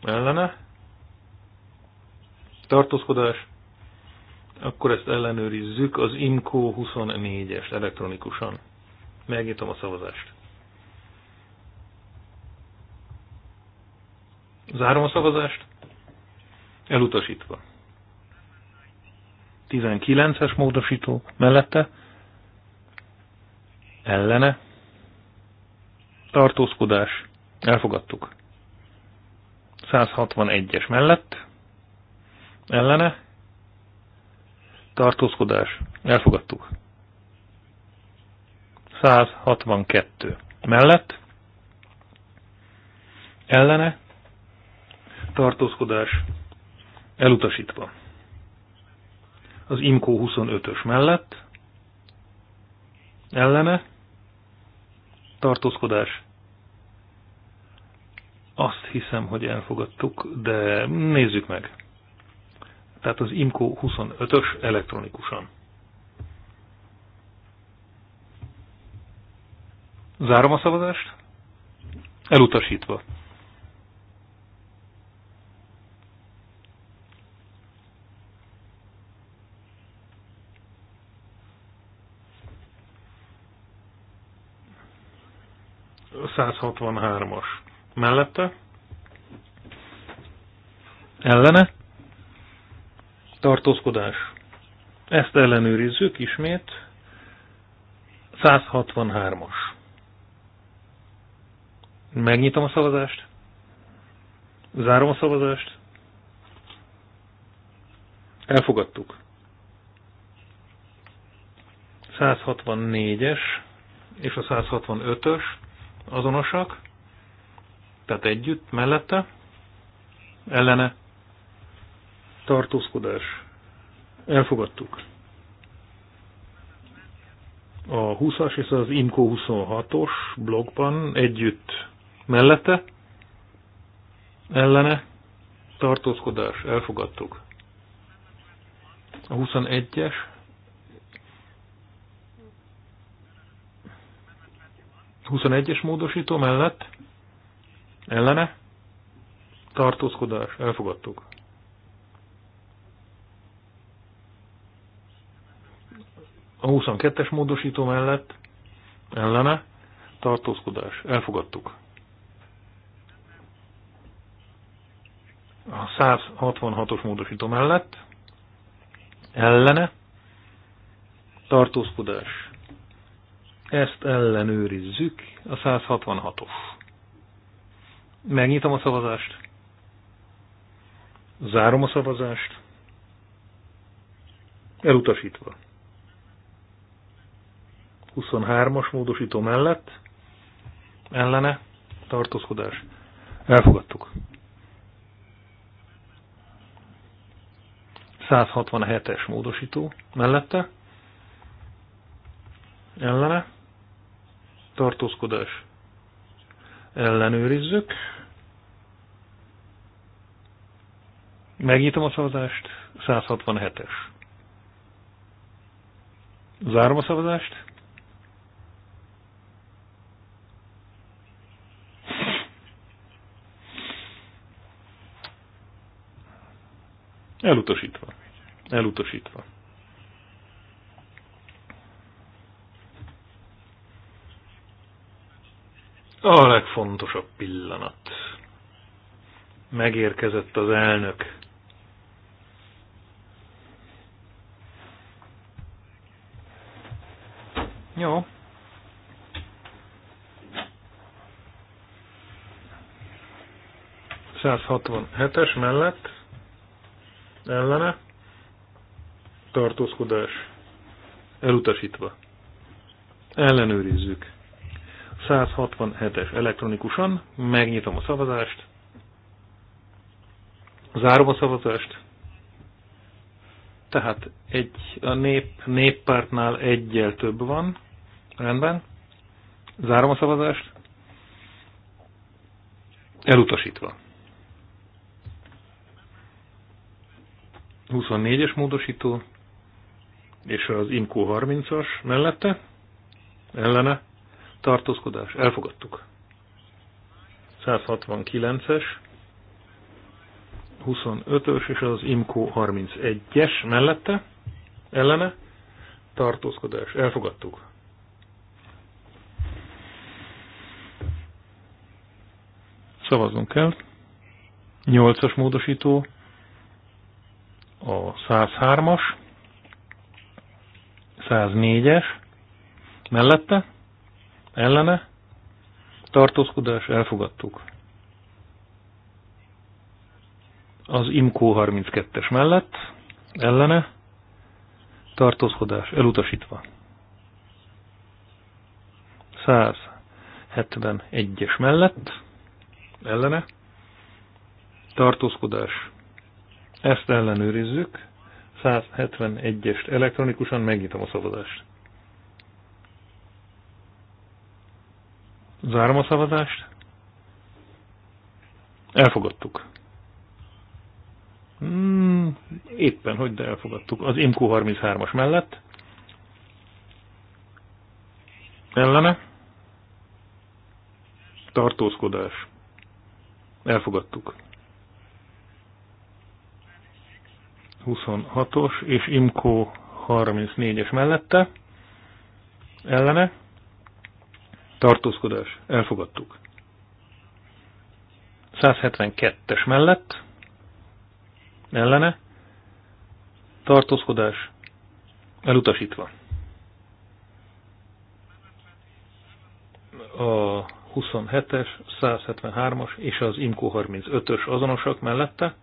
ellene, tartózkodás, akkor ezt ellenőrizzük az IMCO 24-es elektronikusan. Megnyitom a szavazást. Zárom a szavazást. Elutasítva. 19-es módosító mellette. Ellene. Tartózkodás. Elfogadtuk. 161-es mellett, ellene, tartózkodás, elfogadtuk. 162 mellett, ellene, tartózkodás, elutasítva. Az IMCO 25-ös mellett, ellene, tartózkodás, azt hiszem, hogy elfogadtuk, de nézzük meg. Tehát az IMCO 25-ös elektronikusan. Zárom a szavazást? Elutasítva. A 163-as mellette, ellene, tartózkodás. Ezt ellenőrizzük ismét. 163-as. Megnyitom a szavazást. Zárom a szavazást. Elfogadtuk. 164-es és a 165-ös azonosak tehát együtt, mellette, ellene, tartózkodás, elfogadtuk. A 20-as és az IMCO 26-os blogban együtt, mellette, ellene, tartózkodás, elfogadtuk. A 21-es, a 21-es módosító mellett ellene, tartózkodás, elfogadtuk. A 22-es módosító mellett, ellene, tartózkodás, elfogadtuk. A 166-os módosító mellett, ellene, tartózkodás. Ezt ellenőrizzük, a 166-os. Megnyitom a szavazást. Zárom a szavazást. Elutasítva. 23-as módosító mellett ellene tartózkodás. Elfogadtuk. 167-es módosító mellette ellene tartózkodás. Ellenőrizzük. Megnyitom a szavazást, 167-es. Zárom a szavazást. Elutasítva. Elutasítva. A legfontosabb pillanat. Megérkezett az elnök. Jó. es mellett ellene tartózkodás elutasítva. Ellenőrizzük. 167-es elektronikusan, megnyitom a szavazást, zárom a szavazást, tehát egy, a nép, néppártnál egyel több van, Rendben. Zárom a szavazást. Elutasítva. 24-es módosító, és az IMCO 30-as mellette, ellene, tartózkodás, elfogadtuk. 169-es, 25-ös és az IMCO 31-es mellette, ellene, tartózkodás, elfogadtuk. Szavazzunk kell. 8-as módosító, a 103-as, 104-es, mellette, ellene, tartózkodás, elfogadtuk. Az IMCO 32-es mellett, ellene, tartózkodás, elutasítva. 171-es mellett, ellene, tartózkodás, ezt ellenőrizzük, 171-est elektronikusan megnyitom a szavazást. Zárom a szavazást. Elfogadtuk. Hmm, éppen, hogy de elfogadtuk. Az IMCO 33-as mellett. Ellene. Tartózkodás. Elfogadtuk. 26-os és Imco 34-es mellette. Ellene. Tartózkodás. Elfogadtuk. 172-es mellett. Ellene. Tartózkodás. Elutasítva. A 27-es, 173-as és az IMCO 35-ös azonosak mellette.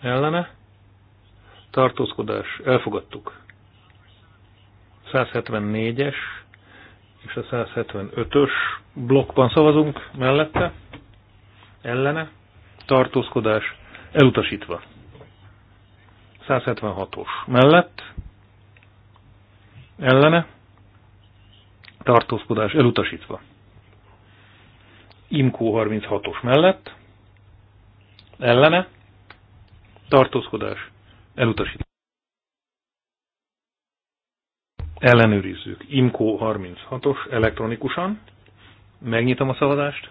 Ellene. Tartózkodás. Elfogadtuk. 174-es és a 175-ös blokkban szavazunk mellette. Ellene. Tartózkodás. Elutasítva. 176-os mellett. Ellene tartózkodás elutasítva. Imkó 36-os mellett, ellene, tartózkodás elutasítva. Ellenőrizzük. Imkó 36-os elektronikusan. Megnyitom a szavazást.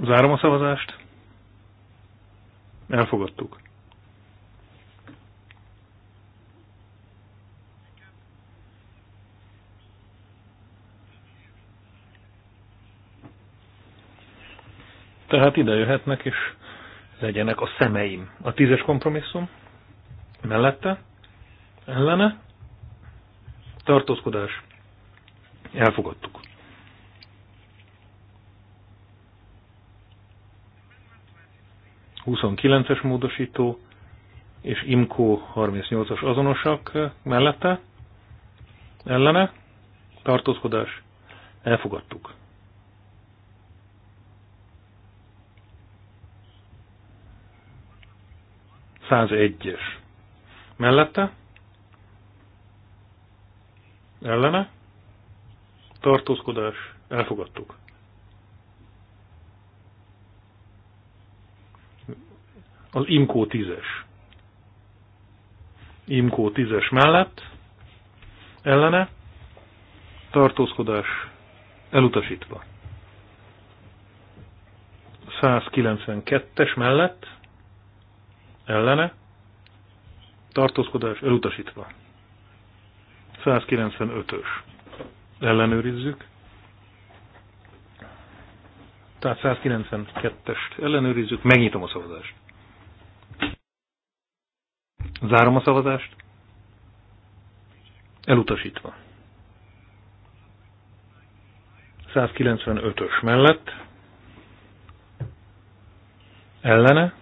Zárom a szavazást. Elfogadtuk. Tehát ide jöhetnek, és legyenek a szemeim. A tízes kompromisszum mellette, ellene, tartózkodás, elfogadtuk. es módosító és IMCO 38-as azonosak mellette, ellene, tartózkodás, elfogadtuk. 101-es. Mellette? Ellene? Tartózkodás. Elfogadtuk. Az imko 10-es. Imkó 10-es mellett? Ellene? Tartózkodás. Elutasítva. 192-es mellett? ellene, tartózkodás elutasítva. 195-ös. Ellenőrizzük. Tehát 192-est ellenőrizzük, megnyitom a szavazást. Zárom a szavazást. Elutasítva. 195-ös mellett. Ellene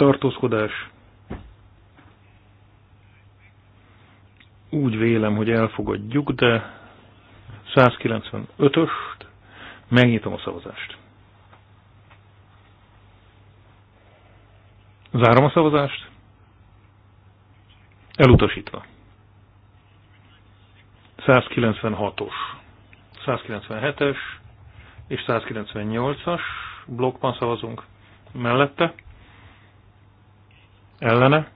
tartózkodás. Úgy vélem, hogy elfogadjuk, de 195-öst megnyitom a szavazást. Zárom a szavazást. Elutasítva. 196-os, 197-es és 198-as blokkban szavazunk mellette ellene,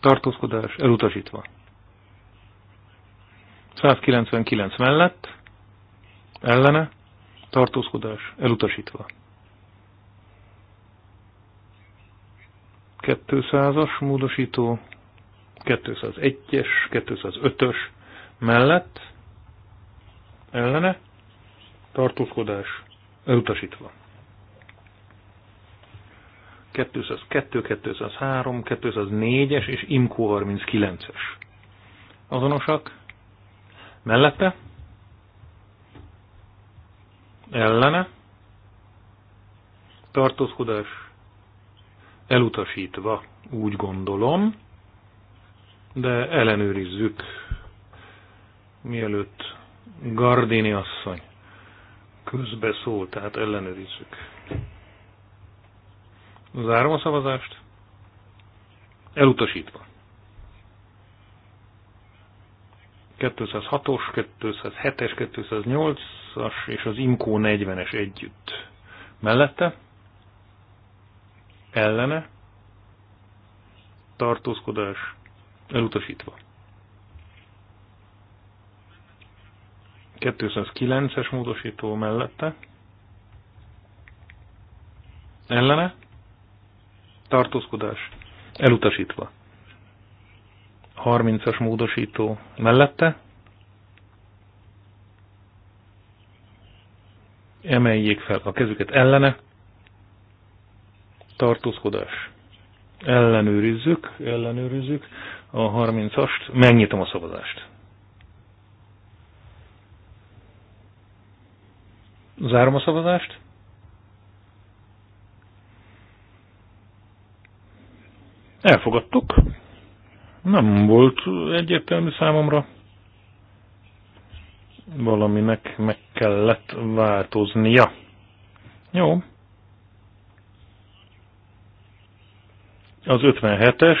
tartózkodás elutasítva. 199 mellett, ellene, tartózkodás elutasítva. 200-as módosító, 201-es, 205-ös mellett, ellene, tartózkodás elutasítva. 202, 203, 204-es és IMCO 39-es. Azonosak. Mellette. Ellene. Tartózkodás. Elutasítva, úgy gondolom. De ellenőrizzük, mielőtt Gardini asszony közbeszól, tehát ellenőrizzük. Zárom a szavazást. Elutasítva. 206-os, 207-es, 208-as és az IMCO 40-es együtt. Mellette? Ellene? Tartózkodás elutasítva. 209-es módosító mellette? Ellene? tartózkodás elutasítva. 30-as módosító mellette emeljék fel a kezüket ellene, tartózkodás. Ellenőrizzük, ellenőrizzük a 30-ast, megnyitom a szavazást. Zárom a szavazást. Elfogadtuk. Nem volt egyértelmű számomra. Valaminek meg kellett változnia. Jó. Az 57-es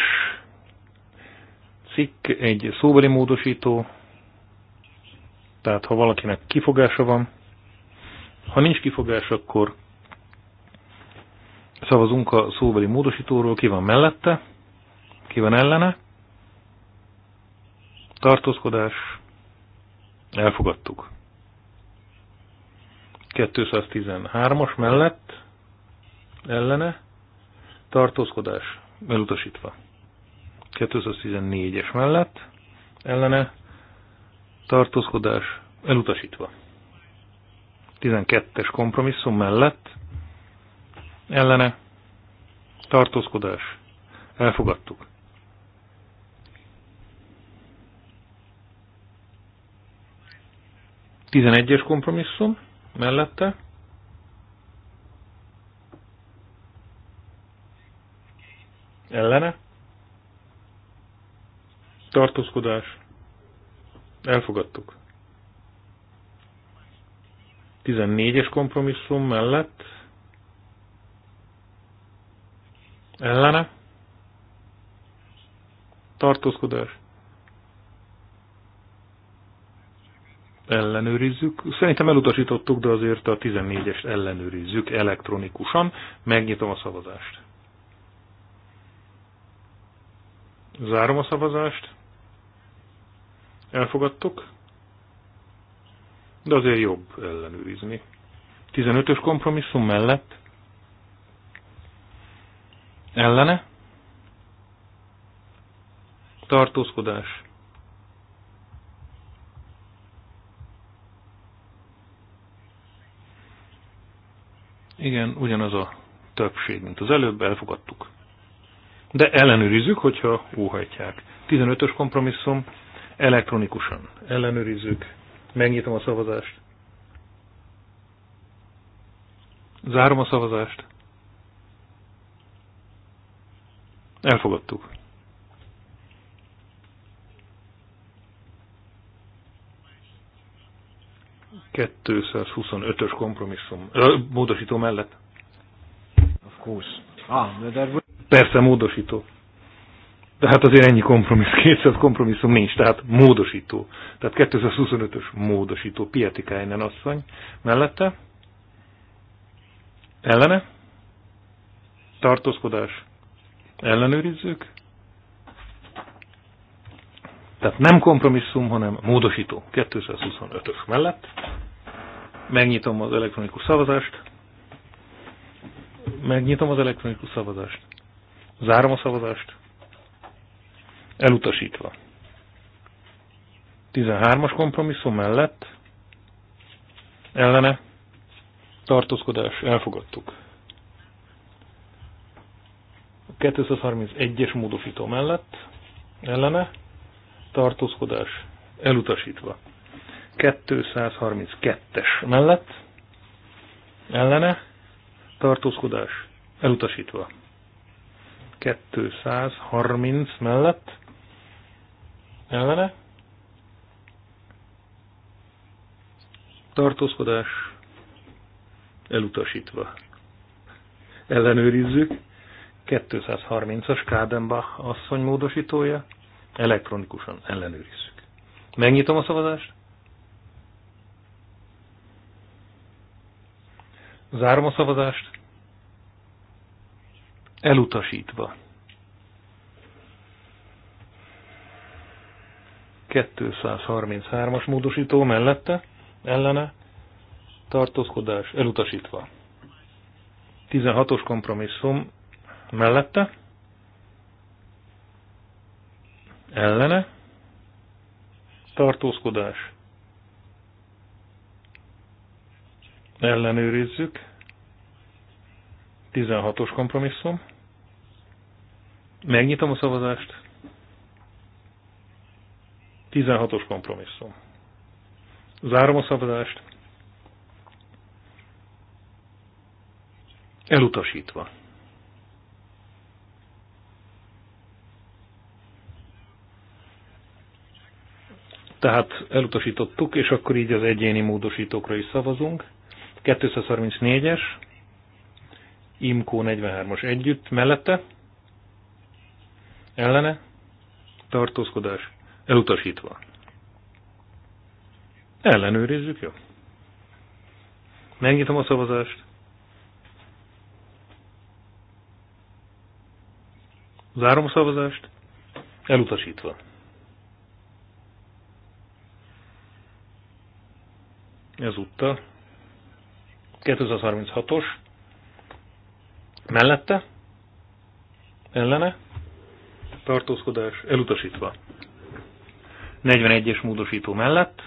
cikk egy szóbeli módosító, tehát ha valakinek kifogása van, ha nincs kifogás, akkor szavazunk a szóbeli módosítóról, ki van mellette, ki van ellene? Tartózkodás. Elfogadtuk. 213-as mellett ellene tartózkodás elutasítva. 214-es mellett ellene tartózkodás elutasítva. 12-es kompromisszum mellett ellene tartózkodás elfogadtuk. 11-es kompromisszum mellette. Ellene. Tartózkodás. Elfogadtuk. 14-es kompromisszum mellett. Ellene. Tartózkodás. ellenőrizzük. Szerintem elutasítottuk, de azért a 14-est ellenőrizzük elektronikusan. Megnyitom a szavazást. Zárom a szavazást. Elfogadtuk. De azért jobb ellenőrizni. 15-ös kompromisszum mellett. Ellene. Tartózkodás Igen, ugyanaz a többség, mint az előbb, elfogadtuk. De ellenőrizzük, hogyha óhajtják. 15-ös kompromisszum, elektronikusan ellenőrizzük, megnyitom a szavazást. Zárom a szavazást. Elfogadtuk. 225-ös kompromisszum, ö, módosító mellett. Of course. Ah, de de Persze módosító. De hát azért ennyi kompromissz, 200 kompromisszum nincs, tehát módosító. Tehát 225-ös módosító, Kájnen asszony mellette. Ellene? Tartózkodás? Ellenőrizzük? Tehát nem kompromisszum, hanem módosító. 225-ös mellett. Megnyitom az elektronikus szavazást. Megnyitom az elektronikus szavazást. Zárom a szavazást. Elutasítva. 13-as kompromisszum mellett. Ellene. Tartózkodás. Elfogadtuk. 231-es módosító mellett. Ellene tartózkodás elutasítva. 232-es mellett ellene tartózkodás elutasítva. 230 mellett ellene tartózkodás elutasítva. Ellenőrizzük. 230-as Kádenbach asszony módosítója elektronikusan ellenőrizzük. Megnyitom a szavazást. Zárom a szavazást. Elutasítva. as módosító mellette, ellene, tartózkodás elutasítva. 16-os kompromisszum mellette, ellene, tartózkodás, ellenőrizzük, 16-os kompromisszum, megnyitom a szavazást, 16-os kompromisszum. Zárom a szavazást. Elutasítva. tehát elutasítottuk, és akkor így az egyéni módosítókra is szavazunk. 234-es, IMCO 43-as együtt, mellette, ellene, tartózkodás, elutasítva. Ellenőrizzük, jó? Megnyitom a szavazást. Zárom a szavazást. Elutasítva. ezúttal. 236-os mellette, ellene, tartózkodás elutasítva. 41-es módosító mellett,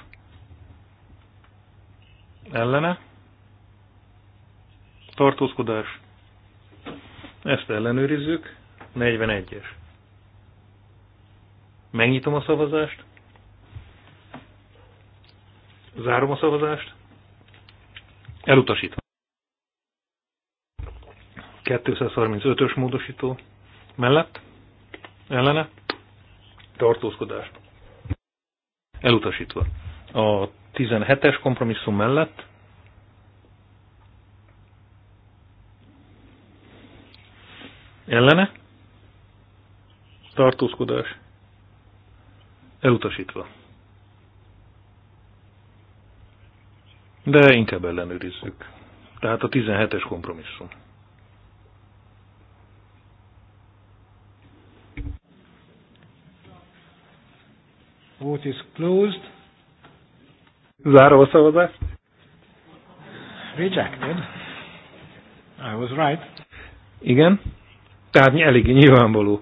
ellene, tartózkodás, ezt ellenőrizzük, 41-es. Megnyitom a szavazást, Zárom a szavazást. Elutasítva. 235-ös módosító. Mellett? Ellene? Tartózkodás. Elutasítva. A 17-es kompromisszum mellett Ellene? Tartózkodás. Elutasítva. de inkább ellenőrizzük. Tehát a 17-es kompromisszum. Vote is closed. Záró a szavazást. Rejected. I was right. Igen. Tehát elég nyilvánvaló.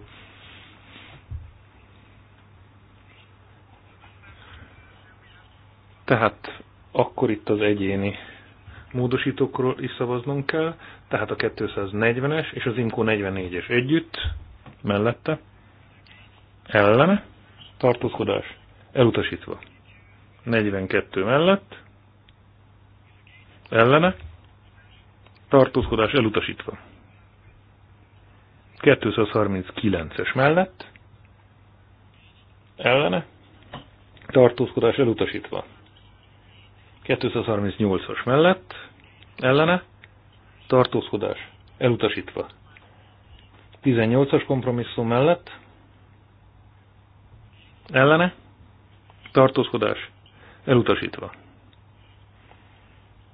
Tehát akkor itt az egyéni módosítókról is szavaznunk kell, tehát a 240-es és az IMCO 44-es együtt, mellette, ellene, tartózkodás, elutasítva. 42 mellett, ellene, tartózkodás elutasítva. 239-es mellett, ellene, tartózkodás elutasítva. 238-as mellett ellene tartózkodás elutasítva. 18-as kompromisszum mellett ellene tartózkodás elutasítva.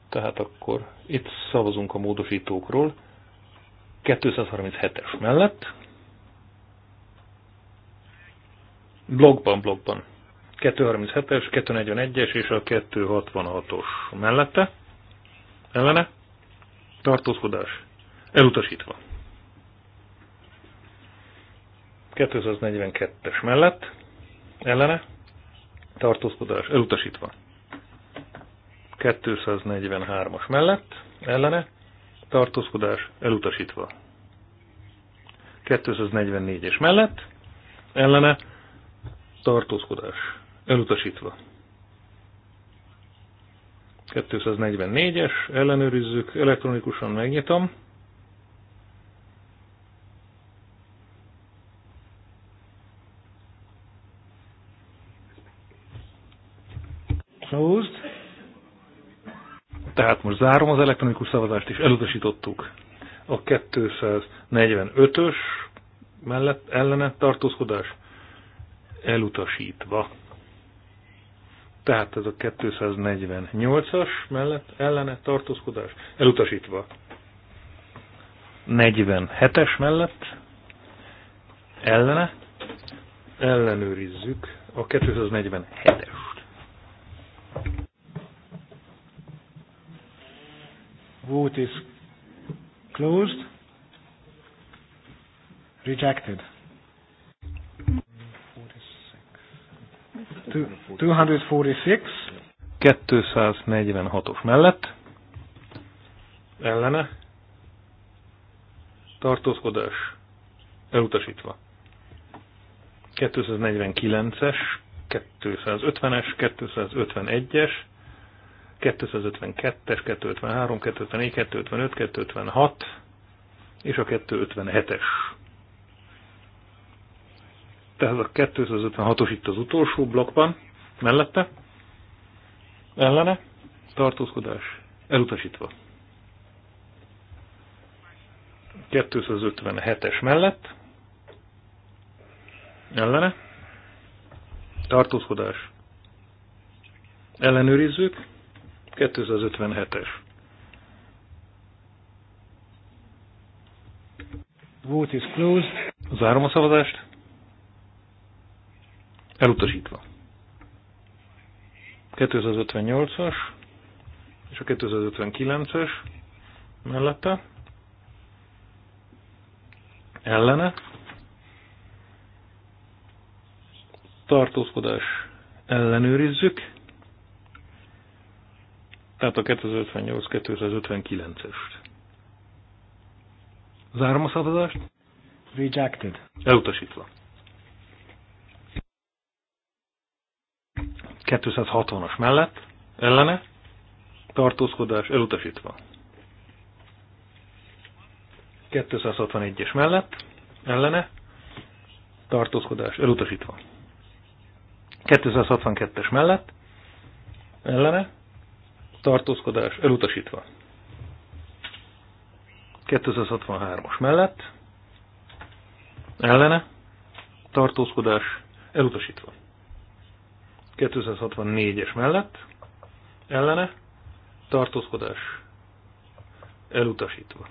Tehát akkor itt szavazunk a módosítókról 237-es mellett blogban, blogban. 237-es, 241-es és a 266-os mellette. Ellene? Tartózkodás. Elutasítva. 242-es mellett. Ellene? Tartózkodás. Elutasítva. 243-as mellett. Ellene? Tartózkodás. Elutasítva. 244-es mellett. Ellene? Tartózkodás Elutasítva. 244-es, ellenőrizzük, elektronikusan megnyitom. Closed. Tehát most zárom az elektronikus szavazást, és elutasítottuk a 245-ös mellett ellene tartózkodás elutasítva. Tehát ez a 248-as mellett ellene tartózkodás elutasítva. 47-es mellett ellene ellenőrizzük a 247-est. Vote is closed. Rejected. 246. 246-os mellett. Ellene. Tartózkodás. Elutasítva. 249-es, 250-es, 251-es, 252-es, 253, 254, 255, 256 és a 257-es tehát a 256-os itt az utolsó blokkban, mellette, ellene, tartózkodás, elutasítva. 257-es mellett, ellene, tartózkodás, ellenőrizzük, 257-es. Vote is closed. Zárom a szavazást. Elutasítva. 258-as és a 259-es mellette. Ellene. Tartózkodás ellenőrizzük. Tehát a 258-259-est. Zárom a szavazást. Rejected. Elutasítva. 260-as mellett, ellene, tartózkodás elutasítva. 261-es mellett, ellene, tartózkodás elutasítva. 262-es mellett, ellene, tartózkodás elutasítva. 263-as mellett, ellene, tartózkodás elutasítva. 264-es mellett ellene tartózkodás elutasítva.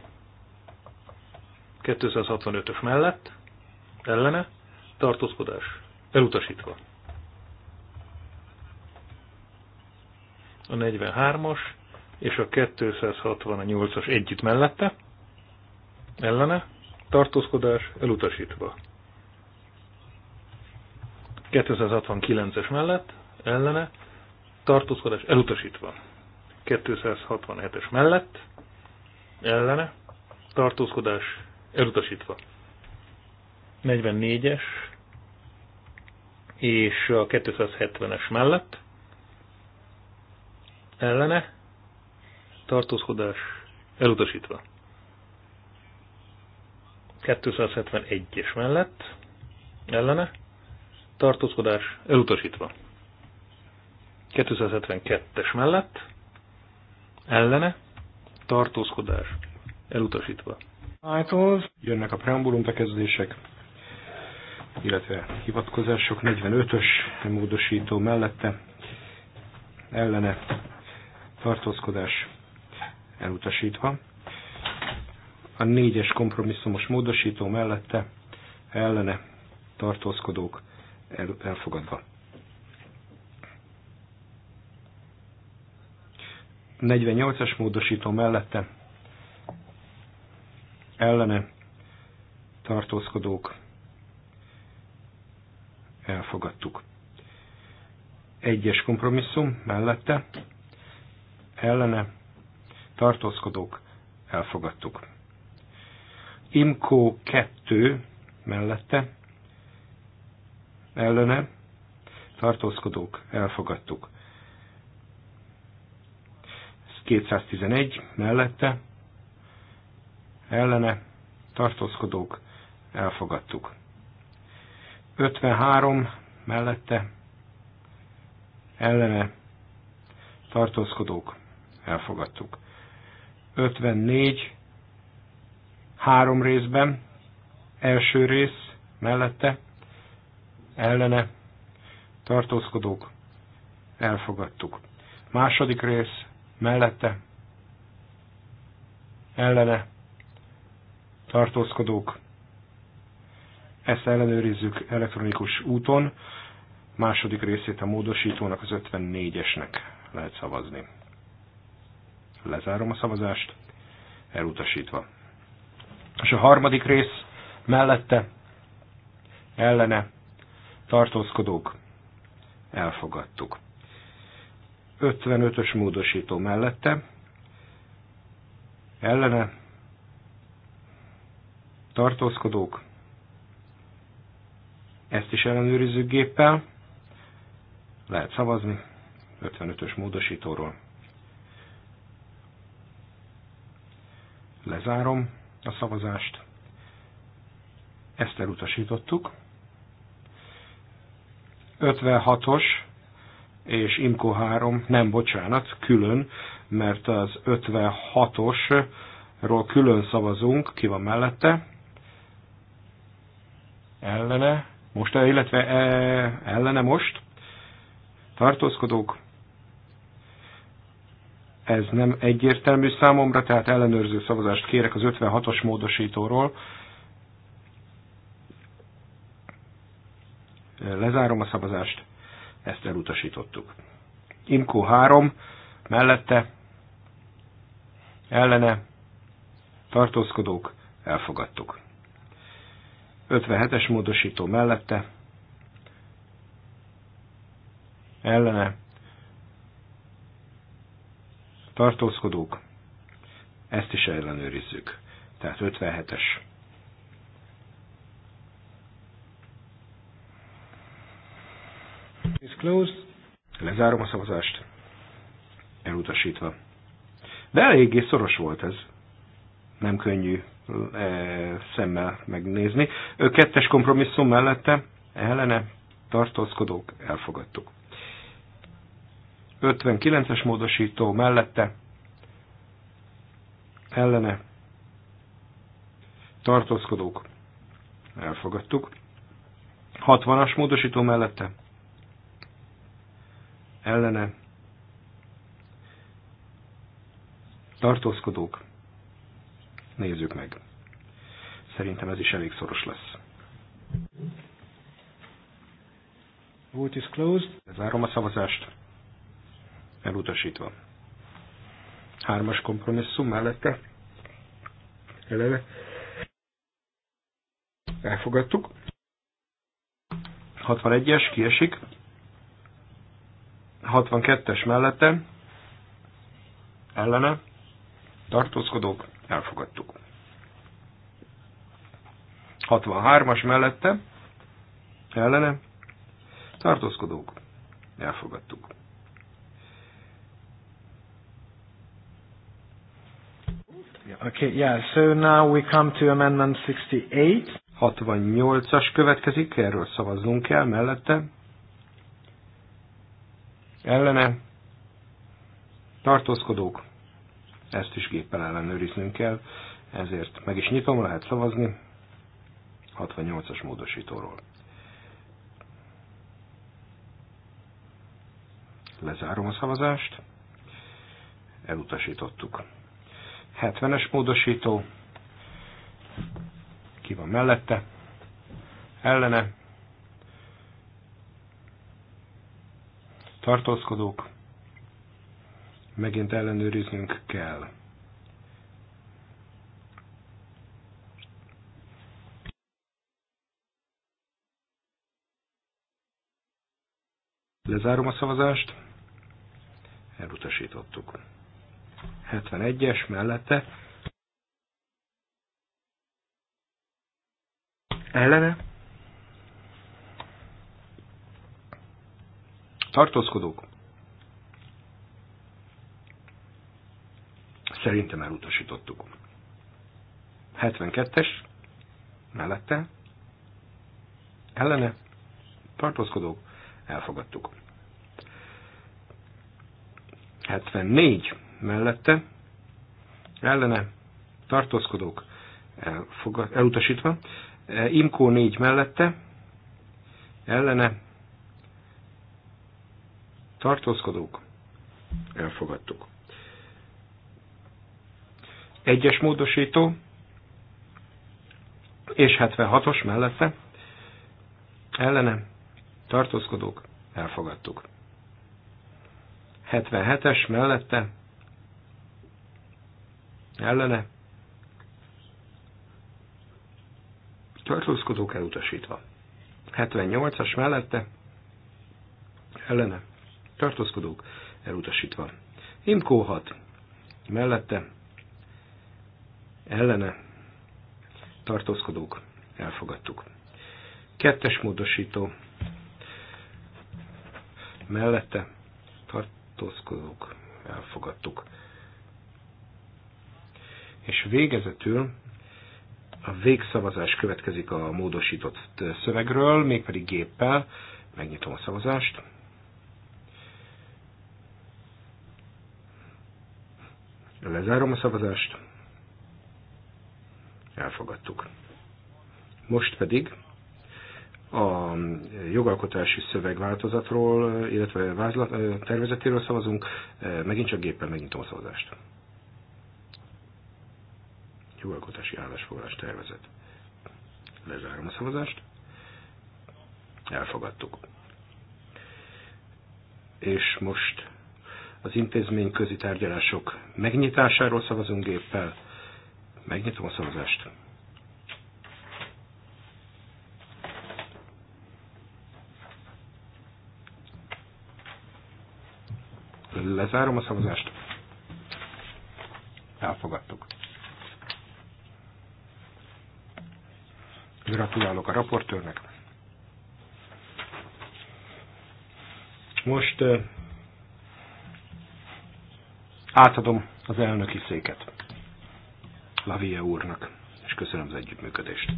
265-ös mellett ellene tartózkodás elutasítva. A 43-as és a 268-as együtt mellette ellene tartózkodás elutasítva. 269-es mellett ellene, tartózkodás elutasítva. 267-es mellett, ellene, tartózkodás elutasítva. 44-es és a 270-es mellett, ellene, tartózkodás elutasítva. 271-es mellett, ellene, tartózkodás elutasítva. 2072 es mellett ellene tartózkodás elutasítva. Ájtóz. Jönnek a preambulum bekezdések, illetve hivatkozások 45-ös módosító mellette ellene tartózkodás elutasítva. A négyes kompromisszumos módosító mellette ellene tartózkodók el, elfogadva. 48-as módosító mellette ellene tartózkodók elfogadtuk. Egyes kompromisszum mellette ellene tartózkodók elfogadtuk. Imkó 2 mellette ellene tartózkodók elfogadtuk. 211 mellette, ellene, tartózkodók, elfogadtuk. 53 mellette, ellene, tartózkodók, elfogadtuk. 54 három részben, első rész mellette, ellene, tartózkodók, elfogadtuk. Második rész mellette, ellene, tartózkodók, ezt ellenőrizzük elektronikus úton, második részét a módosítónak az 54-esnek lehet szavazni. Lezárom a szavazást, elutasítva. És a harmadik rész mellette, ellene, tartózkodók, elfogadtuk. 55-ös módosító mellette, ellene, tartózkodók, ezt is ellenőrizzük géppel, lehet szavazni, 55-ös módosítóról. Lezárom a szavazást, ezt elutasítottuk. 56-os és IMCO 3, nem bocsánat, külön, mert az 56-osról külön szavazunk, ki van mellette, ellene, most, illetve e, ellene most, tartózkodók, ez nem egyértelmű számomra, tehát ellenőrző szavazást kérek az 56-os módosítóról. Lezárom a szavazást ezt elutasítottuk. Imkó 3 mellette ellene tartózkodók elfogadtuk. 57-es módosító mellette ellene tartózkodók, ezt is ellenőrizzük. Tehát 57-es closed. Lezárom a szavazást. Elutasítva. De eléggé szoros volt ez. Nem könnyű e, szemmel megnézni. Ő kettes kompromisszum mellette ellene tartózkodók elfogadtuk. 59-es módosító mellette ellene tartózkodók elfogadtuk. 60-as módosító mellette ellene tartózkodók. Nézzük meg. Szerintem ez is elég szoros lesz. Vote is closed. Zárom a szavazást. Elutasítva. Hármas kompromisszum mellette. Eleve. Elfogadtuk. 61-es kiesik. 62-es mellette ellene tartózkodók elfogadtuk. 63-as mellette ellene tartózkodók elfogadtuk. Okay, yeah, so now we come to amendment 68. 68-as következik, erről szavaznunk kell, mellette ellene tartózkodók, ezt is géppel ellenőriznünk kell, ezért meg is nyitom, lehet szavazni 68-as módosítóról. Lezárom a szavazást, elutasítottuk. 70-es módosító, ki van mellette, ellene, tartózkodók, megint ellenőriznünk kell. Lezárom a szavazást, elutasítottuk. 71-es mellette ellene tartózkodók. Szerintem elutasítottuk. 72-es, mellette, ellene, tartózkodók, elfogadtuk. 74 mellette, ellene, tartózkodók, elfogad, elutasítva, e, Imkó 4 mellette, ellene, tartózkodók, elfogadtuk. Egyes módosító és 76-os mellette ellene tartózkodók, elfogadtuk. 77-es mellette ellene tartózkodók elutasítva. 78-as mellette ellene tartózkodók elutasítva. Imkó 6 mellette ellene tartózkodók elfogadtuk. Kettes módosító mellette tartózkodók elfogadtuk. És végezetül a végszavazás következik a módosított szövegről, mégpedig géppel. Megnyitom a szavazást. Lezárom a szavazást. Elfogadtuk. Most pedig a jogalkotási szövegváltozatról, illetve vázlat, tervezetéről szavazunk. Megint csak géppel megnyitom a szavazást. Jogalkotási állásfoglalás tervezet. Lezárom a szavazást. Elfogadtuk. És most az intézmény közi tárgyalások megnyitásáról szavazunk géppel. Megnyitom a szavazást. Lezárom a szavazást. Elfogadtuk. Gratulálok a raportőrnek. Most Átadom az elnöki széket Lavia úrnak, és köszönöm az együttműködést.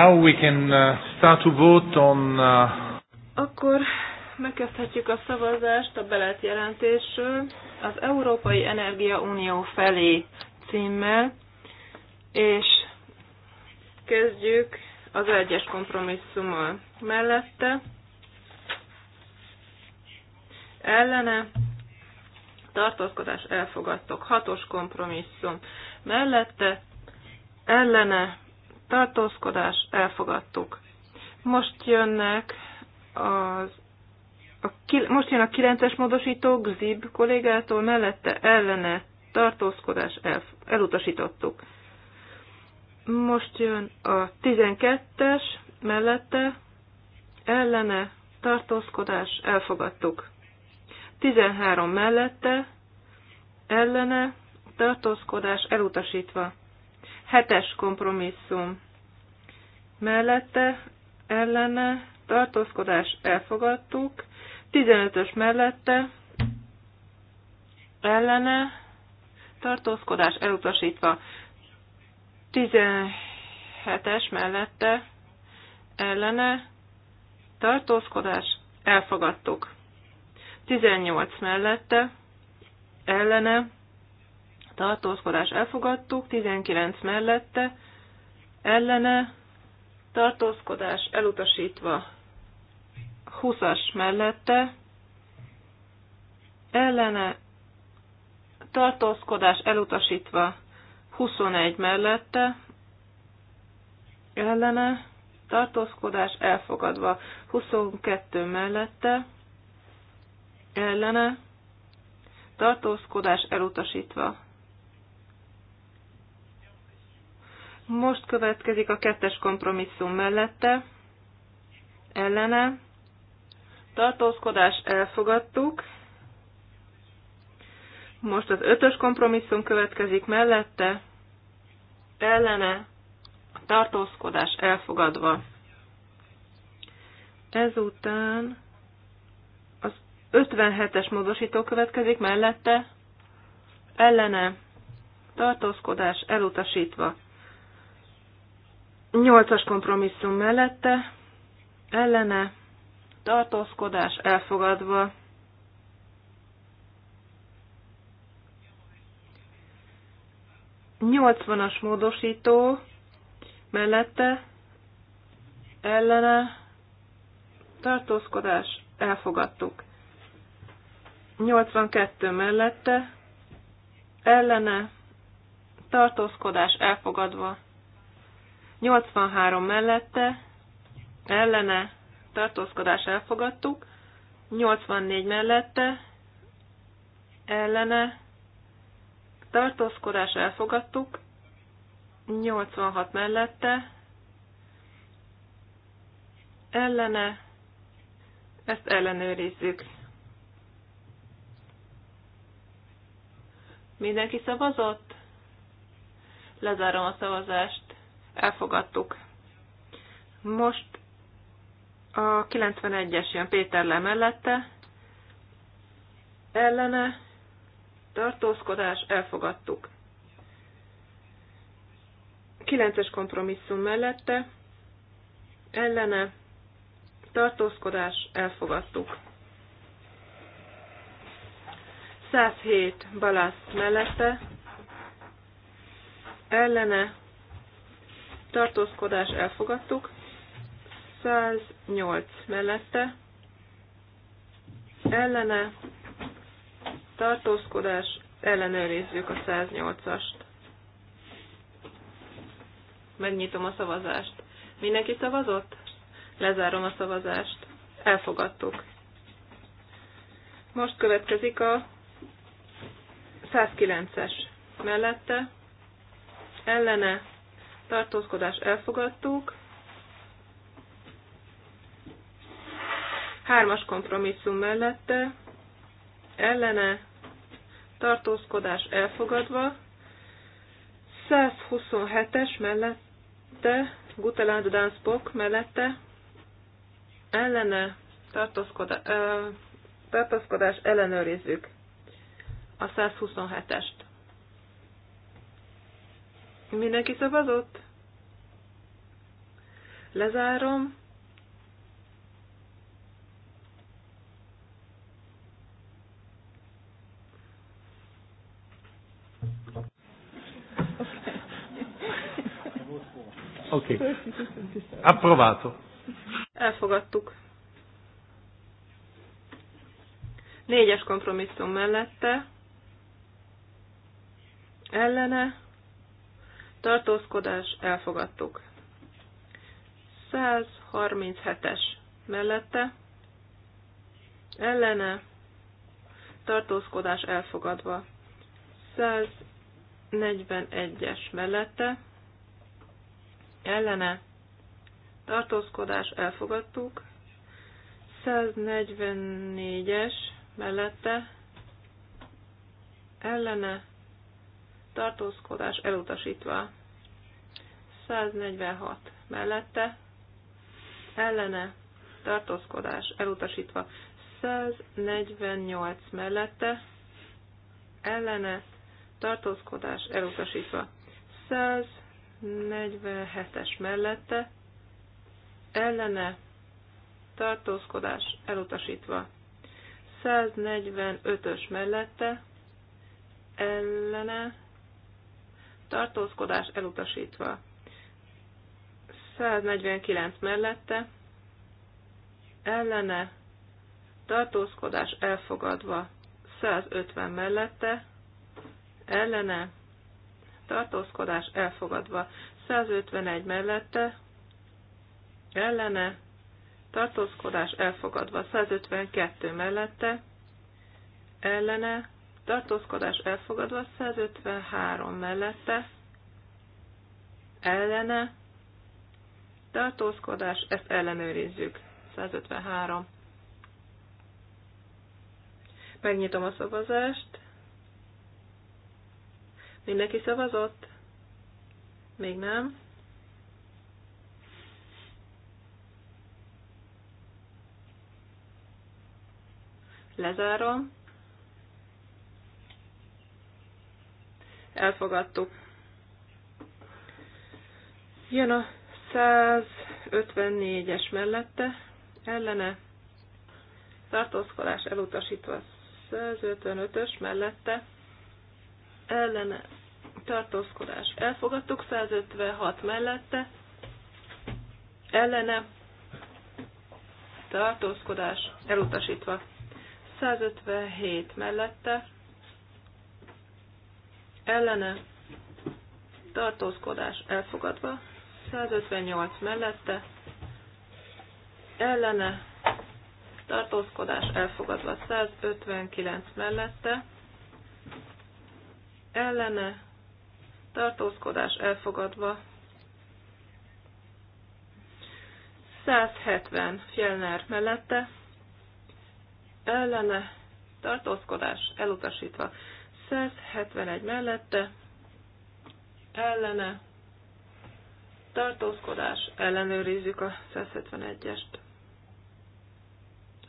Now we can uh, start to vote on... Uh, Akkor megkezdhetjük a szavazást a belet jelentésről az Európai Energia Unió felé címmel, és kezdjük az egyes kompromisszummal mellette, ellene, tartózkodás elfogadtok, hatos kompromisszum mellette, ellene, tartózkodás, elfogadtuk. Most jönnek az a, most jön a 9-es módosító Gzib kollégától, mellette ellene tartózkodás el, elutasítottuk. Most jön a 12-es, mellette ellene tartózkodás elfogadtuk. 13 mellette ellene tartózkodás elutasítva. Hetes kompromisszum. Mellette, ellene, tartózkodás elfogadtuk. 15-ös mellette, ellene, tartózkodás elutasítva. 17-es mellette, ellene, tartózkodás elfogadtuk. 18 mellette, ellene, tartózkodás elfogadtuk, 19 mellette, ellene, tartózkodás elutasítva, 20-as mellette, ellene, tartózkodás elutasítva, 21 mellette, ellene, tartózkodás elfogadva, 22 mellette, ellene, tartózkodás elutasítva, Most következik a kettes kompromisszum mellette, ellene, tartózkodás elfogadtuk, most az ötös kompromisszum következik mellette, ellene, tartózkodás elfogadva. Ezután az 57-es módosító következik mellette, ellene, tartózkodás elutasítva. Nyolcas kompromisszum mellette, ellene, tartózkodás elfogadva. Nyolcvanas módosító mellette, ellene, tartózkodás elfogadtuk. 82 mellette, ellene, tartózkodás elfogadva. 83 mellette, ellene, tartózkodás elfogadtuk, 84 mellette, ellene, tartózkodás elfogadtuk, 86 mellette, ellene, ezt ellenőrizzük. Mindenki szavazott? Lezárom a szavazást elfogadtuk. Most a 91-es jön Péter le mellette, ellene, tartózkodás, elfogadtuk. 9-es kompromisszum mellette, ellene, tartózkodás, elfogadtuk. 107 balász mellette, ellene, tartózkodás elfogadtuk, 108 mellette, ellene, tartózkodás, ellenőrizzük a 108-ast. Megnyitom a szavazást. Mindenki szavazott? Lezárom a szavazást. Elfogadtuk. Most következik a 109-es mellette, ellene, tartózkodás elfogadtuk. Hármas kompromisszum mellette, ellene, tartózkodás elfogadva. 127-es mellette, Guteland Danspok mellette, ellene, tartózkodás, tartózkodás ellenőrizzük a 127-est. Mindenki szavazott? Lezárom. Oké. Okay. Approvato. Elfogadtuk. Négyes kompromisszum mellette. Ellene tartózkodás, elfogadtuk. 137-es mellette, ellene, tartózkodás elfogadva. 141-es mellette, ellene, tartózkodás elfogadtuk. 144-es mellette, ellene, tartózkodás elutasítva. 146 mellette, ellene, tartózkodás elutasítva. 148 mellette, ellene, tartózkodás elutasítva. 147-es mellette, ellene, tartózkodás elutasítva. 145-ös mellette, ellene, tartózkodás elutasítva. 149 mellette, ellene, tartózkodás elfogadva. 150 mellette, ellene, tartózkodás elfogadva. 151 mellette, ellene, tartózkodás elfogadva. 152 mellette, ellene, tartózkodás elfogadva 153 mellette, ellene, tartózkodás, ezt ellenőrizzük, 153. Megnyitom a szavazást. Mindenki szavazott? Még nem. Lezárom. elfogadtuk. Jön a 154-es mellette, ellene, tartózkodás elutasítva 155-ös mellette, ellene, tartózkodás elfogadtuk, 156 mellette, ellene, tartózkodás elutasítva 157 mellette, ellene tartózkodás elfogadva, 158 mellette ellene tartózkodás elfogadva, 159 mellette ellene tartózkodás elfogadva, 170 Fjellner mellette ellene tartózkodás elutasítva, 171 mellette, ellene, tartózkodás, ellenőrizzük a 171-est.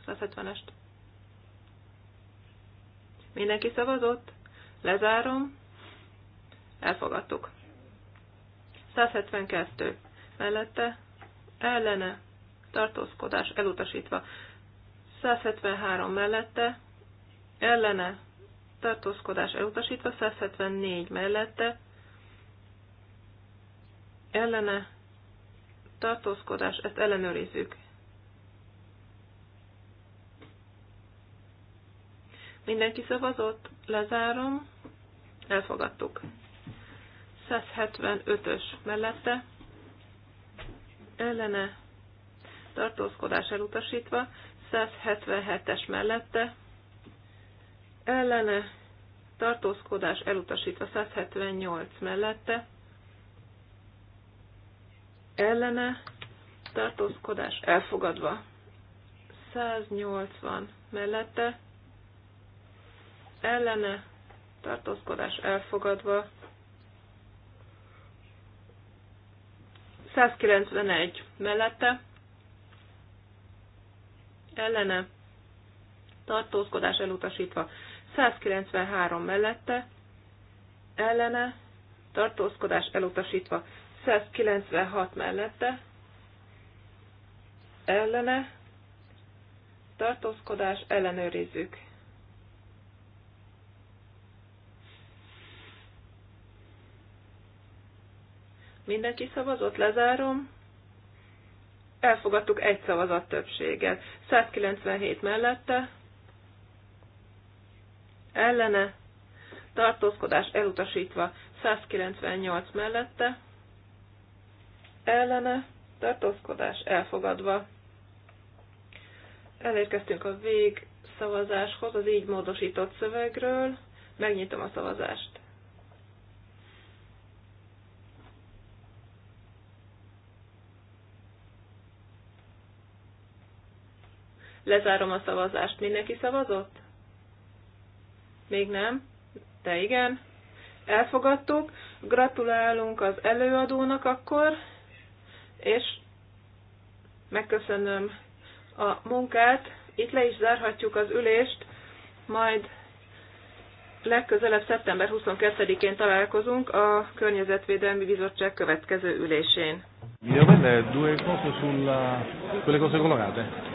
170-est. Mindenki szavazott? Lezárom. Elfogadtuk. 172. Mellette ellene tartózkodás elutasítva. 173 mellette ellene tartózkodás elutasítva, 174 mellette, ellene tartózkodás, ezt ellenőrizzük. Mindenki szavazott, lezárom, elfogadtuk. 175-ös mellette, ellene tartózkodás elutasítva, 177-es mellette, ellene, tartózkodás elutasítva 178 mellette, ellene, tartózkodás elfogadva 180 mellette, ellene, tartózkodás elfogadva 191 mellette, ellene, tartózkodás elutasítva 193 mellette, ellene, tartózkodás elutasítva. 196 mellette, ellene, tartózkodás ellenőrizzük. Mindenki szavazott, lezárom. Elfogadtuk egy szavazat többséggel. 197 mellette, ellene, tartózkodás elutasítva 198 mellette, ellene, tartózkodás elfogadva. Elérkeztünk a vég szavazáshoz, az így módosított szövegről. Megnyitom a szavazást. Lezárom a szavazást. Mindenki szavazott? Még nem? Te igen. Elfogadtuk. Gratulálunk az előadónak akkor, és megköszönöm a munkát. Itt le is zárhatjuk az ülést, majd legközelebb szeptember 22-én találkozunk a Környezetvédelmi Bizottság következő ülésén. Io due cose sulla quelle cose colorate.